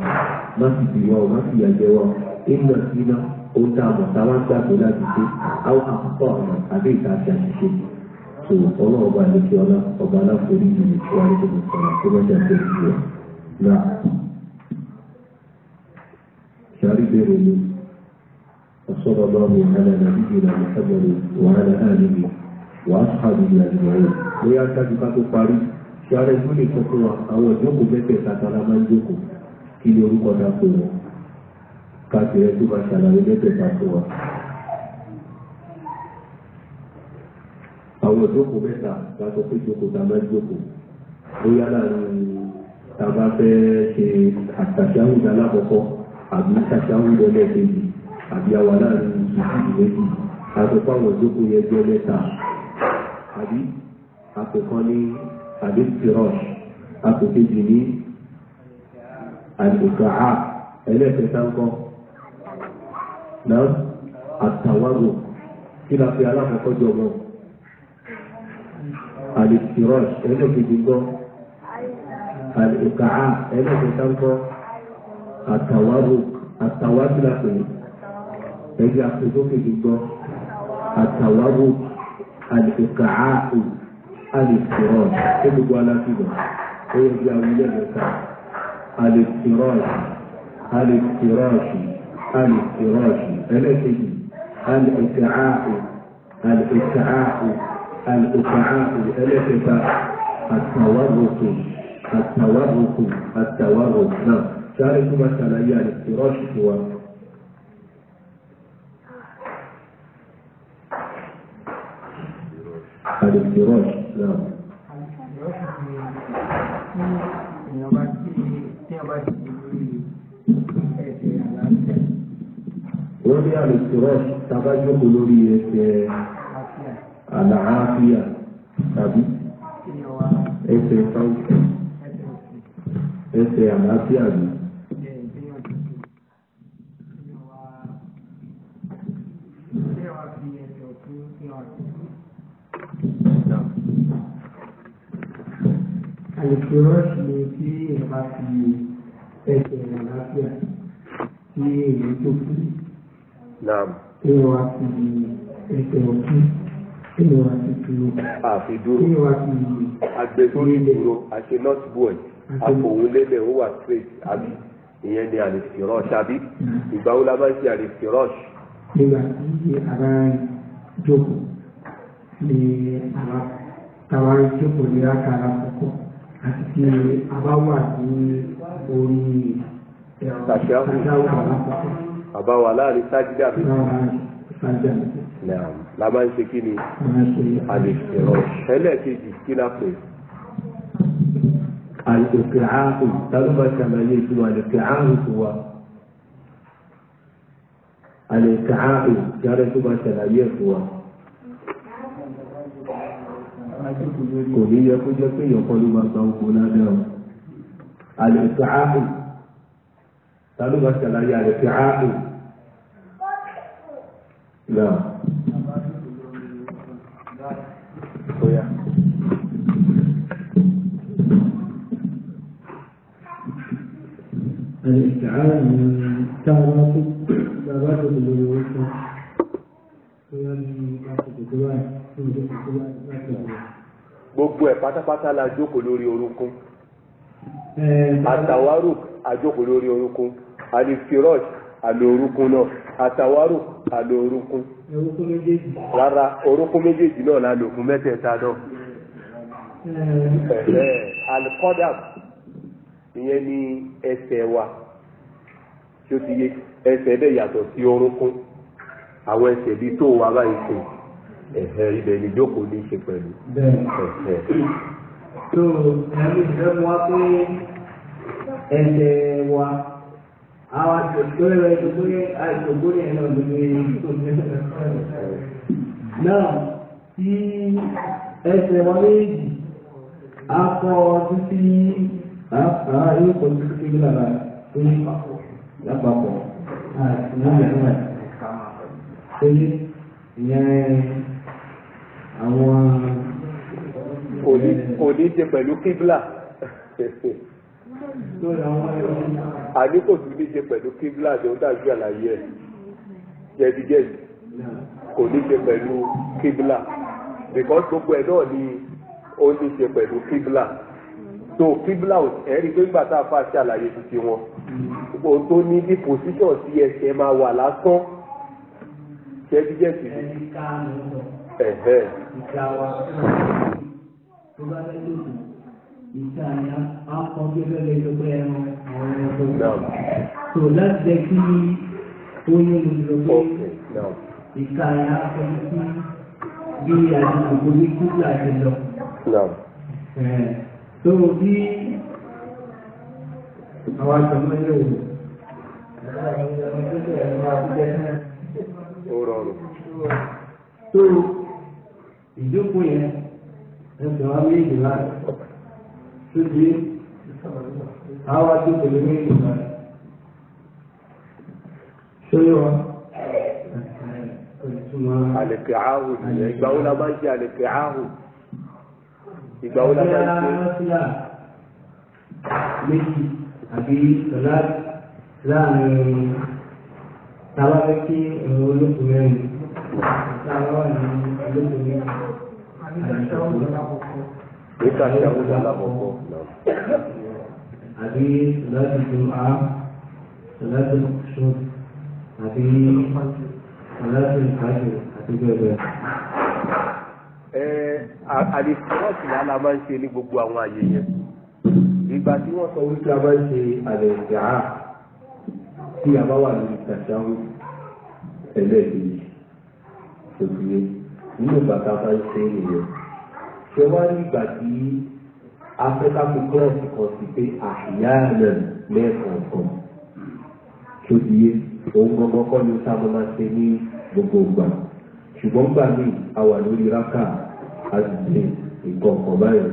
má sì bì wá o má sì yàjẹ wá o ìlànà ìlànà ó dà mọ̀ táwọn gbàgbé láti ṣe áwọ̀ àkọ́ọ̀nà àbí ìta àti àṣìṣe tó ọlọ́run bá lè kí ọlá ọba aláforí yìí kó wá lóko tó sọ̀rọ̀ tó bá jáde ìlú rẹ̀ náà. Ṣàrí bèrè mi, ọ̀ṣọ́dọ̀ bá mi àlẹ́ nàbí ìlà ìṣẹ́bẹ̀rẹ̀ wàhálà àlè mi, wàá ṣàbí ìlà ìmọ̀ràn. Bóyá ṣáàjú ká tó parí, ṣàrẹ́ tó lè sọ fún wa àwọn ìjókòó mẹ́tẹ̀ẹ̀ta tara máa ń jókòó kí ni orúkọ dáko wọn. Káàkiri ẹ tó máa ṣàlàyé mẹ́tẹ̀ẹ̀ta fún wa. àwọn ìjókòó mẹ́ta látọ̀ pé ìjókòó tá a máa ń jókòó bóyá láàrin tá a bá fẹ́ ṣe àtàṣáwùd alákọ̀ọ́kọ́ àbí àtàṣáwùd ẹlẹ́ẹ̀kejì àbí àwa láàrin ìṣòwò méjì àtọ̀pọ̀ àwọn ìjókòó yẹn jẹ́ mẹ́ta àbí àtọ̀kan ní àbí tirọ̀ṣ àtọ̀kejì ní àlùkàá ẹlẹ́ẹ̀kẹta ńkọ́ náà àtàwárò kí la fi alákọ̀ọ́kọ́ jọ mọ́ alifirosh ẹlẹ́kejì gbọ́ alikaha ẹlẹ́kẹta gbọ́ atawaru atawabila pè é ẹ̀jẹ̀ àpèsókejì gbọ́ atawaru alikaha alifirosh ẹlẹ́kẹta alákìlọ̀ ẹ̀yẹ bí awúlẹ̀ lẹ́ka alifirosh alifirosh alifirosh ẹlẹ́kejì alikaha alikaha àlùkòkòrò ẹlẹ́kẹta àtàwárùkù àtàwárùkù àtàwárùkù náà sáré tó máa ṣàlàyé àlùkòrọ́ọ̀ṣì fún wa. àlùkòrọ́ọ̀ṣì náà. wọ́n ní àlùkòrọ́ọ̀ṣì tabajókòó lórí ẹsẹ̀ àlàáfíà tàbí ẹsẹ̀ sáwùkì ẹsẹ̀ àlàáfíà ni. àlùkòrọ́ọ̀sì ni tí èèyàn bá fi ẹsẹ̀ àlàáfíà tí èèyàn tó kú. Naam. Tí wọ́n wá fi ẹsẹ̀ òkú kí ni wàá ti dúró àfi dúró kí ni wàá ti agbẹ̀sórí dúró àti not boy àfòwúlélẹ̀ ó wà straight àbí ìyẹn ni àlèsì rush àbí hmm. ìgbà wo la máa ń ṣe àlèsì rush. nígbà tí ara jókòó ni àwa tàwa jókòó ní àkàrà àkọ́kọ́ àti tí a bá wà ní orí ẹ̀rọ tàṣà àkọ́kọ́. àbá wà láàrin sájídà mi naam la máa ń ṣe kí ni àlèkèrò ẹlẹ́ẹ̀kejì kí la pè. àlèkèrè ààrùn tàbí máa ṣàlàyé ìtumọ̀ àlèkèrè ààrùn tó wa àlèkèrè ààrùn jáde tó máa ṣàlàyé ẹ̀fọ́ wa. kò ní yẹ kó jẹ́ pé ìyọ̀kọ́ máa gba oko lábẹ́ ọ. àlèkèrè ààrùn tàbí máa ṣàlàyé àlèkèrè Naam. Oya. Àlìkàrà ni táwọn bá tó bàbá tó tó lórí owó tán. Bóyá ní lásìkò tó wà ní ọjọ́ tó wà láti àwọn. Gbogbo ẹ̀ pátápátá la jókòó lórí orúnkún. Eh, Àtàwárò àjókòó lórí orúnkún. Àlìfirọ́ọ̀ṣì àlò orúkún náà àtàwárò àlò orúkún rárá orúkún méjèèjì náà la lò fún mẹ́tẹ̀ẹ̀ta náà alikọ́dà ìyẹn ni ẹsẹ̀ wa tí ó ti yé ẹsẹ̀ bẹ́ẹ̀ yàtọ̀ sí orúnkún àwọn ẹsẹ̀ bíi tó wà báyìí sùn ẹ̀hẹ́ ibẹ̀ ni jókòó ní í ṣe pẹ̀lú. tó ẹ̀mí ìfẹ́ mu wá pé ẹsẹ̀ wa àwọn àtòkòrò rẹ̀ ìtòkòrò yẹn náà ló ní e. náà tí ẹsẹ̀ wọn méjì akọ títí àwọn yóò kọ títí kí ní lára tó ní lápapọ̀ àti nílẹ̀ náà tó ní ìyẹn àwọn. kò ní ṣe pẹ̀lú kíbla àní kò tún ní ṣe pẹ̀lú kíbla àti ọ̀dájú àlàyé ẹ̀ jẹ́díjẹ́dì kò ní ṣe pẹ̀lú kíbla because gbogbo ẹ̀ náà ni ó ní ṣe pẹ̀lú kíbla so kíbla ẹ̀rí pé nígbà tá a fà ṣe àlàyé títí wọn ohun tó ní bí position sí ẹsẹ̀ máa wà lásán jẹ́díjẹ́dì ni ẹ̀hẹ́ ìtayà akọ̀gbé fẹ́lẹ̀ ìjọba ẹran àwọn ẹranko. So láti jẹ́ kí oyún olùdókòwò ìtayà akọ̀gbé sí bí àdìgbò ní kúrú àti lọ. So bí àwọn àtọ̀mọ́ ilé òwò. Ó rọrùn. So ìjókòó yẹn ẹgbẹ̀rún méjìlá. síbi àwọn àti pèlè ní ìlú náà ṣé yóò àlèkè áhù nìyẹn ìgbà wo la máa Nígbà tí àwọn ọ̀dà lábọ̀bọ̀. Àbí láti ju a láti ṣó àbí láti ìkájọ àti bẹ́ẹ̀ bẹ́ẹ̀. Àdìsíwọ́ọ̀tì ni a máa ń ṣe ní gbogbo àwọn àyè yẹn. Ìgbà tí wọ́n sọ wípé a máa ń ṣe àlẹ̀ ìjà tí a bá wà ní ìtàṣáwó ẹlẹ́ẹ̀kejì òṣìṣẹ́ nínú bàtà bá ń ṣe nìyẹn ṣe wá ní ìgbà tí afẹ́ká fi kílọ̀sì kan sí pé àyà rẹ̀ lẹ́ẹ̀kọ̀ọ̀kan tó di yé òun gbọ́ngàn kọ́ ni sábà máa ṣe ní gbogbo ìgbà ṣùgbọ́n gbà mí a wà lórí rákà àdìgbè nǹkan báyìí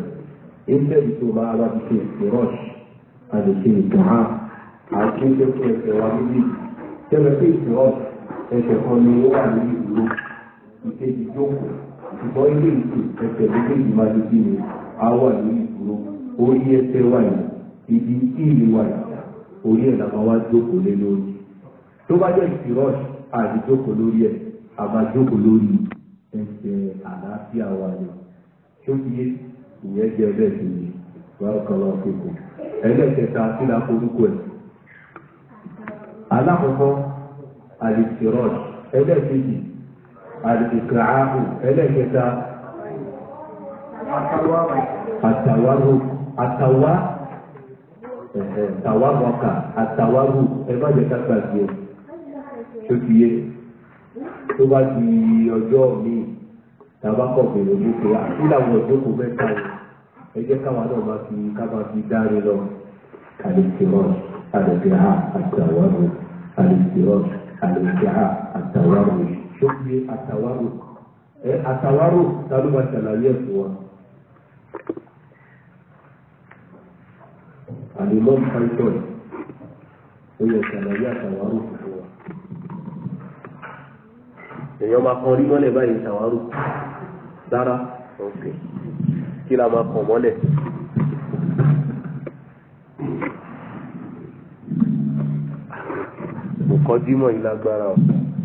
ìṣẹ́yìn tó máa wá fi ṣe ìrọ́ṣì á àti ìṣẹ́kùn ẹ̀fẹ̀ wa níbí tẹ́lẹ̀ pé ìṣẹ́ ọ̀ṣì ẹ̀fẹ̀ kan ni ó wà lórí ìlú ìkejì jókòó. ṣùgbọ́n ilé ìtò ẹsẹ̀ méjèèjì máa di bí wà lórí orí ibi ìlú wà orí ẹ̀ làwọn wá jókòó lé lórí tó bá jẹ́ ìfìrọ́ọ̀ṣì lórí ẹ̀ àbájókòó lórí ẹsẹ̀ àlàáfíà wa ni tó fi yé ìyẹn jẹ́ bẹ́ẹ̀ sì ni kọ́ àdìgbà ààbò ẹlẹ́kẹta àtàwárò àtàwá tàwárọ̀kà àtàwárò ẹ má jẹ́ ká gbàgbé tó fi yé tó bá di ọjọ́ míì tàbákọ̀ bèrè mú pé àti làwọn ìjókòó mẹ́ta ẹ jẹ́ káwa náà máa fi ká fi dáre lọ àdìgbìrán àdìgbìrán àtàwárò àdìgbìrán àdìgbìrán àtàwárò tó ń ní àtàwárò ẹ àtàwárò ta ló máa ṣàlàyé ẹ̀ fún wa. àlùmọ́ python ó yẹ ṣàlàyé àtàwárò fún wa. èèyàn máa kan rí mọ́lẹ̀ báyìí ṣàwárò dára kí la máa kàn mọ́lẹ̀. kọjú mọ́ ìlágbára ọ̀sán.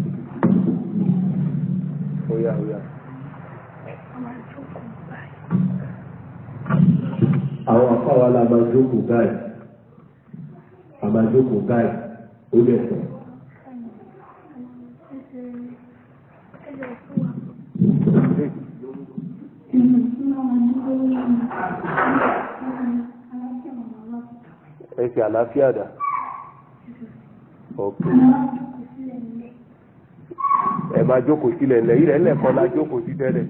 Oya oya. Àwọn afáwa la máa jókòó báyìí. A máa jókòó báyìí. Ó lè sọ. Ẹ ṣe àlàáfíà dà. Okay. ẹ máa jókòó sílẹ̀ lẹ̀ ilẹ̀ ńlẹ̀ kan la jókòó sí tẹ́lẹ̀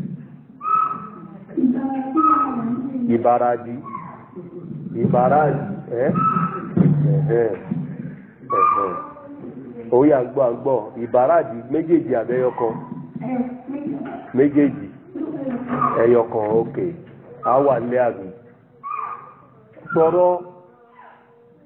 ìbáradì ìbáradì ẹ ẹ ẹ òye ìbáradì méjèèjì méjèèjì òkè sọ̀rọ̀.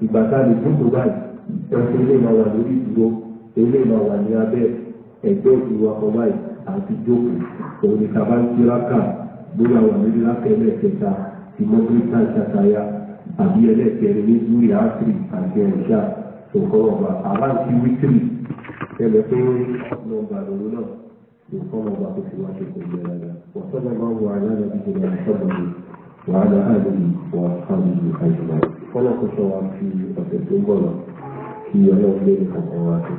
ìgbà tá a lè dúkùú báyìí ẹsẹ̀ ilé máa wà lórí ìdúró ilé máa wà ní abẹ́ ẹgbẹ́ ìwà kan báyìí àti jókòó òun ni tàbá ń tí rákà bóyá wà lórí rákà ẹlẹ́ẹ̀kẹta ti mọ́gíríkà ṣàtàyà àbí ẹlẹ́ẹ̀kẹrin ní júwì áṣírí àti ẹ̀ṣà nǹkan ọ̀gbà àbáǹtí wítírì ẹgbẹ́ pé nọ́mbà lòun náà nǹkan ọ̀gbà kò fi wá ṣe kò yẹ rárá wọ́n sọ́dọ̀ máa ń wọ àyàrá bíi ìjọba ìṣọ́bọ̀ mi wàhálà áàlú mi wà á fọ́nà kò sọ wa fi ọ̀sẹ̀ tó ń bọ̀ lọ kí ọlọ́run lè ní kọ̀ọ̀kan wa tó.